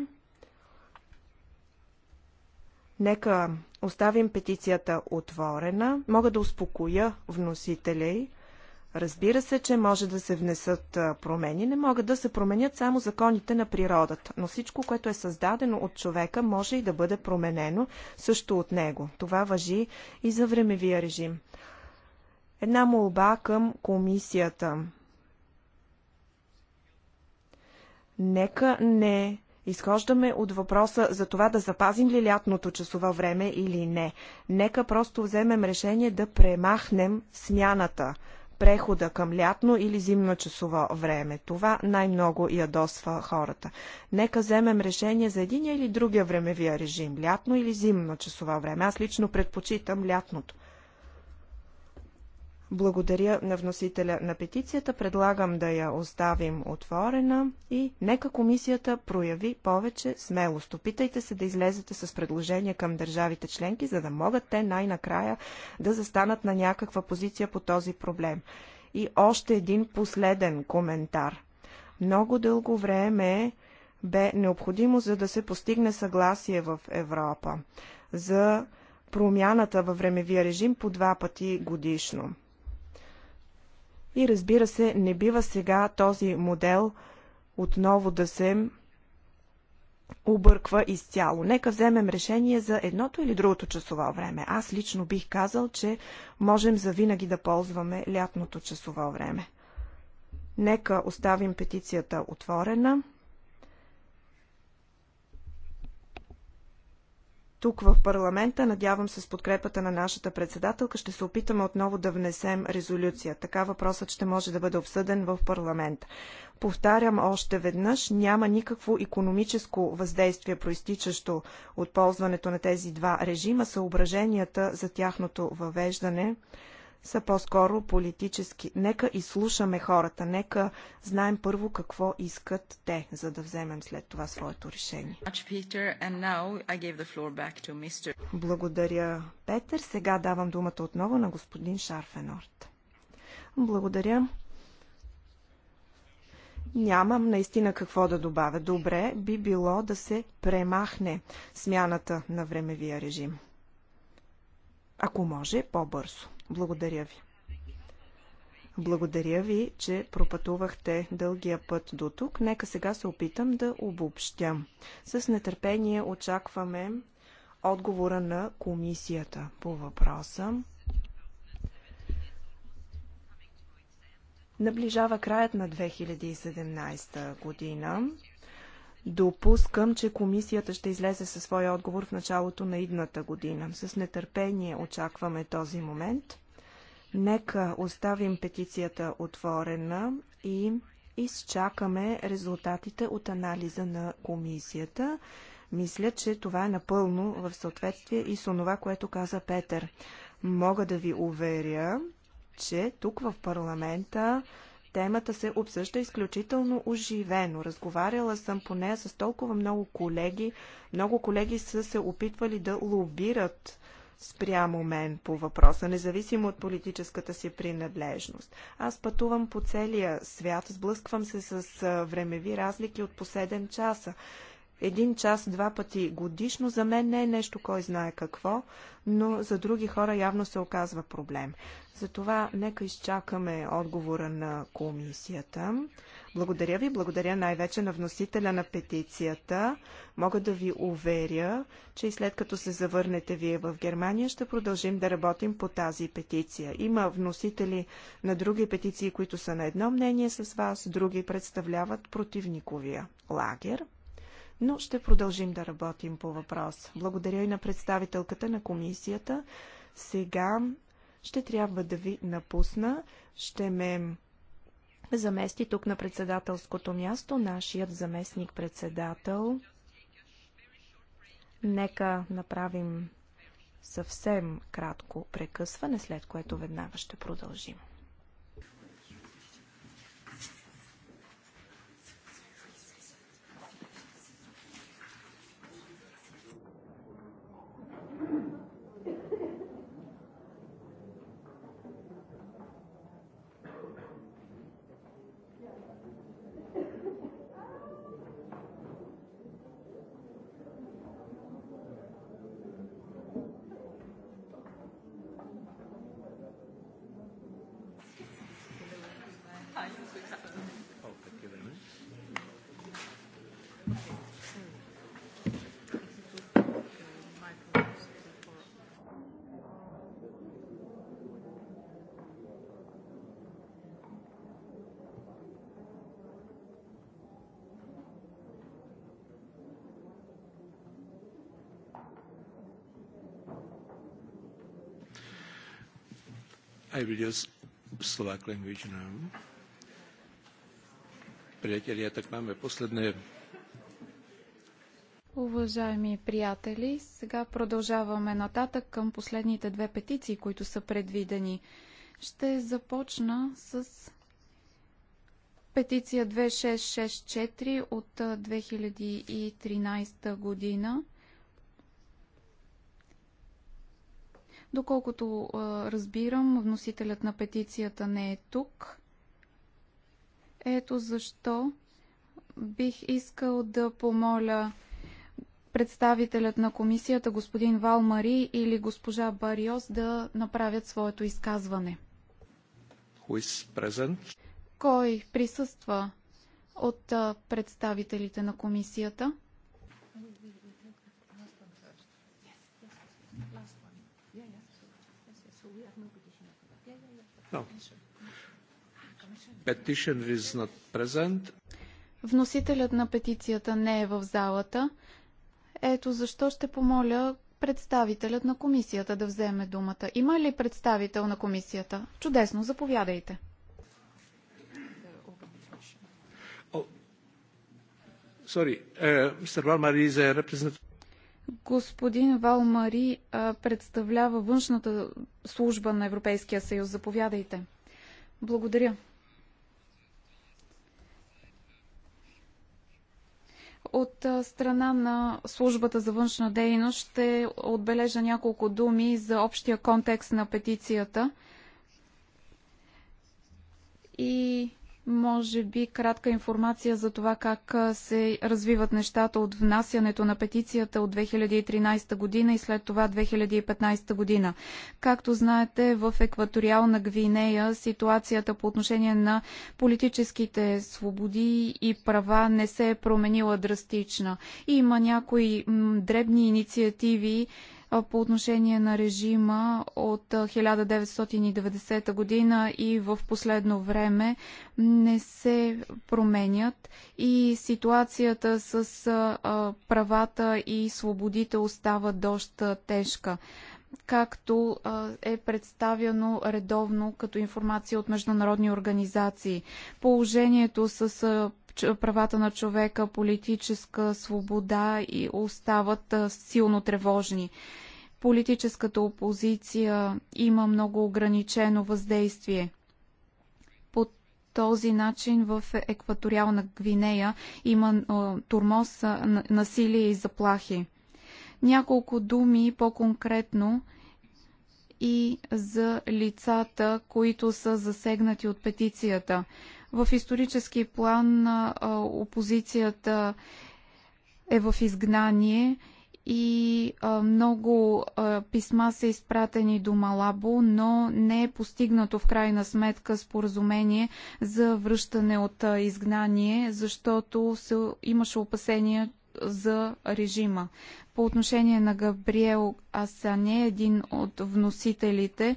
Нека оставим петицията отворена. Мога да успокоя вносителей. Разбира се, че може да се внесат промени. Не могат да се променят само законите на природата, но всичко, което е създадено от човека, може и да бъде променено също от него. Това въжи и за времевия режим. Една молба към комисията. Нека не Изхождаме от въпроса за това да запазим ли лятното часово време или не. Нека просто вземем решение да премахнем смяната прехода към лятно или зимно часово време. Това най-много ядосва хората. Нека вземем решение за един или другия времевия режим, лятно или зимно часово време. Аз лично предпочитам лятното. Благодаря на вносителя на петицията. Предлагам да я оставим отворена и нека комисията прояви повече смелост. Опитайте се да излезете с предложения към държавите членки, за да могат те най-накрая да застанат на някаква позиция по този проблем. И още един последен коментар. Много дълго време бе необходимо, за да се постигне съгласие в Европа за промяната във времевия режим по два пъти годишно. И разбира се, не бива сега този модел отново да се обърква изцяло. Нека вземем решение за едното или другото часово време. Аз лично бих казал, че можем завинаги да ползваме лятното часово време. Нека оставим петицията отворена. тук в парламента, надявам се с подкрепата на нашата председателка, ще се опитаме отново да внесем резолюция. Така въпросът ще може да бъде обсъден в парламента. Повтарям още веднъж, няма никакво економическо въздействие, проистичащо от ползването на тези два режима. Съображенията за тяхното въвеждане са по-скоро политически. Нека изслушаме хората, нека знаем първо какво искат те, за да вземем след това своето решение. Благодаря, Петър. Сега давам думата отново на господин Шарфенорт. Благодаря. Нямам наистина какво да добавя. Добре би било да се премахне смяната на времевия режим. Ако може, по-бързо. Благодаря ви. Благодаря ви, че пропътувахте дългия път до тук. Нека сега се опитам да обобщя. С нетърпение очакваме отговора на комисията по въпроса. Наближава краят на 2017 година. Допускам, че комисията ще излезе със своя отговор в началото на идната година. С нетърпение очакваме този момент. Нека оставим петицията отворена и изчакаме резултатите от анализа на комисията. Мисля, че това е напълно в съответствие и с онова, което каза Петър. Мога да ви уверя, че тук в парламента Темата се обсъжда изключително оживено. Разговаряла съм по нея с толкова много колеги. Много колеги са се опитвали да лобират спрямо мен по въпроса, независимо от политическата си принадлежност. Аз пътувам по целия свят, сблъсквам се с времеви разлики от по 7 часа един час два пъти годишно за мен не е нещо кой знае какво, но за други хора явно се оказва проблем. Затова нека изчакаме отговора на комисията. Благодаря ви, благодаря най-вече на вносителя на петицията. Мога да ви уверя, че и след като се завърнете вие в Германия, ще продължим да работим по тази петиция. Има вносители на други петиции, които са на едно мнение с вас, други представляват противниковия лагер но ще продължим да работим по въпрос. Благодаря и на представителката на комисията. Сега ще трябва да ви напусна. Ще ме замести тук на председателското място нашият заместник-председател. Нека направим съвсем кратко прекъсване, след което веднага ще продължим. Slovak language now. máme posledné. Уважаеми приятели, сега продължаваме нататък към последните две петиции, които са предвидени. Ще започна с петиция 2664 от 2013 година Доколкото разбирам, вносителят на петицията не е тук. Ето защо бих искал да помоля представителят на комисията, господин Валмари или госпожа Бариос, да направят своето изказване. Кой присъства от представителите на комисията? Вносителят на петицията не е в залата. Ето защо ще помоля представителят на комисията да вземе думата. Има ли представител на комисията? Чудесно, заповядайте. Sorry, uh, Mr. Valmar is a representative. Господин Валмари представлява външната служба на Европейския съюз. Заповядайте. Благодаря. От страна на службата за външна дейност ще отбележа няколко думи за общия контекст на петицията и може би кратка информация за това как се развиват нещата от внасянето на петицията от 2013 година и след това 2015 година. Както знаете, в екваториална Гвинея ситуацията по отношение на политическите свободи и права не се е променила драстична. Има някои дребни инициативи, по отношение на режима от 1990 година и в последно време не се променят и ситуацията с правата и свободите остава доста тежка както е представяно редовно като информация от международни организации. Положението с правата на човека, политическа свобода и остават силно тревожни. Политическата опозиция има много ограничено въздействие По този начин в екваториална Гвинея има турмоз, насилие и заплахи. Няколко думи по-конкретно и за лицата, които са засегнати от петицията. В исторически план опозицията е в изгнание и а, много а, писма са изпратени до Малабо, но не е постигнато в крайна сметка споразумение за връщане от а, изгнание, защото се, имаше опасения, за режима. По отношение на Габриел Асане, един от вносителите,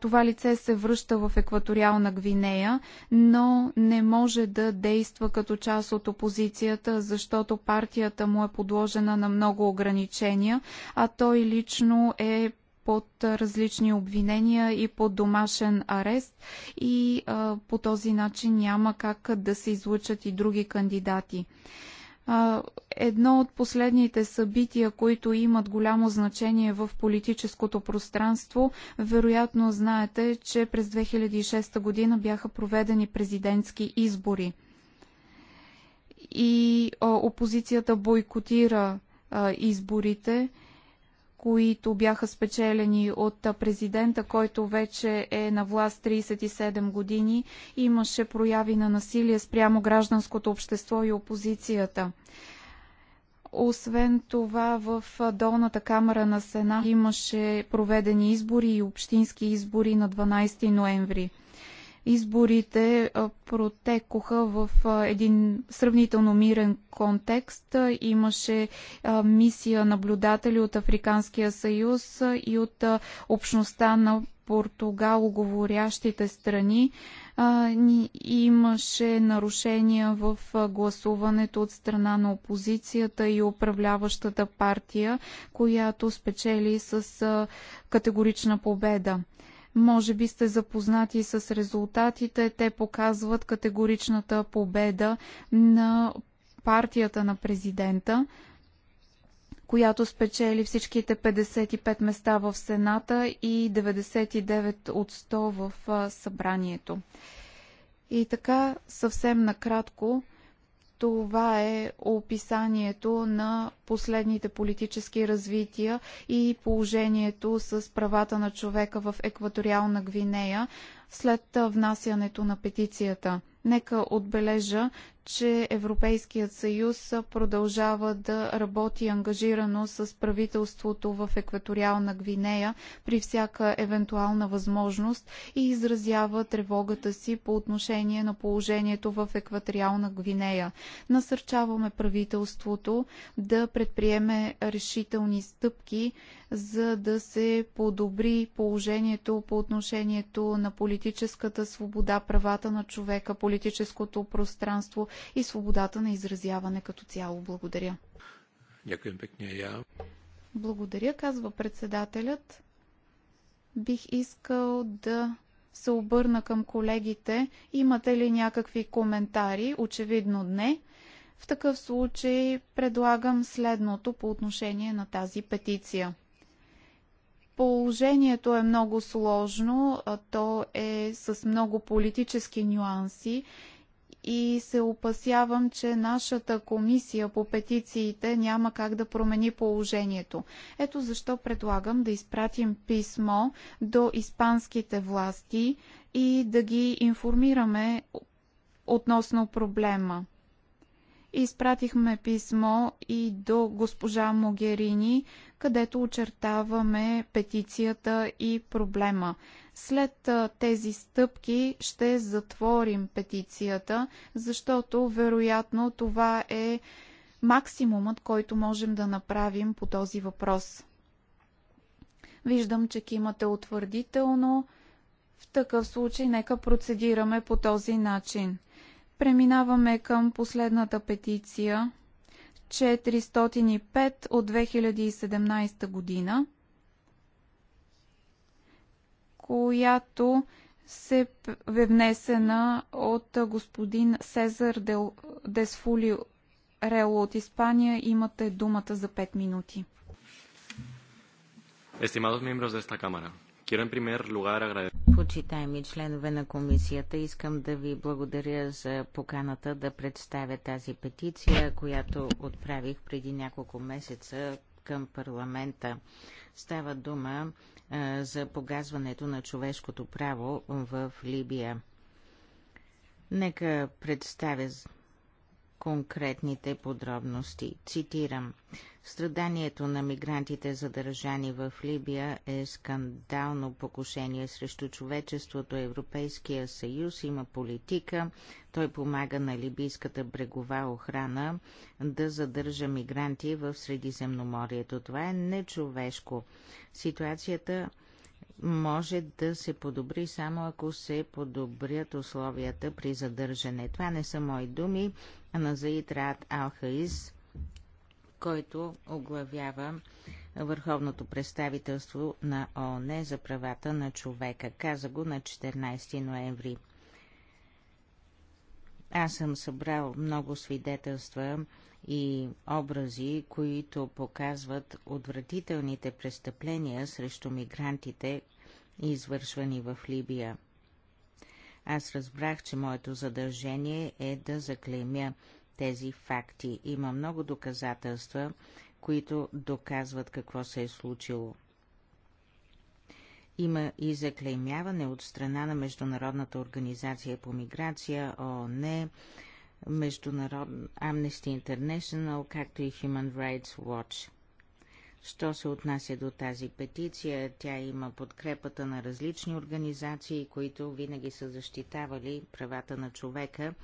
това лице се връща в екваториална Гвинея, но не може да действа като част от опозицията, защото партията му е подложена на много ограничения, а той лично е под различни обвинения и под домашен арест и а, по този начин няма как да се излучат и други кандидати едно от последните събития, които имат голямо значение в политическото пространство. Вероятно знаете, че през 2006 година бяха проведени президентски избори. И опозицията бойкотира изборите които бяха спечелени от президента, който вече е на власт 37 години, имаше прояви на насилие спрямо гражданското общество и опозицията. Освен това, в долната камера на Сена имаше проведени избори и общински избори на 12 ноември изборите протекоха в един сравнително мирен контекст. Имаше мисия наблюдатели от Африканския съюз и от общността на португалоговорящите страни имаше нарушения в гласуването от страна на опозицията и управляващата партия, която спечели с категорична победа. Може би сте запознати с резултатите. Те показват категоричната победа на партията на президента която спечели всичките 55 места в Сената и 99 от 100 в събранието. И така, съвсем накратко, това е описанието на последните политически развития и положението с правата на човека в екваториална Гвинея след внасянето на петицията. Нека отбележа, че Европейският съюз продължава да работи ангажирано с правителството в Екваториална Гвинея при всяка евентуална възможност и изразява тревогата си по отношение на положението в Екваториална Гвинея. Насърчаваме правителството да предприеме решителни стъпки, за да се подобри положението по отношението на политическата свобода, правата на човека, политическото пространство и свободата на изразяване като цяло. Благодаря. Някой я. Благодаря, казва председателят. Бих искал да се обърна към колегите. Имате ли някакви коментари? Очевидно не. В такъв случай предлагам следното по отношение на тази петиция. Положението е много сложно, то е с много политически нюанси и се опасявам, че нашата комисия по петициите няма как да промени положението. Ето защо предлагам да изпратим писмо до испанските власти и да ги информираме относно проблема. Изпратихме писмо и до госпожа Могерини, където очертаваме петицията и проблема. След тези стъпки ще затворим петицията, защото вероятно това е максимумът, който можем да направим по този въпрос. Виждам, че кимате утвърдително. В такъв случай нека процедираме по този начин. Преминаваме към последната петиция 405 от 2017 година която се е внесена от господин Сезар Дел... Рело от Испания. Имате думата за 5 минути. Estimados miembros de esta Cámara, quiero en primer lugar agradecer... Почитаеми членове на комисията, искам да ви благодаря за поканата да представя тази петиция, която отправих преди няколко месеца към парламента. Става дума за погазването на човешкото право в Либия. Нека представя конкретните подробности. Цитирам. Страданието на мигрантите задържани в Либия е скандално покушение срещу човечеството. Европейския съюз има политика. Той помага на либийската брегова охрана да задържа мигранти в Средиземноморието. Това е нечовешко. Ситуацията може да се подобри само ако се подобрят условията при задържане. Това не са мои думи, на Заитрат Алхаис, който оглавява Върховното представителство на ООН за правата на човека. Каза го на 14 ноември. Аз съм събрал много свидетелства и образи, които показват отвратителните престъпления срещу мигрантите, извършвани в Либия. Аз разбрах, че моето задължение е да заклеймя тези факти. Има много доказателства, които доказват какво се е случило. Има и заклеймяване от страна на Международната организация по миграция, ООН, Международ... Amnesty International, както и Human Rights Watch. Що се отнася до тази петиция, тя има подкрепата на различни организации, които винаги са защитавали правата на човека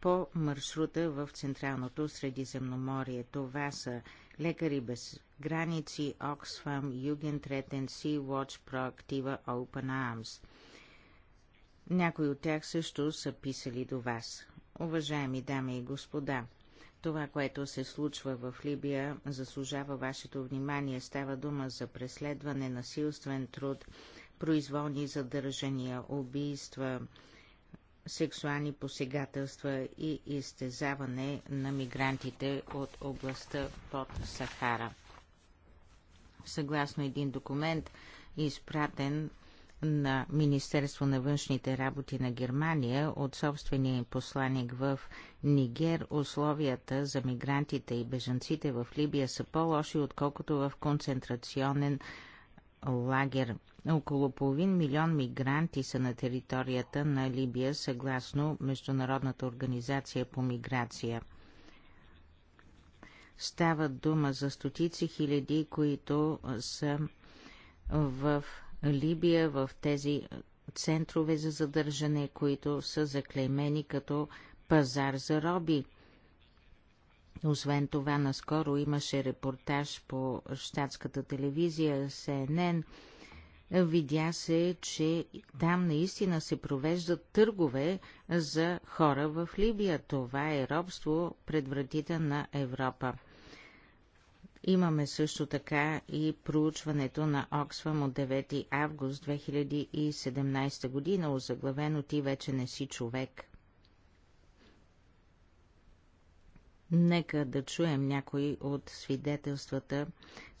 по маршрута в Централното Средиземноморие. Това са Лекари без граници, Оксфам, Югентретен, Sea Watch, Проактива Open Arms. Някои от тях също са писали до вас. Уважаеми дами и господа, това, което се случва в Либия, заслужава вашето внимание. Става дума за преследване, насилствен труд, произволни задържания, убийства, сексуални посегателства и изтезаване на мигрантите от областта под Сахара. Съгласно един документ, изпратен на Министерство на външните работи на Германия от собствения им посланник в Нигер, условията за мигрантите и бежанците в Либия са по-лоши, отколкото в концентрационен лагер. Около половин милион мигранти са на територията на Либия, съгласно Международната организация по миграция. Става дума за стотици хиляди, които са в Либия в тези центрове за задържане, които са заклеймени като пазар за роби. Освен това, наскоро имаше репортаж по щатската телевизия CNN. Видя се, че там наистина се провеждат търгове за хора в Либия. Това е робство пред вратите на Европа. Имаме също така и проучването на Оксфам от 9 август 2017 година, озаглавено Ти вече не си човек. Нека да чуем някои от свидетелствата,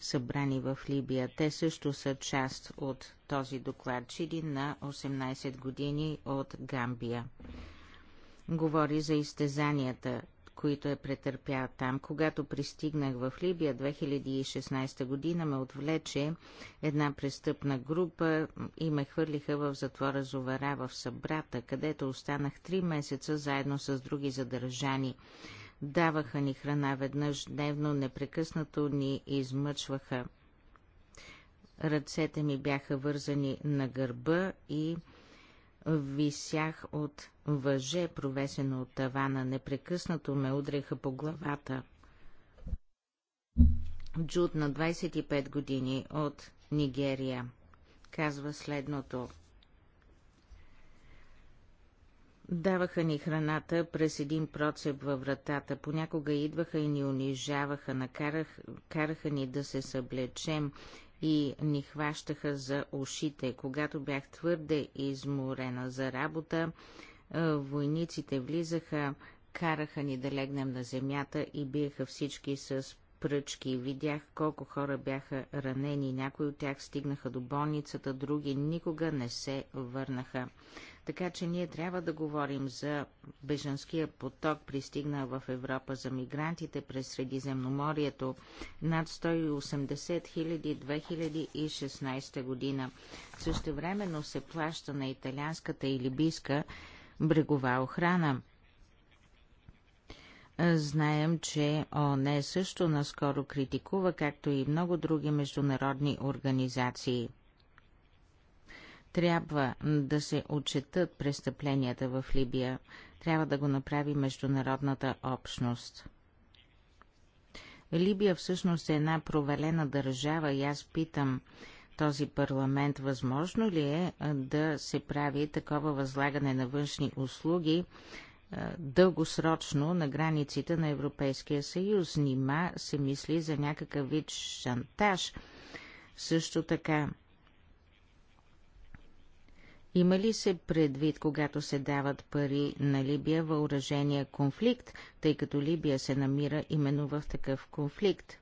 събрани в Либия. Те също са част от този доклад. Чили на 18 години от Гамбия. Говори за изтезанията, които е претърпял там. Когато пристигнах в Либия 2016 година, ме отвлече една престъпна група и ме хвърлиха в затвора Зовара в Събрата, където останах три месеца заедно с други задържани. Даваха ни храна веднъж дневно, непрекъснато ни измъчваха. Ръцете ми бяха вързани на гърба и Висях от въже, провесено от тавана. Непрекъснато ме удреха по главата. Джуд на 25 години от Нигерия казва следното. Даваха ни храната през един процеп във вратата. Понякога идваха и ни унижаваха, накарах, ни да се съблечем и ни хващаха за ушите. Когато бях твърде изморена за работа, е, войниците влизаха, караха ни да легнем на земята и биеха всички с пръчки. Видях колко хора бяха ранени, някои от тях стигнаха до болницата, други никога не се върнаха. Така че ние трябва да говорим за беженския поток, пристигнал в Европа за мигрантите през Средиземноморието над 180 хиляди 2016 година. Същевременно се плаща на италианската и либийска брегова охрана. Знаем, че ООН също наскоро критикува, както и много други международни организации – трябва да се отчетат престъпленията в Либия. Трябва да го направи международната общност. Либия всъщност е една провалена държава и аз питам този парламент, възможно ли е да се прави такова възлагане на външни услуги дългосрочно на границите на Европейския съюз? Нима се мисли за някакъв вид шантаж. Също така, има ли се предвид, когато се дават пари на Либия въоръжения конфликт, тъй като Либия се намира именно в такъв конфликт?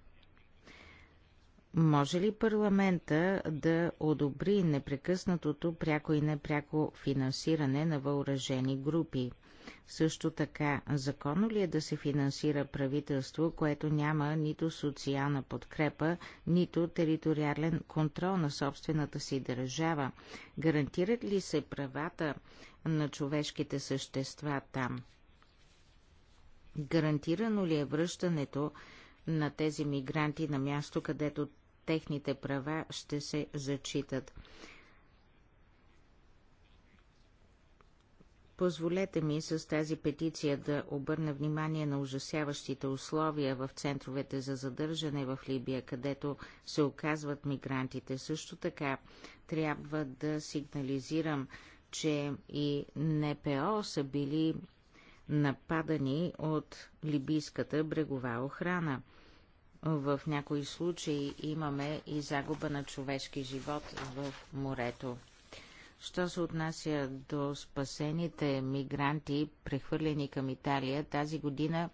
Може ли парламента да одобри непрекъснатото пряко и непряко финансиране на въоръжени групи? Също така, законно ли е да се финансира правителство, което няма нито социална подкрепа, нито териториален контрол на собствената си държава? Гарантират ли се правата на човешките същества там? Гарантирано ли е връщането на тези мигранти на място, където техните права ще се зачитат? Позволете ми с тази петиция да обърна внимание на ужасяващите условия в центровете за задържане в Либия, където се оказват мигрантите. Също така трябва да сигнализирам, че и НПО са били нападани от либийската брегова охрана. В някои случаи имаме и загуба на човешки живот в морето. Що се отнася до спасените мигранти, прехвърлени към Италия, тази година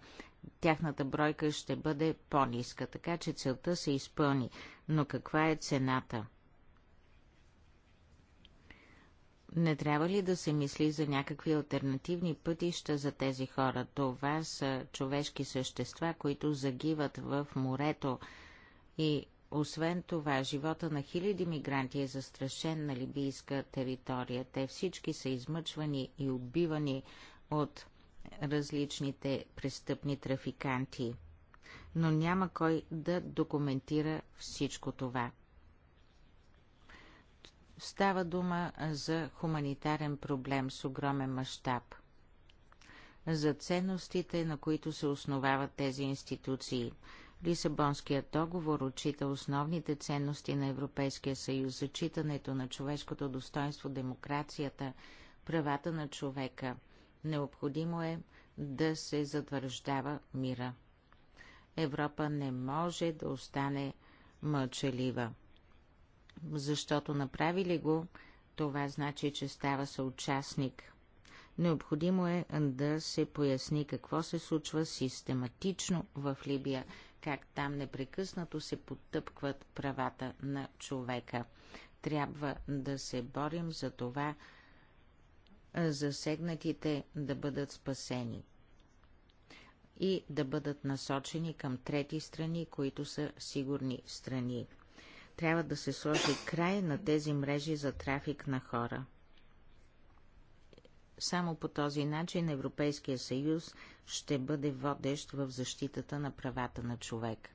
тяхната бройка ще бъде по-ниска, така че целта се изпълни. Но каква е цената? Не трябва ли да се мисли за някакви альтернативни пътища за тези хора? Това са човешки същества, които загиват в морето и освен това, живота на хиляди мигранти е застрашен на либийска територия. Те всички са измъчвани и убивани от различните престъпни трафиканти. Но няма кой да документира всичко това. Става дума за хуманитарен проблем с огромен мащаб. За ценностите, на които се основават тези институции – Лисабонският договор отчита основните ценности на Европейския съюз, зачитането на човешкото достоинство, демокрацията, правата на човека. Необходимо е да се затвърждава мира. Европа не може да остане мълчалива. Защото направили го, това значи, че става съучастник. Необходимо е да се поясни какво се случва систематично в Либия – как там непрекъснато се потъпкват правата на човека. Трябва да се борим за това засегнатите да бъдат спасени и да бъдат насочени към трети страни, които са сигурни страни. Трябва да се сложи край на тези мрежи за трафик на хора. Само по този начин Европейския съюз ще бъде водещ в защитата на правата на човека.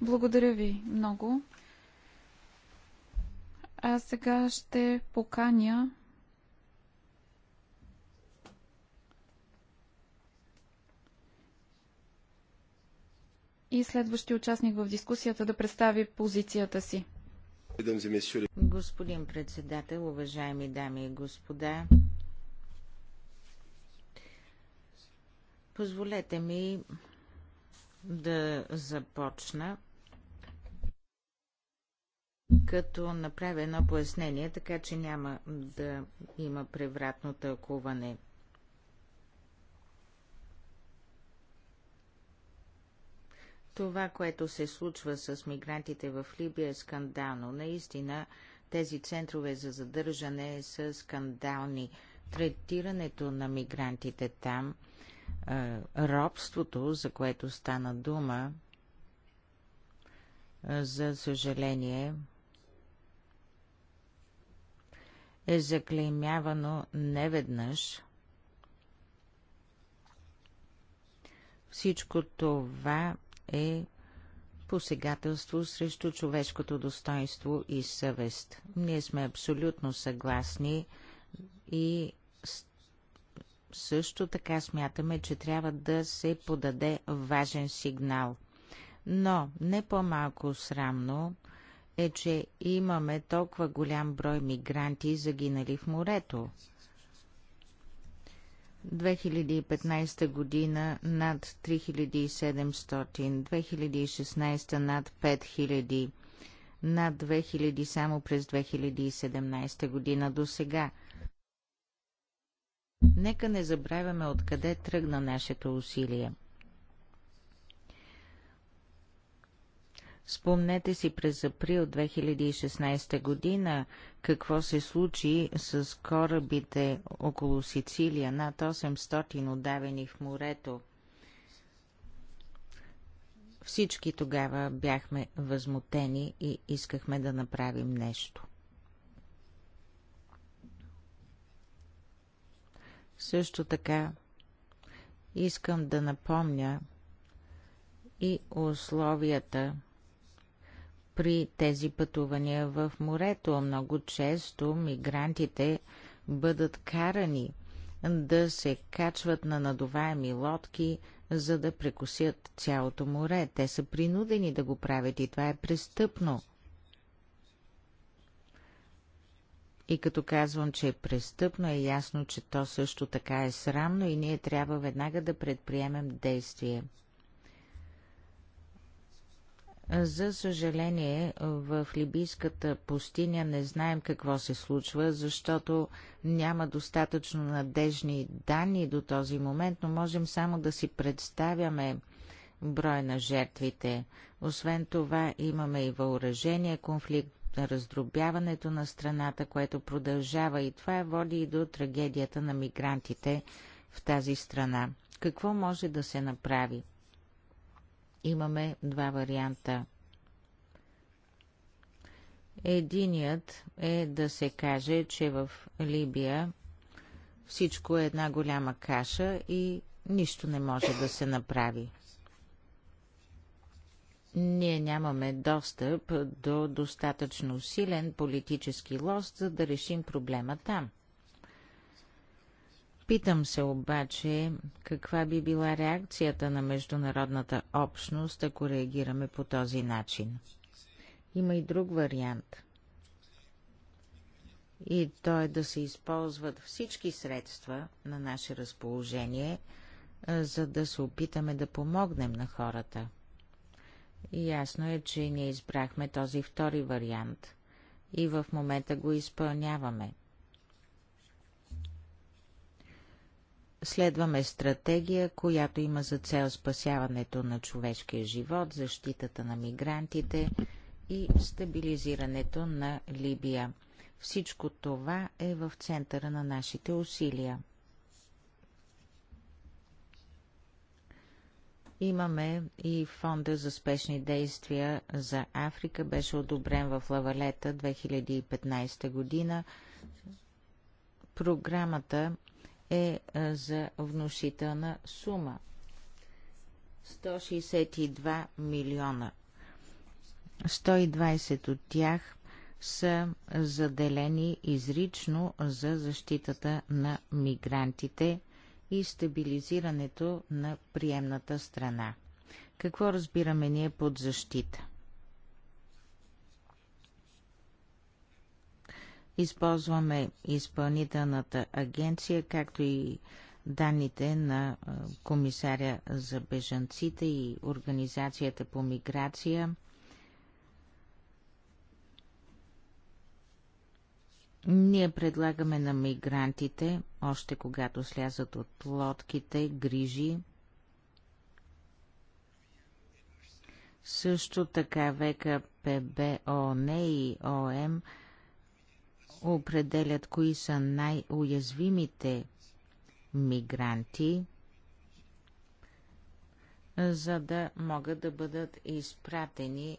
Благодаря ви много. А сега ще поканя и следващия участник в дискусията да представи позицията си. Господин председател, уважаеми дами и господа, позволете ми да започна като направя едно пояснение, така че няма да има превратно тълкуване – Това, което се случва с мигрантите в Либия е скандално. Наистина, тези центрове за задържане са скандални. Третирането на мигрантите там, робството, за което стана дума, за съжаление, е заклеймявано неведнъж. Всичко това е посегателство срещу човешкото достоинство и съвест. Ние сме абсолютно съгласни и също така смятаме, че трябва да се подаде важен сигнал. Но не по-малко срамно е, че имаме толкова голям брой мигранти загинали в морето. 2015 година над 3700, 2016 над 5000, над 2000 само през 2017 година до сега. Нека не забравяме откъде тръгна нашето усилие. Спомнете си през април 2016 година какво се случи с корабите около Сицилия, над 800 удавени в морето. Всички тогава бяхме възмутени и искахме да направим нещо. Също така искам да напомня и условията, при тези пътувания в морето. Много често мигрантите бъдат карани да се качват на надуваеми лодки, за да прекусят цялото море. Те са принудени да го правят и това е престъпно. И като казвам, че е престъпно, е ясно, че то също така е срамно и ние трябва веднага да предприемем действие. За съжаление, в либийската пустиня не знаем какво се случва, защото няма достатъчно надежни данни до този момент, но можем само да си представяме брой на жертвите. Освен това имаме и въоръжение, конфликт, раздробяването на страната, което продължава и това води и до трагедията на мигрантите в тази страна. Какво може да се направи? имаме два варианта. Единият е да се каже, че в Либия всичко е една голяма каша и нищо не може да се направи. Ние нямаме достъп до достатъчно силен политически лост, за да решим проблема там. Питам се обаче каква би била реакцията на международната общност, ако реагираме по този начин. Има и друг вариант. И то е да се използват всички средства на наше разположение, за да се опитаме да помогнем на хората. Ясно е, че ние избрахме този втори вариант и в момента го изпълняваме. Следваме стратегия, която има за цел спасяването на човешкия живот, защитата на мигрантите и стабилизирането на Либия. Всичко това е в центъра на нашите усилия. Имаме и фонда за спешни действия за Африка. Беше одобрен в Лавалета 2015 година. Програмата е за внушителна сума. 162 милиона. 120 от тях са заделени изрично за защитата на мигрантите и стабилизирането на приемната страна. Какво разбираме ние под защита? Използваме изпълнителната агенция, както и данните на комисаря за бежанците и Организацията по миграция. Ние предлагаме на мигрантите, още когато слязат от лодките, грижи. Също така века ПБОН и ОМ – определят кои са най-уязвимите мигранти, за да могат да бъдат изпратени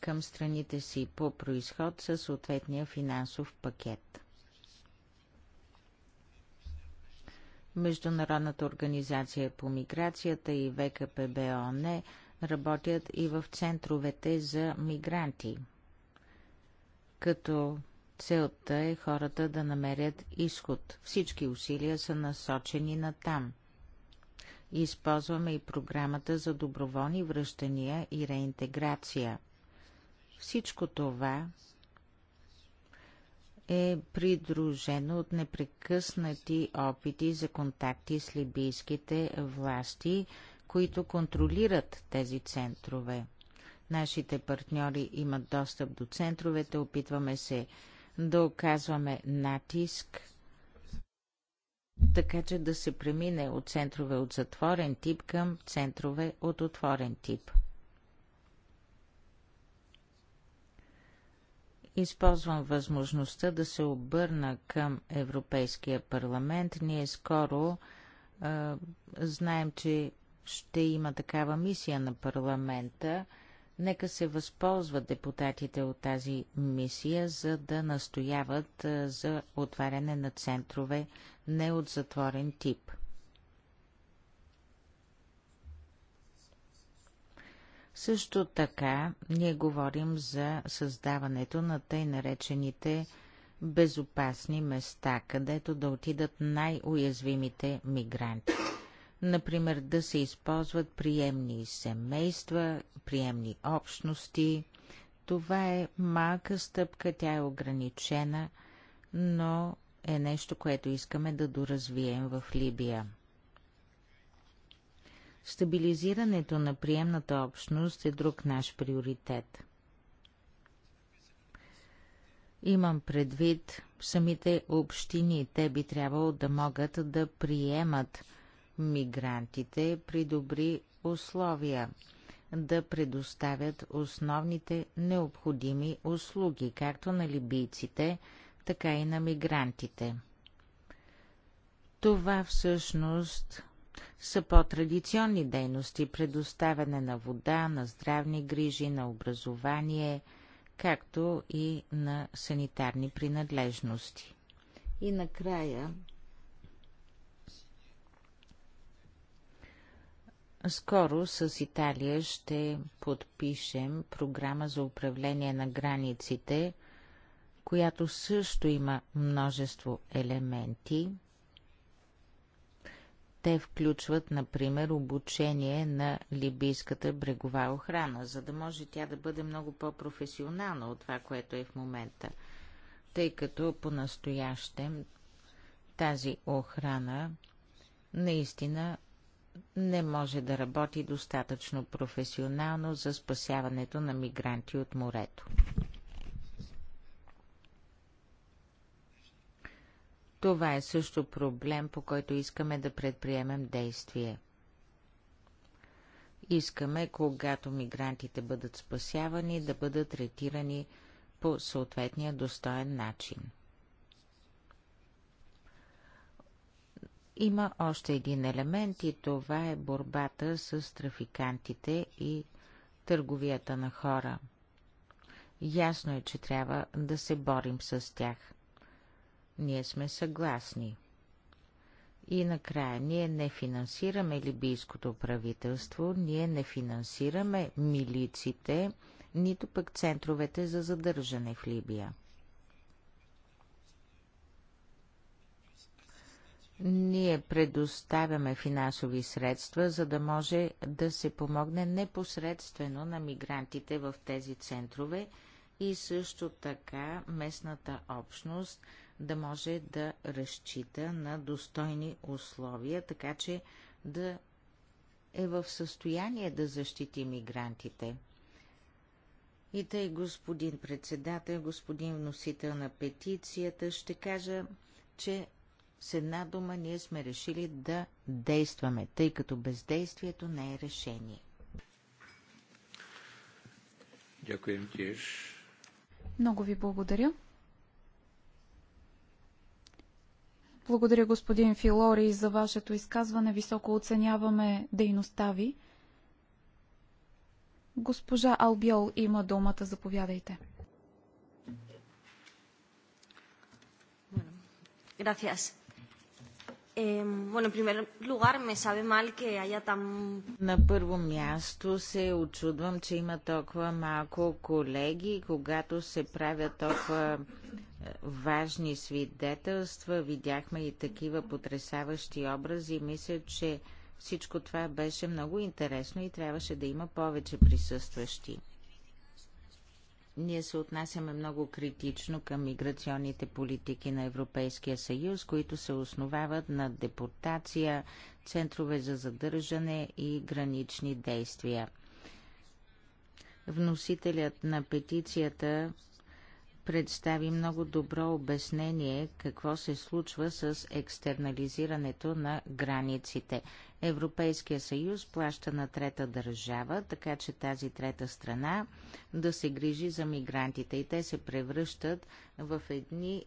към страните си по происход със съответния финансов пакет. Международната организация по миграцията и ВКПБ ООН работят и в центровете за мигранти, като Целта е хората да намерят изход. Всички усилия са насочени на там. Използваме и програмата за доброволни връщания и реинтеграция. Всичко това е придружено от непрекъснати опити за контакти с либийските власти, които контролират тези центрове. Нашите партньори имат достъп до центровете, опитваме се да оказваме натиск, така че да се премине от центрове от затворен тип към центрове от отворен тип. Използвам възможността да се обърна към Европейския парламент. Ние скоро е, знаем, че ще има такава мисия на парламента – Нека се възползват депутатите от тази мисия, за да настояват за отваряне на центрове не от затворен тип. Също така ние говорим за създаването на тъй наречените безопасни места, където да отидат най-уязвимите мигранти например да се използват приемни семейства, приемни общности. Това е малка стъпка, тя е ограничена, но е нещо, което искаме да доразвием в Либия. Стабилизирането на приемната общност е друг наш приоритет. Имам предвид самите общини. Те би трябвало да могат да приемат мигрантите при добри условия да предоставят основните необходими услуги, както на либийците, така и на мигрантите. Това всъщност са по-традиционни дейности – предоставяне на вода, на здравни грижи, на образование, както и на санитарни принадлежности. И накрая Скоро с Италия ще подпишем програма за управление на границите, която също има множество елементи. Те включват, например, обучение на либийската брегова охрана, за да може тя да бъде много по-професионална от това, което е в момента, тъй като по-настоящем тази охрана наистина не може да работи достатъчно професионално за спасяването на мигранти от морето. Това е също проблем, по който искаме да предприемем действие. Искаме, когато мигрантите бъдат спасявани, да бъдат третирани по съответния достоен начин. Има още един елемент и това е борбата с трафикантите и търговията на хора. Ясно е, че трябва да се борим с тях. Ние сме съгласни. И накрая, ние не финансираме либийското правителство, ние не финансираме милиците, нито пък центровете за задържане в Либия. Ние предоставяме финансови средства, за да може да се помогне непосредствено на мигрантите в тези центрове и също така местната общност да може да разчита на достойни условия, така че да е в състояние да защити мигрантите. И тъй, господин председател, господин вносител на петицията, ще кажа, че с една дума ние сме решили да действаме, тъй като бездействието не е решение. Дякуем тиш. Много ви благодаря. Благодаря, господин Филори, за вашето изказване. Високо оценяваме дейността ви. Госпожа Албиол има думата. Заповядайте. Gracias bueno, primer lugar, me sabe mal que haya tan... На първо място се очудвам, че има толкова малко колеги, когато се правят толкова е, важни свидетелства. Видяхме и такива потрясаващи образи. Мисля, че всичко това беше много интересно и трябваше да има повече присъстващи. Ние се отнасяме много критично към миграционните политики на Европейския съюз, които се основават на депортация, центрове за задържане и гранични действия. Вносителят на петицията представи много добро обяснение какво се случва с екстернализирането на границите. Европейския съюз плаща на трета държава, така че тази трета страна да се грижи за мигрантите и те се превръщат в едни е,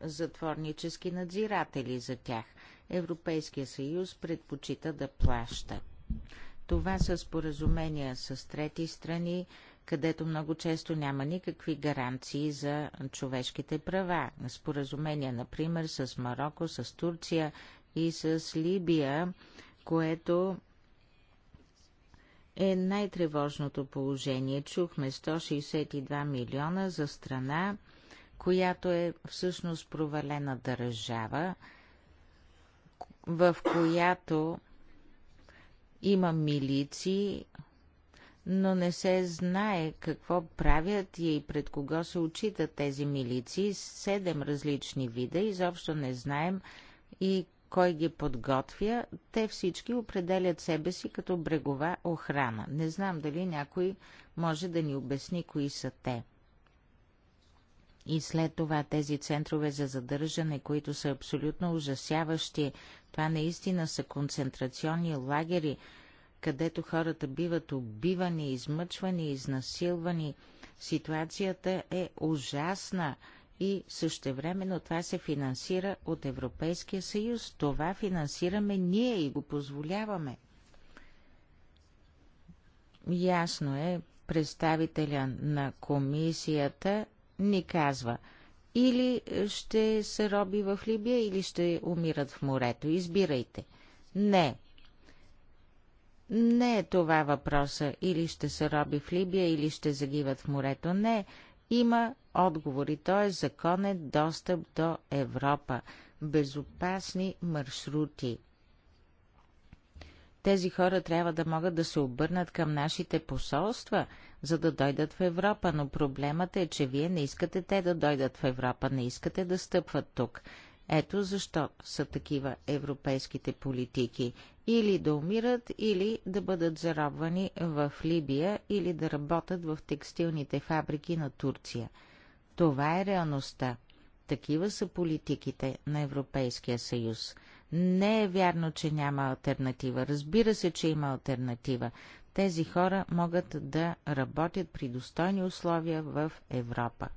затворнически надзиратели за тях. Европейския съюз предпочита да плаща. Това са споразумения с трети страни, където много често няма никакви гаранции за човешките права. Споразумения, например, с Марокко, с Турция и с Либия, което е най-тревожното положение. Чухме 162 милиона за страна, която е всъщност провалена държава, в която има милиции, но не се знае какво правят и пред кого се отчитат тези милиции. Седем различни вида, изобщо не знаем и кой ги подготвя. Те всички определят себе си като брегова охрана. Не знам дали някой може да ни обясни кои са те. И след това тези центрове за задържане, които са абсолютно ужасяващи, това наистина са концентрационни лагери, където хората биват убивани, измъчвани, изнасилвани. Ситуацията е ужасна и същевременно това се финансира от Европейския съюз. Това финансираме ние и го позволяваме. Ясно е, представителя на комисията ни казва или ще се роби в Либия, или ще умират в морето. Избирайте. Не, не е това въпроса. Или ще се роби в Либия, или ще загиват в морето. Не. Има отговори. той е законен достъп до Европа. Безопасни маршрути. Тези хора трябва да могат да се обърнат към нашите посолства, за да дойдат в Европа, но проблемът е, че вие не искате те да дойдат в Европа, не искате да стъпват тук. Ето защо са такива европейските политики или да умират, или да бъдат заробвани в Либия, или да работят в текстилните фабрики на Турция. Това е реалността. Такива са политиките на Европейския съюз. Не е вярно, че няма альтернатива. Разбира се, че има альтернатива. Тези хора могат да работят при достойни условия в Европа.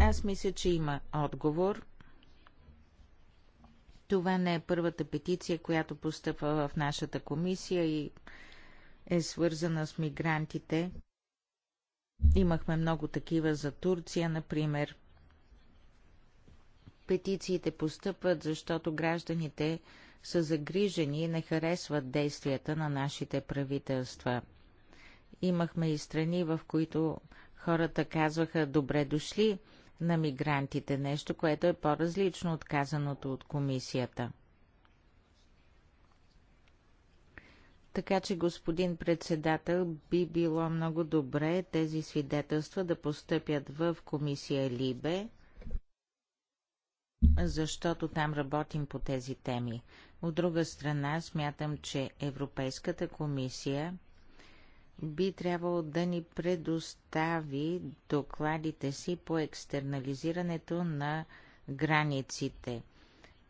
Аз мисля, че има отговор. Това не е първата петиция, която постъпва в нашата комисия и е свързана с мигрантите. Имахме много такива за Турция, например. Петициите постъпват, защото гражданите са загрижени и не харесват действията на нашите правителства. Имахме и страни, в които хората казваха добре дошли, на мигрантите, нещо, което е по-различно от казаното от комисията. Така че, господин председател, би било много добре тези свидетелства да постъпят в комисия Либе, защото там работим по тези теми. От друга страна, смятам, че Европейската комисия би трябвало да ни предостави докладите си по екстернализирането на границите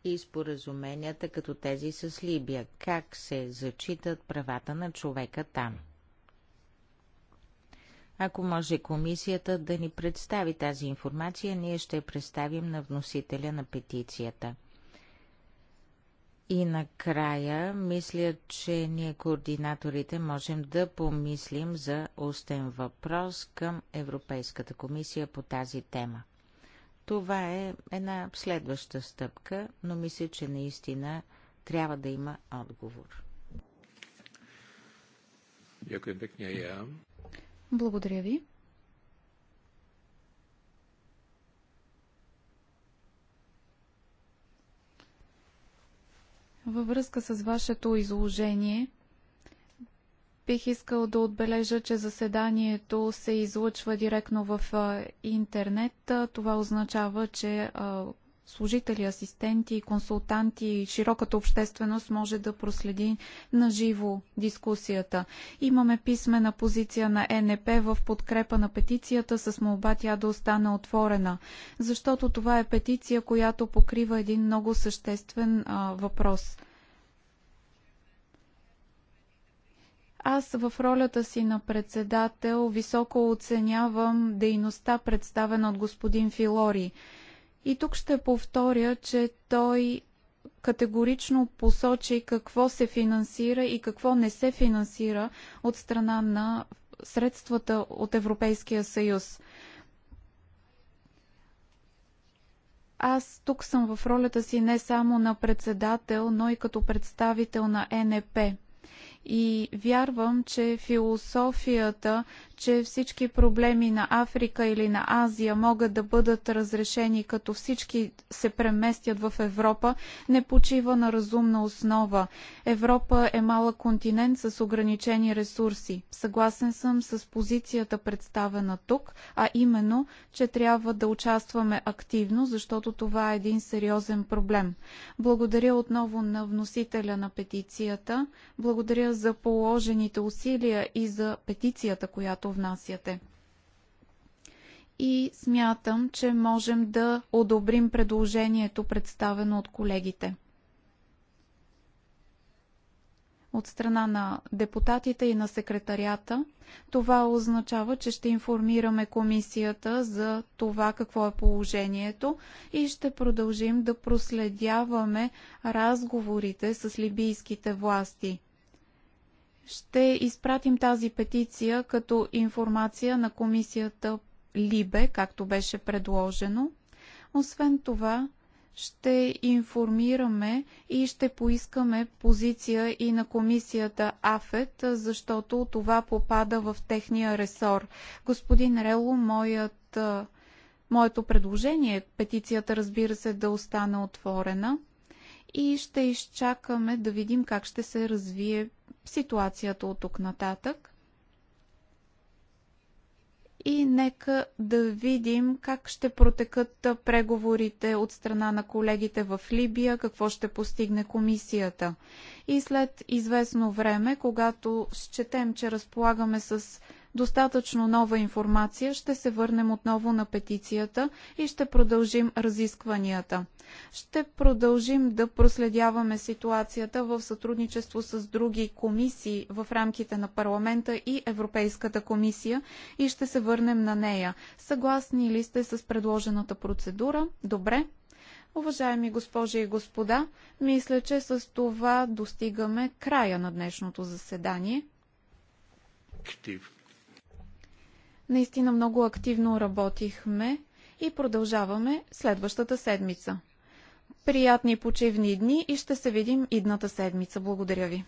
и споразуменията като тези с Либия, как се зачитат правата на човека там. Ако може комисията да ни представи тази информация, ние ще представим на вносителя на петицията. И накрая, мисля, че ние координаторите можем да помислим за устен въпрос към Европейската комисия по тази тема. Това е една следваща стъпка, но мисля, че наистина трябва да има отговор. Благодаря ви. Във връзка с вашето изложение, бих искал да отбележа, че заседанието се излъчва директно в интернет. Това означава, че служители, асистенти, консултанти и широката общественост може да проследи на живо дискусията. Имаме писмена позиция на ЕНП в подкрепа на петицията с молба тя да остане отворена, защото това е петиция, която покрива един много съществен а, въпрос. Аз в ролята си на председател високо оценявам дейността, представена от господин Филори. И тук ще повторя, че той категорично посочи какво се финансира и какво не се финансира от страна на средствата от Европейския съюз. Аз тук съм в ролята си не само на председател, но и като представител на НП. И вярвам, че философията, че всички проблеми на Африка или на Азия могат да бъдат разрешени, като всички се преместят в Европа, не почива на разумна основа. Европа е малък континент с ограничени ресурси. Съгласен съм с позицията представена тук, а именно, че трябва да участваме активно, защото това е един сериозен проблем. Благодаря отново на вносителя на петицията. Благодаря за положените усилия и за петицията, която внасяте. И смятам, че можем да одобрим предложението, представено от колегите. От страна на депутатите и на секретарията, това означава, че ще информираме комисията за това какво е положението и ще продължим да проследяваме разговорите с либийските власти – ще изпратим тази петиция като информация на комисията Либе, както беше предложено. Освен това, ще информираме и ще поискаме позиция и на комисията АФЕТ, защото това попада в техния ресор. Господин Рело, моят, моето предложение е петицията, разбира се, да остане отворена и ще изчакаме да видим как ще се развие ситуацията от тук нататък. И нека да видим как ще протекат преговорите от страна на колегите в Либия, какво ще постигне комисията. И след известно време, когато счетем, че разполагаме с достатъчно нова информация, ще се върнем отново на петицията и ще продължим разискванията. Ще продължим да проследяваме ситуацията в сътрудничество с други комисии в рамките на парламента и Европейската комисия и ще се върнем на нея. Съгласни ли сте с предложената процедура? Добре. Уважаеми госпожи и господа, мисля, че с това достигаме края на днешното заседание. Наистина много активно работихме и продължаваме следващата седмица. Приятни почивни дни и ще се видим идната седмица. Благодаря ви.